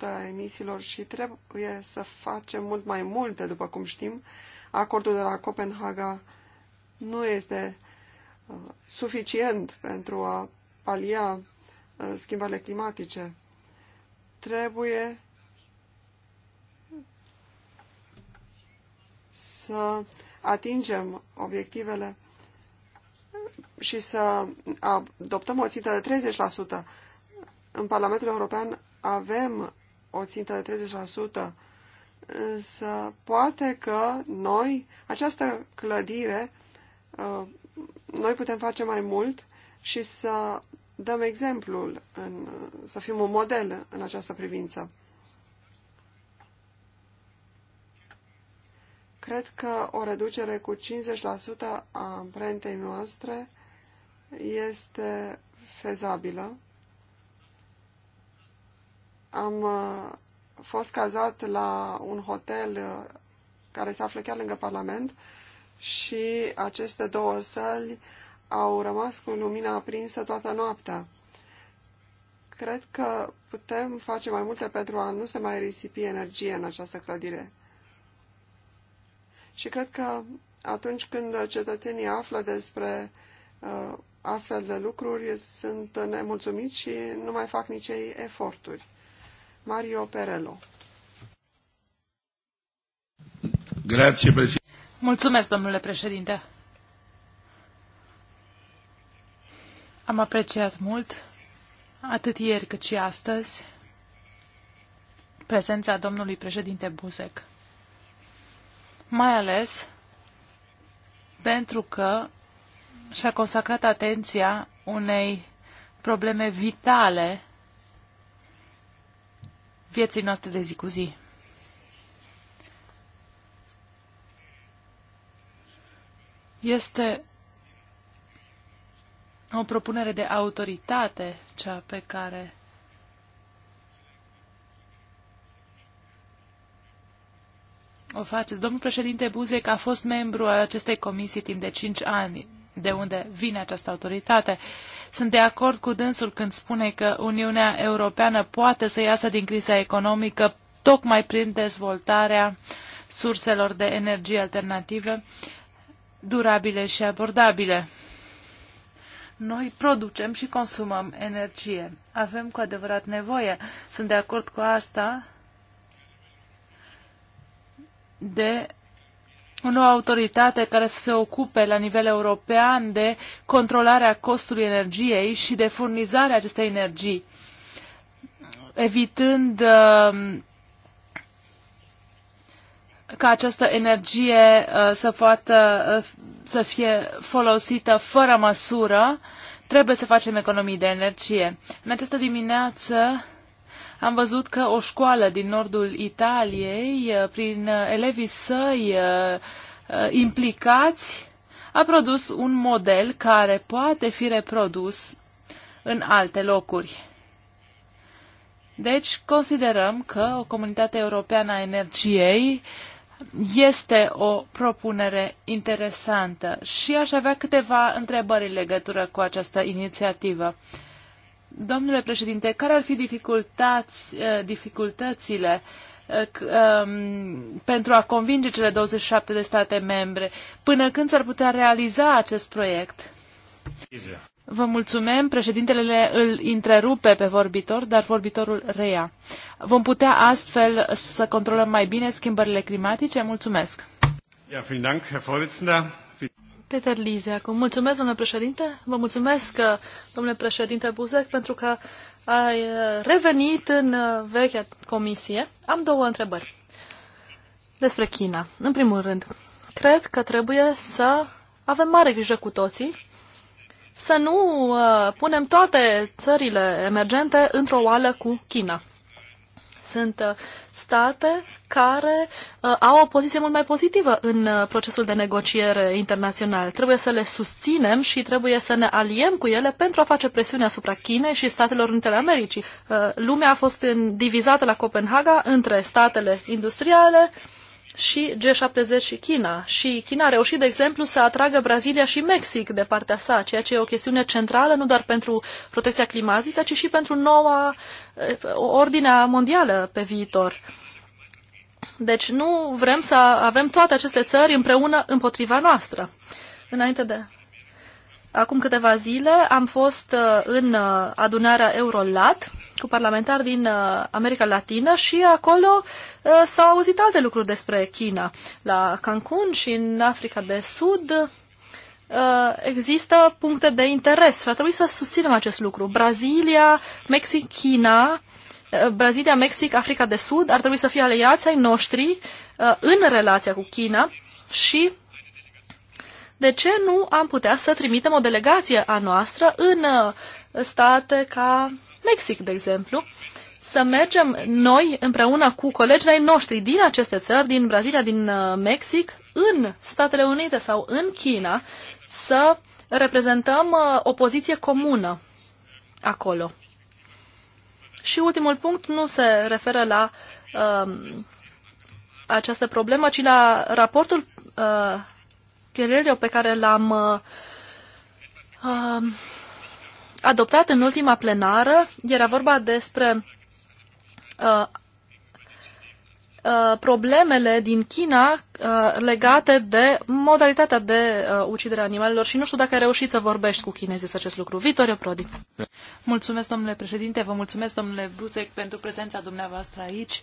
a emisiilor și trebuie să facem mult mai multe, după cum știm. Acordul de la Copenhaga nu este uh, suficient pentru a palia uh, schimbările climatice. Trebuie să atingem obiectivele și să adoptăm o țintă de 30%. În Parlamentul European avem o țintă de 30%, însă poate că noi, această clădire, uh, noi putem face mai mult și să dăm exemplul, în, să fim un model în această privință. Cred că o reducere cu 50% a amprentei noastre este fezabilă. Am uh, fost cazat la un hotel uh, care se află chiar lângă Parlament și aceste două săli au rămas cu lumina aprinsă toată noaptea. Cred că putem face mai multe pentru a nu se mai risipi energie în această clădire. Și cred că atunci când cetățenii află despre uh, astfel de lucruri, sunt nemulțumiți și nu mai fac nici ei eforturi. Mario Perello. Grazie, președinte. Mulțumesc, domnule președinte. Am apreciat mult, atât ieri cât și astăzi, prezența domnului președinte Buzek mai ales pentru că și-a consacrat atenția unei probleme vitale vieții noastre de zi cu zi. Este o propunere de autoritate cea pe care o faceți. Domnul președinte Buzek a fost membru al acestei comisii timp de cinci ani, de unde vine această autoritate. Sunt de acord cu dânsul când spune că Uniunea Europeană poate să iasă din criza economică tocmai prin dezvoltarea surselor de energie alternative durabile și abordabile. Noi producem și consumăm energie. Avem cu adevărat nevoie. Sunt de acord cu asta de o nouă autoritate care să se ocupe la nivel european de controlarea costului energiei și de furnizarea acestei energii, evitând uh, ca această energie uh, să poată uh, să fie folosită fără măsură, trebuie să facem economii de energie. În această dimineață am văzut că o școală din nordul Italiei, uh, prin uh, elevii săi uh, implicați, a produs un model care poate fi reprodus în alte locuri. Deci, considerăm că o comunitate europeană a energiei este o propunere interesantă și aș avea câteva întrebări în legătură cu această inițiativă. Domnule președinte, care ar fi dificultăți, eh, dificultățile eh, ehm, pentru a convinge cele 27 de state membre? Până când s-ar putea realiza acest proiect? Vă mulțumim. Președintele îl întrerupe pe vorbitor, dar vorbitorul reia. Vom putea astfel să controlăm mai bine schimbările climatice? Mulțumesc. Ja, vielen Dank, Herr Vorsitzender. Peter Lize, acum. Mulțumesc, domnule președinte. Vă mulțumesc, uh, domnule președinte Buzec, pentru că ai uh, revenit în uh, vechea comisie. Am două întrebări despre China. În primul rând, cred că trebuie să avem mare grijă cu toții să nu uh, punem toate țările emergente într-o oală cu China. Sunt uh, state care uh, au o poziție mult mai pozitivă în uh, procesul de negociere internațional. Trebuie să le susținem și trebuie să ne aliem cu ele pentru a face presiune asupra Chinei și Statelor Unite ale Americii. Lumea a fost divizată la Copenhaga între statele industriale, și G70 și China. Și China a reușit, de exemplu, să atragă Brazilia și Mexic de partea sa, ceea ce e o chestiune centrală nu doar pentru protecția climatică, ci și pentru noua ordinea mondială pe viitor. Deci nu vrem să avem toate aceste țări împreună împotriva noastră. Înainte de acum câteva zile am fost uh, în uh, adunarea Eurolat cu parlamentari din uh, America Latină și acolo s-au auzit alte lucruri despre China. La Cancun și în Africa de Sud Uh, există puncte de interes și ar trebui să susținem acest lucru. Brazilia, Mexic, China, uh, Brazilia, Mexic, Africa de Sud ar trebui să fie aliați ai noștri uh, în relația cu China și de ce nu am putea să trimitem o delegație a noastră în state ca Mexic, de exemplu, să mergem noi împreună cu colegii noștri din aceste țări, din Brazilia, din Mexic, în Statele Unite sau în China să reprezentăm uh, o poziție comună acolo. Și ultimul punct nu se referă la uh, această problemă, ci la raportul uh, Guerrero pe care l-am uh, um, adoptat în ultima plenară. Era vorba despre uh, Uh, problemele din China uh, legate de modalitatea de uh, ucidere a animalelor și nu știu dacă ai reușit să vorbești cu chinezii despre acest lucru. Vitorio Prodi. Mulțumesc, domnule președinte, vă mulțumesc, domnule Buzek, pentru prezența dumneavoastră aici.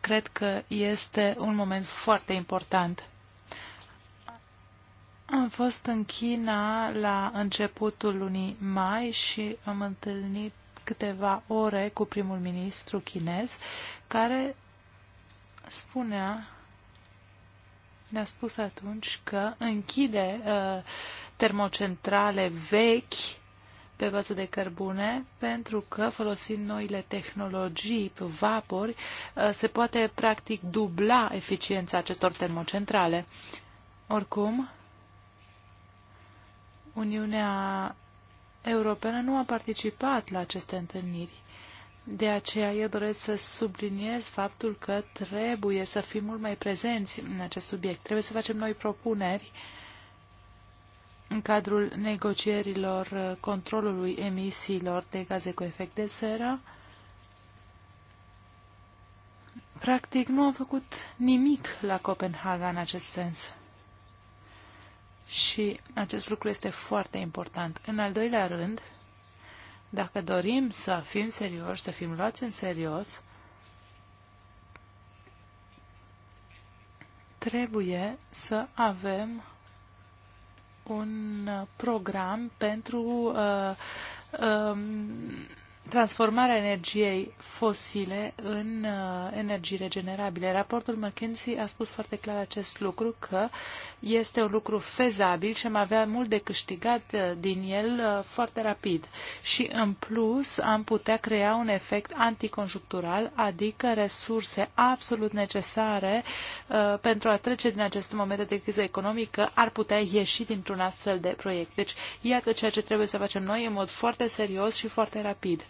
Cred că este un moment foarte important. Am fost în China la începutul lunii mai și am întâlnit câteva ore cu primul ministru chinez, care spunea, ne-a spus atunci că închide uh, termocentrale vechi pe bază de cărbune, pentru că folosind noile tehnologii pe vapori, uh, se poate practic dubla eficiența acestor termocentrale. Oricum, Uniunea Europeană nu a participat la aceste întâlniri de aceea eu doresc să subliniez faptul că trebuie să fim mult mai prezenți în acest subiect. Trebuie să facem noi propuneri în cadrul negocierilor controlului emisiilor de gaze cu efect de seră. Practic, nu am făcut nimic la Copenhaga în acest sens. Și acest lucru este foarte important. În al doilea rând, dacă dorim să fim serioși, să fim luați în serios, trebuie să avem un program pentru uh, um, transformarea energiei fosile în uh, energii regenerabile. Raportul McKinsey a spus foarte clar acest lucru, că este un lucru fezabil și am avea mult de câștigat uh, din el uh, foarte rapid. Și în plus am putea crea un efect anticonjunctural, adică resurse absolut necesare uh, pentru a trece din acest moment de criză economică, ar putea ieși dintr-un astfel de proiect. Deci, iată ceea ce trebuie să facem noi în mod foarte serios și foarte rapid.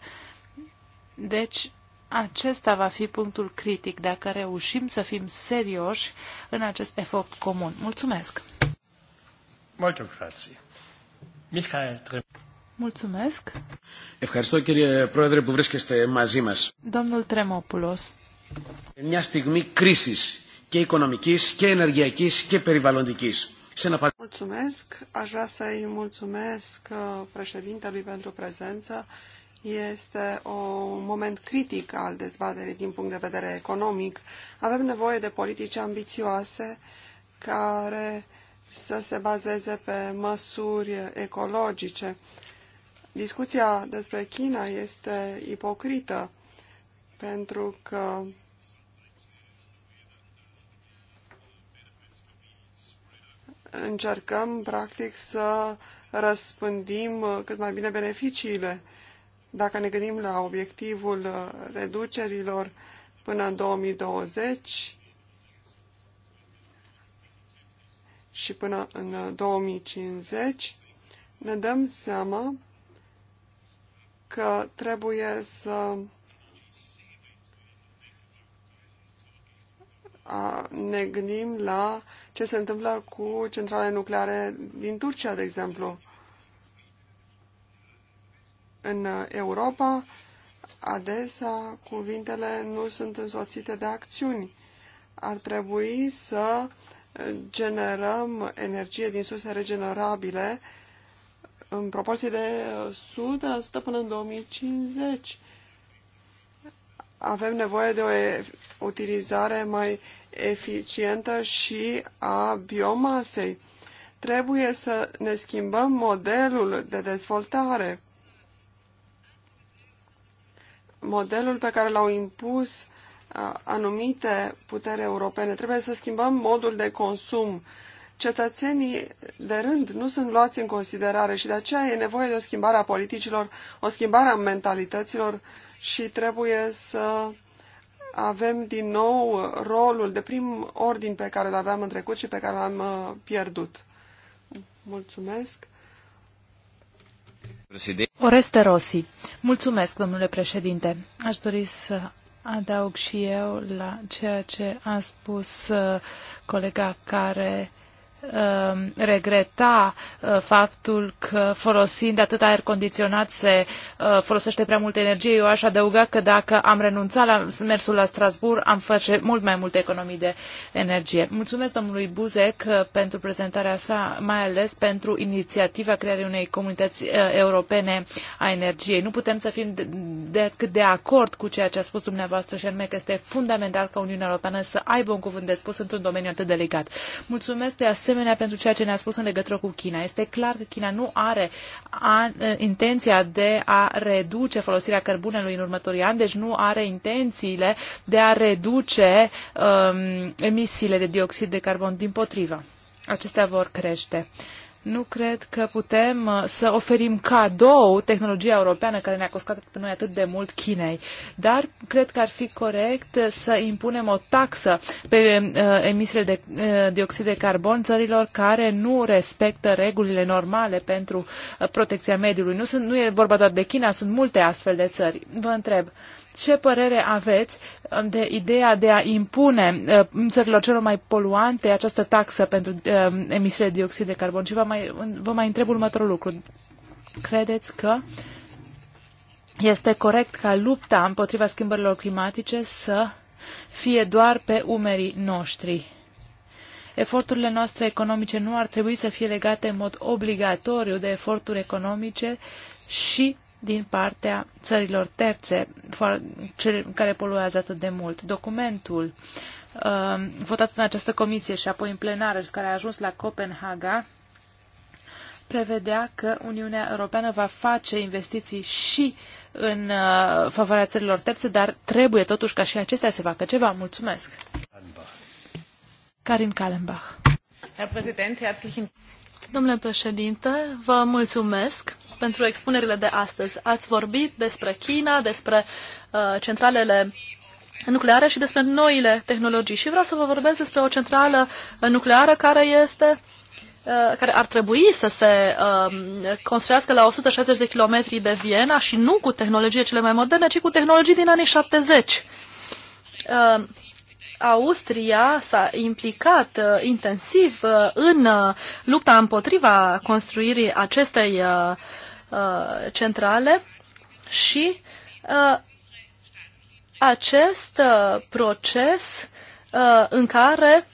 Deci, acesta va fi punctul critic, dacă reușim să fim serioși în acest efort comun. Mulțumesc! Mulțumesc! Mulțumesc. Ευχαριστώ κύριε Πρόεδρε που βρίσκεστε μαζί Domnul Τρεμόπουλος. και οικονομικής και ενεργειακής και περιβαλλοντικής. Mulțumesc. Aș vrea să-i mulțumesc uh, președintelui pentru prezență este un moment critic al dezbaterii din punct de vedere economic. Avem nevoie de politici ambițioase care să se bazeze pe măsuri ecologice. Discuția despre China este ipocrită pentru că încercăm practic să răspândim cât mai bine beneficiile dacă ne gândim la obiectivul uh, reducerilor până în 2020 și până în 2050, uh, ne dăm seama că trebuie să ne gândim la ce se întâmplă cu centrale nucleare din Turcia, de exemplu. În Europa, adesea, cuvintele nu sunt însoțite de acțiuni. Ar trebui să generăm energie din surse regenerabile în proporție de 100% până în 2050. Avem nevoie de o utilizare mai eficientă și a biomasei. Trebuie să ne schimbăm modelul de dezvoltare modelul pe care l-au impus uh, anumite putere europene. Trebuie să schimbăm modul de consum. Cetățenii de rând nu sunt luați în considerare și de aceea e nevoie de o schimbare a politicilor, o schimbare a mentalităților și trebuie să avem din nou rolul de prim ordin pe care l aveam în trecut și pe care l-am uh, pierdut. Mulțumesc. Oreste Rossi. Mulțumesc, domnule președinte. Aș dori să adaug și eu la ceea ce a spus uh, colega care Um, regreta uh, faptul că folosind atât aer condiționat se uh, folosește prea multă energie. Eu aș adăuga că dacă am renunțat la mersul la Strasbourg, am face mult mai multe economii de energie. Mulțumesc domnului Buzek uh, pentru prezentarea sa, mai ales pentru inițiativa creării unei comunități europene a energiei. Nu putem să fim decât de acord cu ceea ce a spus dumneavoastră și anume că este fundamental ca Uniunea Europeană să aibă un cuvânt de spus într-un domeniu atât delicat. Mulțumesc de asemenea asemenea pentru ceea ce ne-a spus în legătură cu China. Este clar că China nu are a, intenția de a reduce folosirea cărbunelui în următorii ani, deci nu are intențiile de a reduce um, emisiile de dioxid de carbon din potriva. Acestea vor crește. Uh, nu cred că putem uh, să oferim cadou tehnologia europeană care ne-a costat pe noi atât de mult Chinei, dar cred că ar fi corect uh, să impunem o taxă pe uh, emisiile de dioxid de carbon țărilor care nu respectă regulile normale pentru protecția mediului. Nu, sunt, nu e vorba doar de China, sunt multe astfel de țări. Vă întreb, ce părere aveți um, de ideea de a impune uh, țărilor celor mai poluante această taxă pentru um, emisiile de dioxid de carbon? Și vă mai, vă mai întreb următorul lucru. Credeți că este corect ca lupta împotriva schimbărilor climatice să fie doar pe umerii noștri? Eforturile noastre economice nu ar trebui să fie legate în mod obligatoriu de eforturi economice și din partea țărilor terțe care poluează atât de mult. Documentul uh, votat în această comisie și apoi în plenară și care a ajuns la Copenhaga prevedea că Uniunea Europeană va face investiții și în uh, favoarea țărilor terțe, dar trebuie totuși ca și acestea să facă ceva. Mulțumesc! Karin Kallenbach. Herr Präsident, herzlichen Domnule președinte, vă mulțumesc pentru expunerile de astăzi. Ați vorbit despre China, despre uh, centralele nucleare și despre noile tehnologii. Și vreau să vă vorbesc despre o centrală uh, nucleară care este uh, care ar trebui să se um, construiască la 160 de kilometri de Viena și nu cu tehnologie cele mai moderne, ci cu tehnologii din anii 70. Uh, Austria s-a implicat uh, intensiv uh, în uh, lupta împotriva construirii acestei uh, Uh, centrale și uh, acest uh, proces uh, în care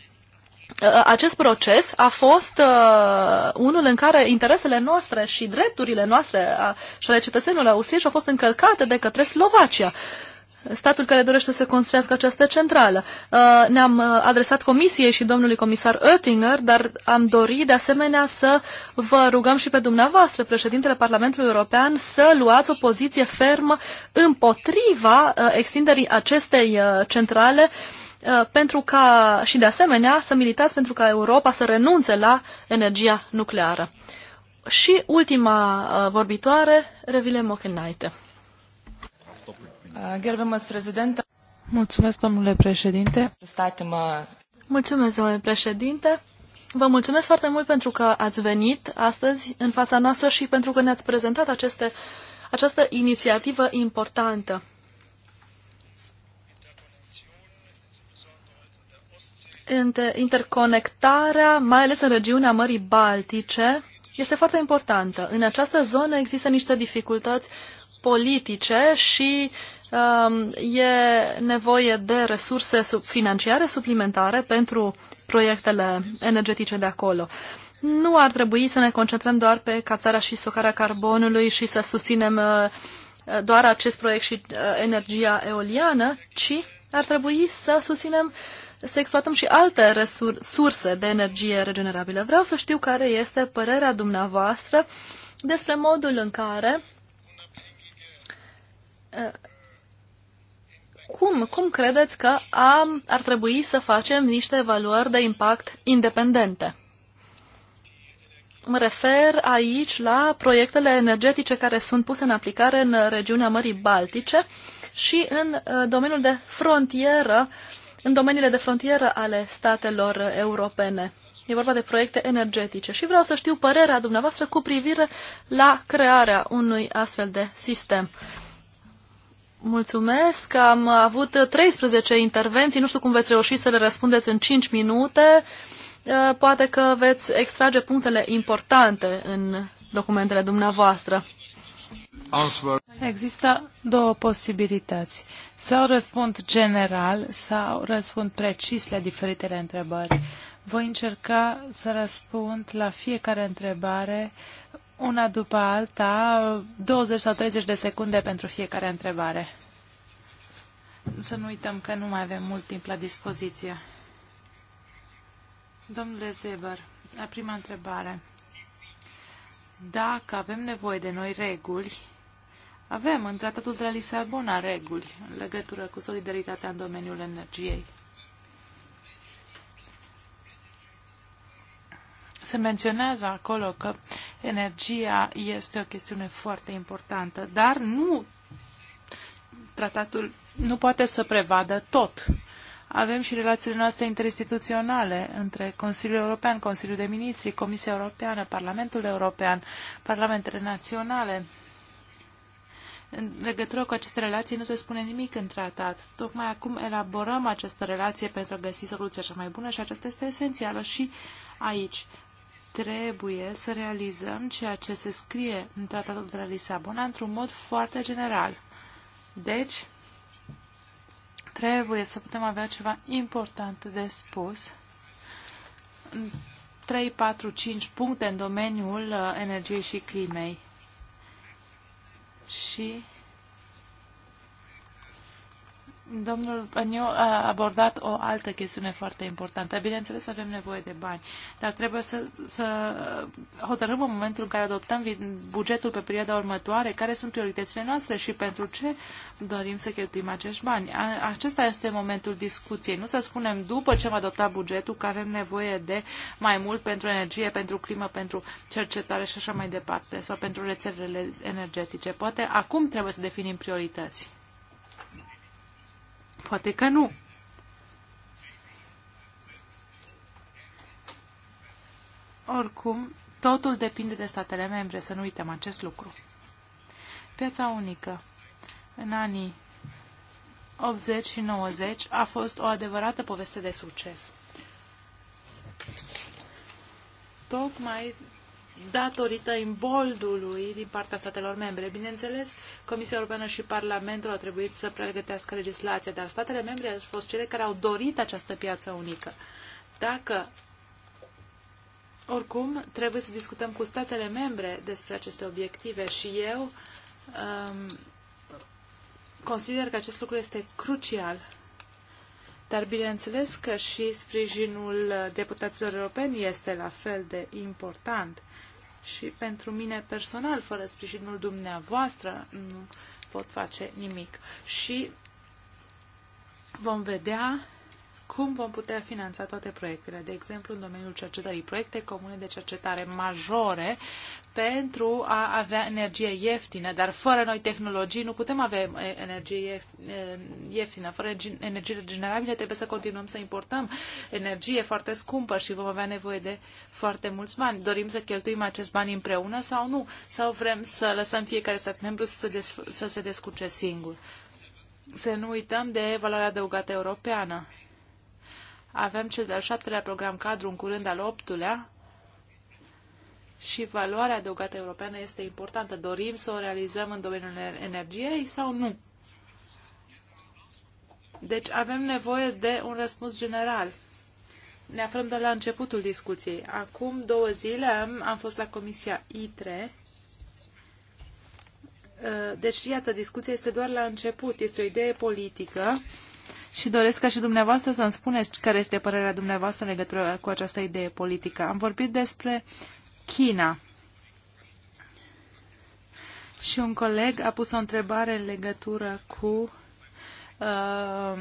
uh, acest proces a fost uh, unul în care interesele noastre și drepturile noastre a, și ale cetățenilor austrieci au fost încălcate de către Slovacia. Uh, statul care dorește să construiască această centrală. Uh, ne-am uh, adresat comisiei și domnului comisar Oettinger, dar am dorit de asemenea să vă rugăm și pe dumneavoastră, președintele Parlamentului European, să luați o poziție fermă împotriva uh, extinderii acestei centrale pentru ca, și de asemenea, să militați pentru ca Europa să renunțe la energia nucleară. Și ultima vorbitoare, Revile Mochenaite. Uh, gerbiamas Mulțumesc, domnule președinte. Mulțumesc, domnule președinte. Vă mulțumesc foarte mult pentru că ați venit astăzi în fața noastră și pentru că ne-ați prezentat aceste, această inițiativă importantă. Interconectarea, mai ales în regiunea Mării Baltice, este foarte importantă. În această zonă există niște dificultăți politice și uh, Um, e nevoie de resurse financiare suplimentare pentru proiectele energetice de acolo. Nu ar trebui să ne concentrăm doar pe captarea și stocarea carbonului și să susținem uh, doar acest proiect și uh, energia eoliană, ci ar trebui să susținem să exploatăm și alte resurse de energie regenerabilă. Vreau să știu care este părerea dumneavoastră despre modul în care uh, cum, cum credeți că am, ar trebui să facem niște evaluări de impact independente? Mă refer aici la proiectele energetice care sunt puse în aplicare în regiunea Mării Baltice și în uh, domeniul de frontieră, în domeniile de frontieră ale statelor europene. E vorba de proiecte energetice și vreau să știu părerea dumneavoastră cu privire la crearea unui astfel de sistem. Mulțumesc. Am avut 13 intervenții. Nu știu cum veți reuși să le răspundeți în 5 minute. Eh, poate că veți extrage punctele importante în documentele dumneavoastră. Există două posibilități. Sau răspund general, sau răspund precis la diferitele întrebări. Voi încerca să răspund la fiecare întrebare una după alta, 20 sau 30 de secunde pentru fiecare întrebare. Să nu uităm că nu mai avem mult timp la dispoziție. Domnule Zeber, la prima întrebare. Dacă avem nevoie de noi reguli, avem în tratatul de la Lisabona reguli în legătură cu solidaritatea în domeniul energiei. se menționează acolo că energia este o chestiune foarte importantă, dar nu tratatul nu poate să prevadă tot. Avem și relațiile noastre interinstituționale între Consiliul European, Consiliul de Ministri, Comisia Europeană, Parlamentul European, Parlamentele Naționale. În legătură cu aceste relații nu se spune nimic în tratat. Tocmai acum elaborăm această relație pentru a găsi soluția cea mai bună și aceasta este esențială și aici trebuie să realizăm ceea ce se scrie în Tratatul de la Lisabona într-un mod foarte general. Deci, trebuie să putem avea ceva important de spus. 3, 4, 5 puncte în domeniul uh, energiei și climei. Și Domnul Paniu a abordat o altă chestiune foarte importantă. Bineînțeles, avem nevoie de bani, dar trebuie să, să hotărâm în momentul în care adoptăm bugetul pe perioada următoare, care sunt prioritățile noastre și pentru ce dorim să cheltuim acești bani. Acesta este momentul discuției. Nu să spunem după ce am adoptat bugetul că avem nevoie de mai mult pentru energie, pentru climă, pentru cercetare și așa mai departe, sau pentru rețelele energetice. Poate acum trebuie să definim priorități. Poate că nu. Oricum, totul depinde de statele membre, să nu uităm acest lucru. Piața unică în anii 80 și 90 a fost o adevărată poveste de succes. Tocmai datorită imboldului din partea statelor membre. Bineînțeles, Comisia Europeană și Parlamentul au trebuit să pregătească legislația, dar statele membre au fost cele care au dorit această piață unică. Dacă oricum, trebuie să discutăm cu statele membre despre aceste obiective și eu um, consider că acest lucru este crucial dar bineînțeles că și sprijinul deputaților europeni este la fel de important. Și pentru mine personal, fără sprijinul dumneavoastră, nu pot face nimic. Și vom vedea cum vom putea finanța toate proiectele, de exemplu în domeniul cercetării, proiecte comune de cercetare majore pentru a avea energie ieftină, dar fără noi tehnologii nu putem avea energie ieftină. Fără energie regenerabilă trebuie să continuăm să importăm energie foarte scumpă și vom avea nevoie de foarte mulți bani. Dorim să cheltuim acest bani împreună sau nu? Sau vrem să lăsăm fiecare stat membru să, să se descurce singur? Să nu uităm de valoarea adăugată europeană. Avem cel de-al șaptelea program cadru, în curând al optulea, și valoarea adăugată europeană este importantă. Dorim să o realizăm în domeniul energiei sau nu? Deci avem nevoie de un răspuns general. Ne aflăm de la începutul discuției. Acum două zile am fost la Comisia ITRE. Deci, iată, discuția este doar la început. Este o idee politică și doresc ca și dumneavoastră să-mi spuneți care este părerea dumneavoastră în legătură cu această idee politică. Am vorbit despre China. Și un coleg a pus o întrebare în legătură cu uh,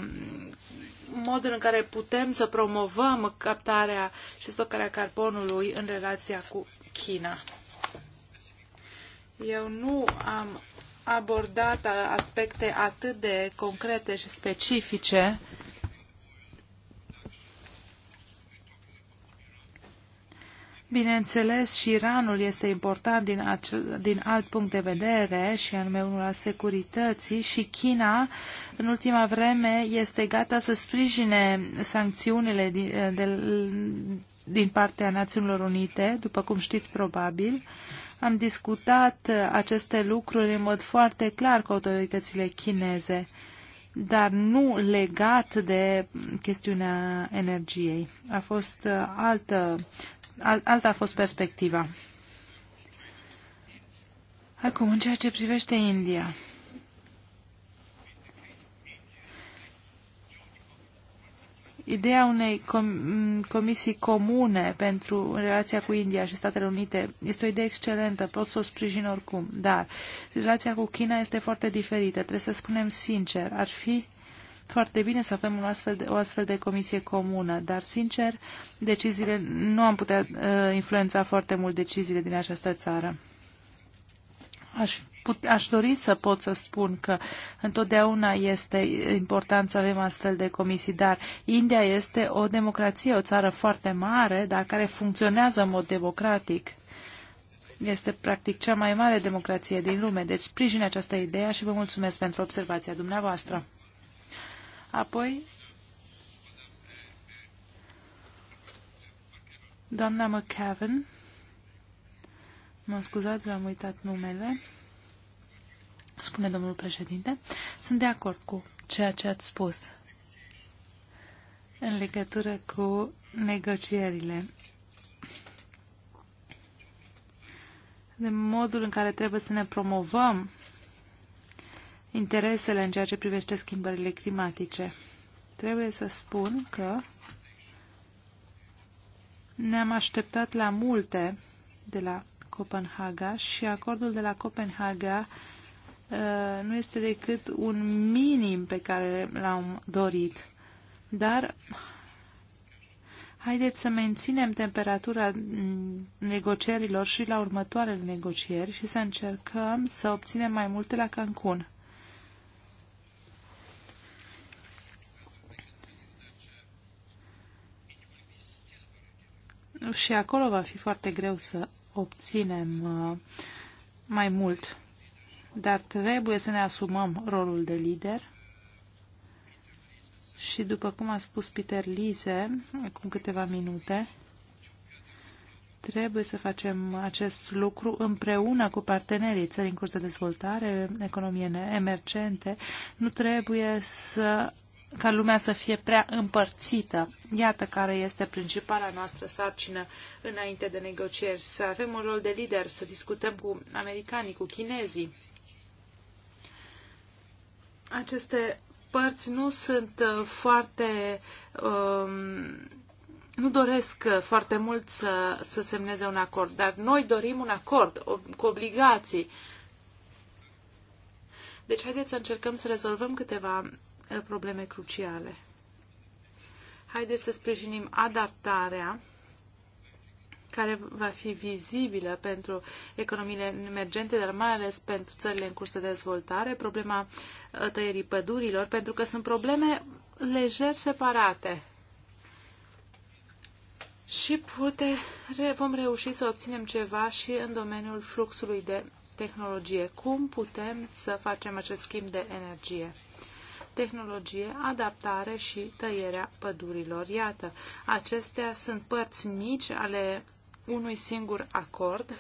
modul în care putem să promovăm captarea și stocarea carbonului în relația cu China. Eu nu am abordat aspecte atât de concrete și specifice Bineînțeles, și Iranul este important din, acel, din alt punct de vedere, și anume unul al securității, și China, în ultima vreme, este gata să sprijine sancțiunile din, de, din partea Națiunilor Unite, după cum știți probabil, am discutat aceste lucruri în mod foarte clar cu autoritățile chineze, dar nu legat de chestiunea energiei. A fost uh, altă, alta a fost perspectiva. Acum, în ceea ce privește India. Ideea unei com- comisii comune pentru relația cu India și Statele Unite este o idee excelentă, pot să o sprijin oricum, dar relația cu China este foarte diferită, trebuie să spunem sincer, ar fi foarte bine să avem un astfel de, o astfel de comisie comună, dar, sincer, deciziile nu am putea uh, influența foarte mult deciziile din această țară. Aș put, aș dori să pot să spun că întotdeauna este important să avem astfel de comisii, dar India este o democrație, o țară foarte mare, dar care funcționează în mod democratic. Este practic cea mai mare democrație din lume, deci sprijin această idee și vă mulțumesc pentru observația dumneavoastră. Apoi, doamna McCavin, mă scuzați, v-am uitat numele, spune domnul președinte. Sunt de acord cu ceea ce ați spus în legătură cu negocierile. De modul în care trebuie să ne promovăm interesele în ceea ce privește schimbările climatice. Trebuie să spun că ne-am așteptat la multe de la Copenhaga și acordul de la Copenhaga uh, nu este decât un minim pe care l-am dorit. Dar haideți să menținem temperatura negocierilor și la următoarele negocieri și să încercăm să obținem mai multe la Cancun. Și acolo va fi foarte greu să obținem uh, mai mult dar trebuie să ne asumăm rolul de lider. Și după cum a spus Peter Lise acum câteva minute, trebuie să facem acest lucru împreună cu partenerii țări în curs de dezvoltare, economie emergente. Nu trebuie să, ca lumea să fie prea împărțită. Iată care este principala noastră sarcină înainte de negocieri. Să avem un rol de lider, să discutăm cu americanii, cu chinezii, aceste părți nu sunt uh, foarte. Um, nu doresc uh, foarte mult să, să semneze un acord, dar noi dorim un acord cu obligații. Deci haideți să încercăm să rezolvăm câteva uh, probleme cruciale. Haideți să sprijinim adaptarea care va fi vizibilă pentru economiile emergente, dar mai ales pentru țările în curs de dezvoltare, problema uh, tăierii pădurilor, pentru că sunt probleme lejer separate. Și pute, vom reuși să obținem ceva și în domeniul fluxului de tehnologie. Cum putem să facem acest schimb de energie? tehnologie, adaptare și tăierea pădurilor. Iată, acestea sunt părți mici ale unui singur acord,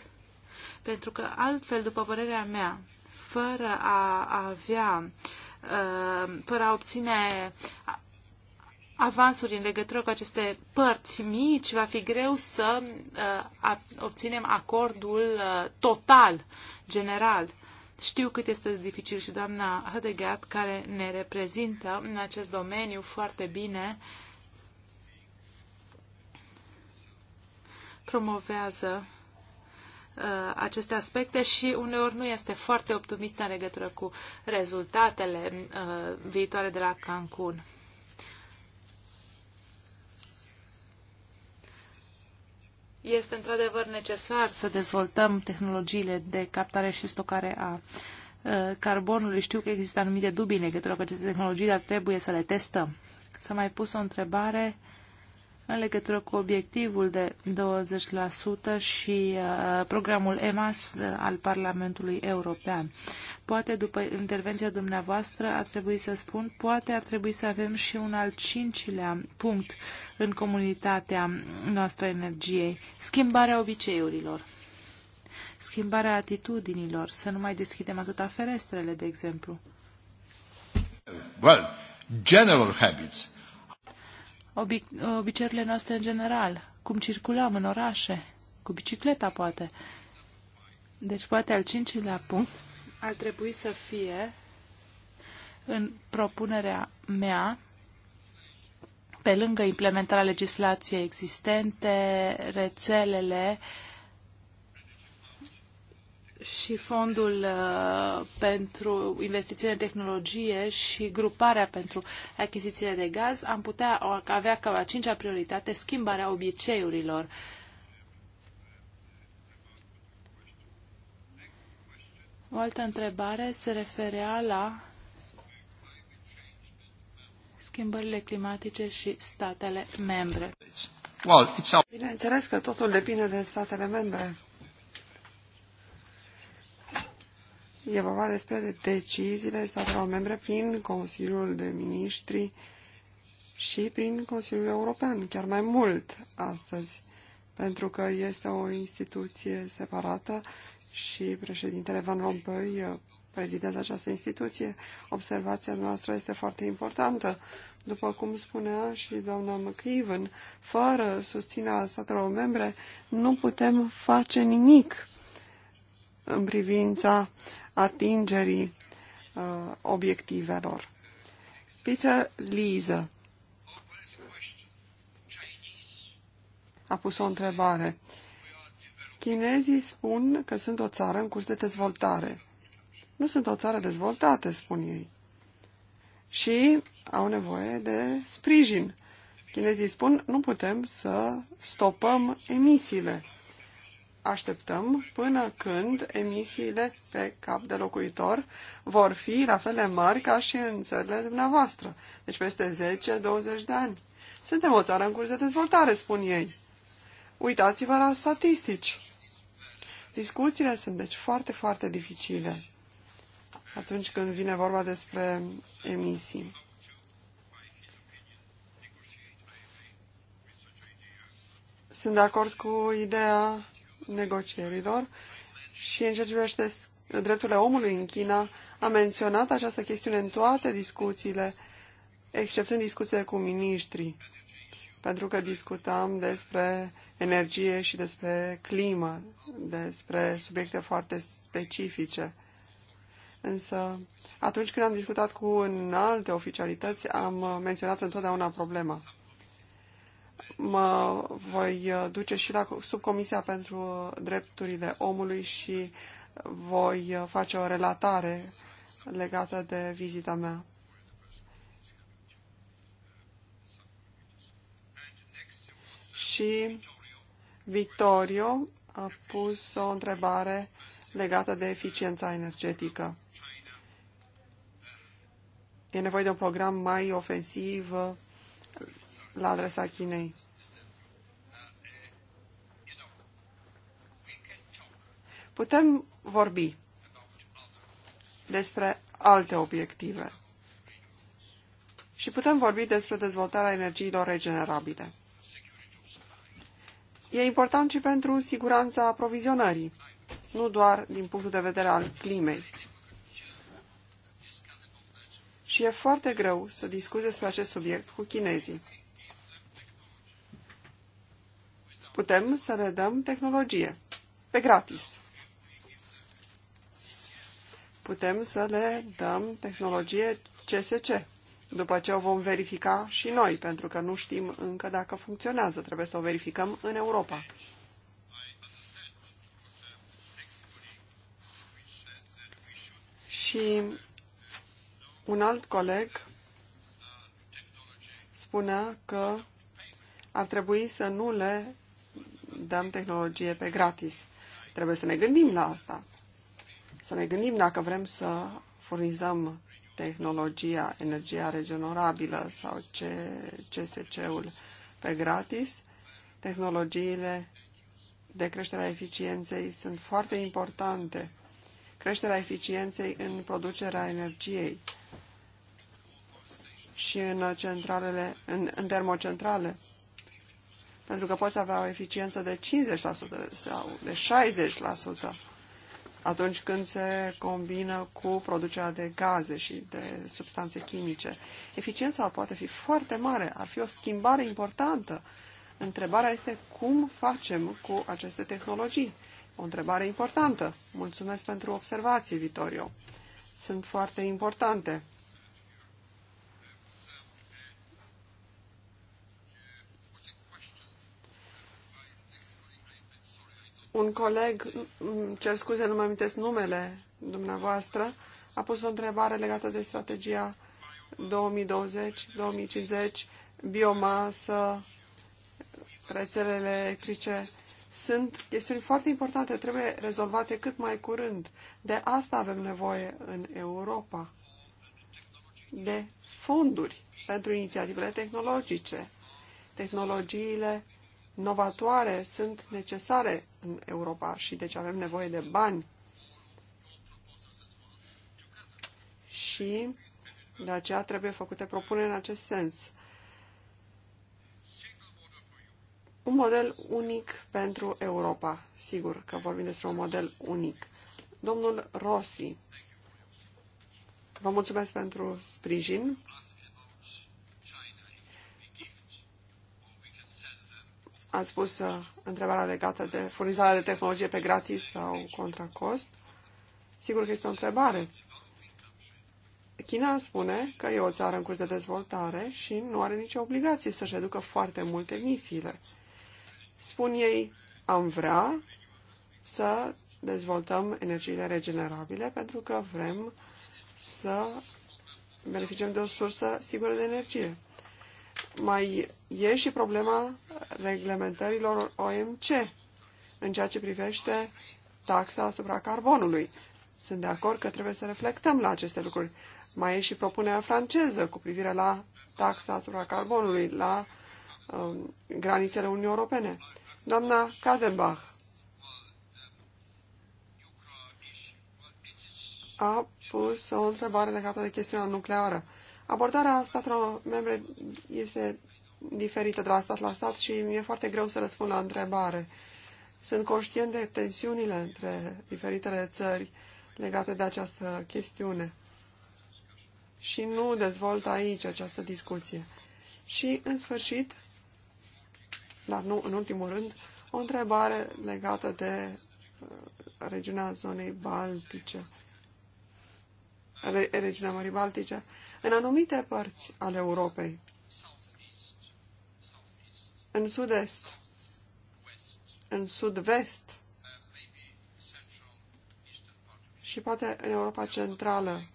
pentru că altfel, după părerea mea, fără a avea, uh, fără a obține avansuri în legătură cu aceste părți mici, va fi greu să uh, obținem acordul uh, total, general. Știu cât este dificil și doamna Hădegat, care ne reprezintă în acest domeniu foarte bine, uh, promovează uh, aceste aspecte și uneori nu este foarte optimistă în legătură cu rezultatele uh, viitoare de la Cancun. Este într-adevăr necesar să dezvoltăm tehnologiile de captare și stocare a uh, carbonului. Știu că există anumite dubii în legătură cu aceste tehnologii, dar trebuie să le testăm. S-a mai pus o întrebare în legătură cu obiectivul de 20% și uh, programul EMAS uh, al Parlamentului European. Poate după intervenția dumneavoastră ar trebui să spun, poate ar trebui să avem și un al cincilea punct în comunitatea noastră energiei, schimbarea obiceiurilor, schimbarea atitudinilor, să nu mai deschidem atâta ferestrele, de exemplu. Well, general habits obi obiceiurile noastre în general, cum circulăm în orașe, cu bicicleta poate. Deci poate al cincilea punct ar trebui să fie în propunerea mea, pe lângă implementarea legislației existente, rețelele uh, și fondul uh, pentru investițiile în tehnologie și gruparea pentru achizițiile de gaz, am putea avea ca a cincea prioritate schimbarea obiceiurilor. O altă întrebare se referea la schimbările climatice și statele membre. Bineînțeles că totul depinde de statele membre. E vorba despre deciziile statelor membre prin Consiliul de Ministri și prin Consiliul European, chiar mai mult astăzi, pentru că este o instituție separată și președintele Van Rompuy uh, prezidează această instituție. Observația noastră este foarte importantă. După cum spunea și doamna McEwen, fără susținerea statelor membre nu putem face nimic în privința atingerii uh, obiectivelor. Peter Lise a pus o întrebare. Chinezii spun că sunt o țară în curs de dezvoltare. Nu sunt o țară dezvoltată, spun ei. Și au nevoie de sprijin. Chinezii spun, nu putem să stopăm emisiile așteptăm până când emisiile pe cap de locuitor vor fi la fel de mari ca și în țările dumneavoastră, deci peste 10-20 de ani. Suntem o țară în curs de dezvoltare, spun ei. Uitați-vă la statistici. Discuțiile sunt deci foarte, foarte dificile atunci când vine vorba despre emisii. Sunt de acord cu ideea negocierilor și în ceea ce privește drepturile omului în China, a menționat această chestiune în toate discuțiile, exceptând discuțiile cu miniștrii, pentru că discutam despre energie și despre climă, despre subiecte foarte specifice. Însă, atunci când am discutat cu alte oficialități, am menționat întotdeauna problema mă voi uh, duce și la subcomisia pentru uh, drepturile omului și voi uh, face o relatare legată de vizita mea. Și Vittorio a pus o întrebare legată de eficiența energetică. E nevoie de un program mai ofensiv la adresa Chinei. Putem vorbi despre alte obiective și putem vorbi despre dezvoltarea energiilor regenerabile. E important și pentru siguranța aprovizionării, nu doar din punctul de vedere al climei. Și e foarte greu să discuți despre acest subiect cu chinezii. putem să le dăm tehnologie pe gratis. Putem să le dăm tehnologie CSC. După ce o vom verifica și noi, pentru că nu știm încă dacă funcționează. Trebuie să o verificăm în Europa. Și un alt coleg spunea că ar trebui să nu le dăm tehnologie pe gratis. Trebuie să ne gândim la asta. Să ne gândim dacă vrem să furnizăm tehnologia, energia regenerabilă sau CSC-ul pe gratis. Tehnologiile de creșterea eficienței sunt foarte importante. Creșterea eficienței în producerea energiei și în centralele, în, în termocentrale pentru că poți avea o eficiență de 50% sau de 60% atunci când se combină cu producerea de gaze și de substanțe chimice. Eficiența poate fi foarte mare, ar fi o schimbare importantă. Întrebarea este cum facem cu aceste tehnologii. O întrebare importantă. Mulțumesc pentru observații, Vitorio. Sunt foarte importante. Un coleg, cer scuze, nu mă amintesc numele dumneavoastră, a pus o întrebare legată de strategia 2020-2050, biomasă, rețelele electrice. Sunt chestiuni foarte importante, trebuie rezolvate cât mai curând. De asta avem nevoie în Europa. De fonduri pentru inițiativele tehnologice. Tehnologiile novatoare sunt necesare în Europa și deci avem nevoie de bani. Și de aceea trebuie făcute propuneri în acest sens. Un model unic pentru Europa. Sigur că vorbim despre un model unic. Domnul Rossi, vă mulțumesc pentru sprijin. Ați pus uh, întrebarea legată de furnizarea de tehnologie pe gratis sau contra cost. Sigur că este o întrebare. China spune că e o țară în curs de dezvoltare și nu are nicio obligație să-și reducă foarte multe misiile. Spun ei, am vrea să dezvoltăm energiile regenerabile pentru că vrem să beneficiem de o sursă sigură de energie mai e și problema reglementărilor OMC în ceea ce privește taxa asupra carbonului. Sunt de acord că trebuie să reflectăm la aceste lucruri. Mai e și propunerea franceză cu privire la taxa asupra carbonului la um, granițele Uniunii Europene. Doamna Kadenbach a pus o întrebare legată de chestiunea nucleară. Abordarea statelor membre este diferită de la stat la stat și mi-e foarte greu să răspund la întrebare. Sunt conștient de tensiunile între diferitele țări legate de această chestiune și nu dezvolt aici această discuție. Și, în sfârșit, dar nu în ultimul rând, o întrebare legată de uh, regiunea zonei baltice, regiunea Mării Baltice. În anumite părți ale Europei, în sud-est, în sud-vest și poate în Europa Centrală,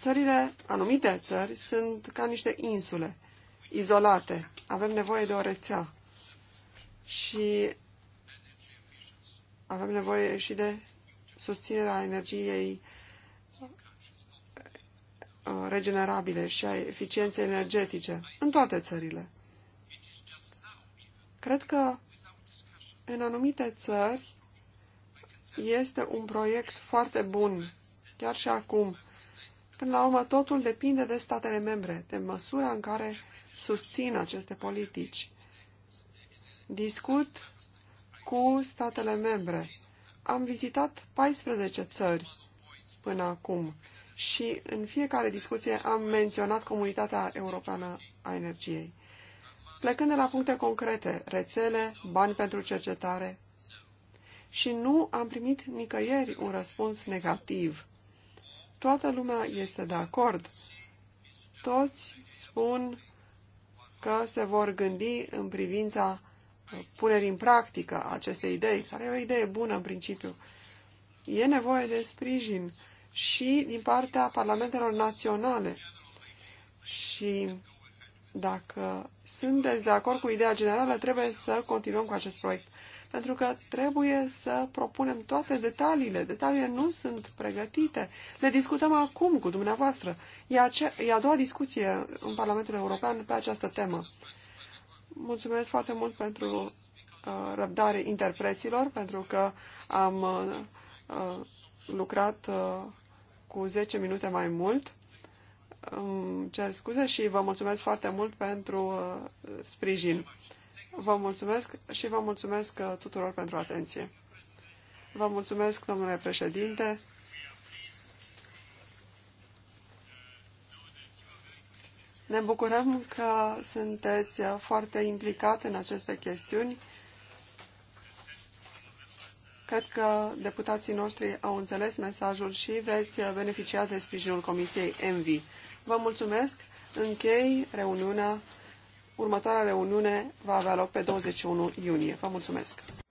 țările, anumite țări, sunt ca niște insule, izolate. Avem nevoie de o rețea și avem nevoie și de susținerea energiei Uh, regenerabile și a eficienței energetice în toate țările. Cred că în anumite țări este un proiect foarte bun, chiar și acum. Până la urmă, totul depinde de statele membre, de măsura în care susțin aceste politici. Discut cu statele membre. Am vizitat 14 țări până acum și în fiecare discuție am menționat Comunitatea Europeană a Energiei. Plecând de la puncte concrete, rețele, bani pentru cercetare, și nu am primit nicăieri un răspuns negativ. Toată lumea este de acord. Toți spun că se vor gândi în privința punerii în practică acestei idei, care e o idee bună în principiu. E nevoie de sprijin și din partea parlamentelor naționale. Și dacă sunteți de acord cu ideea generală, trebuie să continuăm cu acest proiect. Pentru că trebuie să propunem toate detaliile. Detaliile nu sunt pregătite. Le discutăm acum cu dumneavoastră. E, ace- e a doua discuție în Parlamentul European pe această temă. Mulțumesc foarte mult pentru uh, răbdare interpreților, pentru că am uh, uh lucrat uh, cu 10 minute mai mult. Îmi cer scuze și vă mulțumesc foarte mult pentru uh, sprijin. Vă mulțumesc și vă mulțumesc uh, tuturor pentru atenție. Vă mulțumesc, domnule președinte. Ne bucurăm că sunteți uh, foarte implicat în aceste chestiuni. Cred că deputații noștri au înțeles mesajul și veți beneficia de sprijinul Comisiei ENVI. Vă mulțumesc. Închei reuniunea. Următoarea reuniune va avea loc pe 21 iunie. Vă mulțumesc.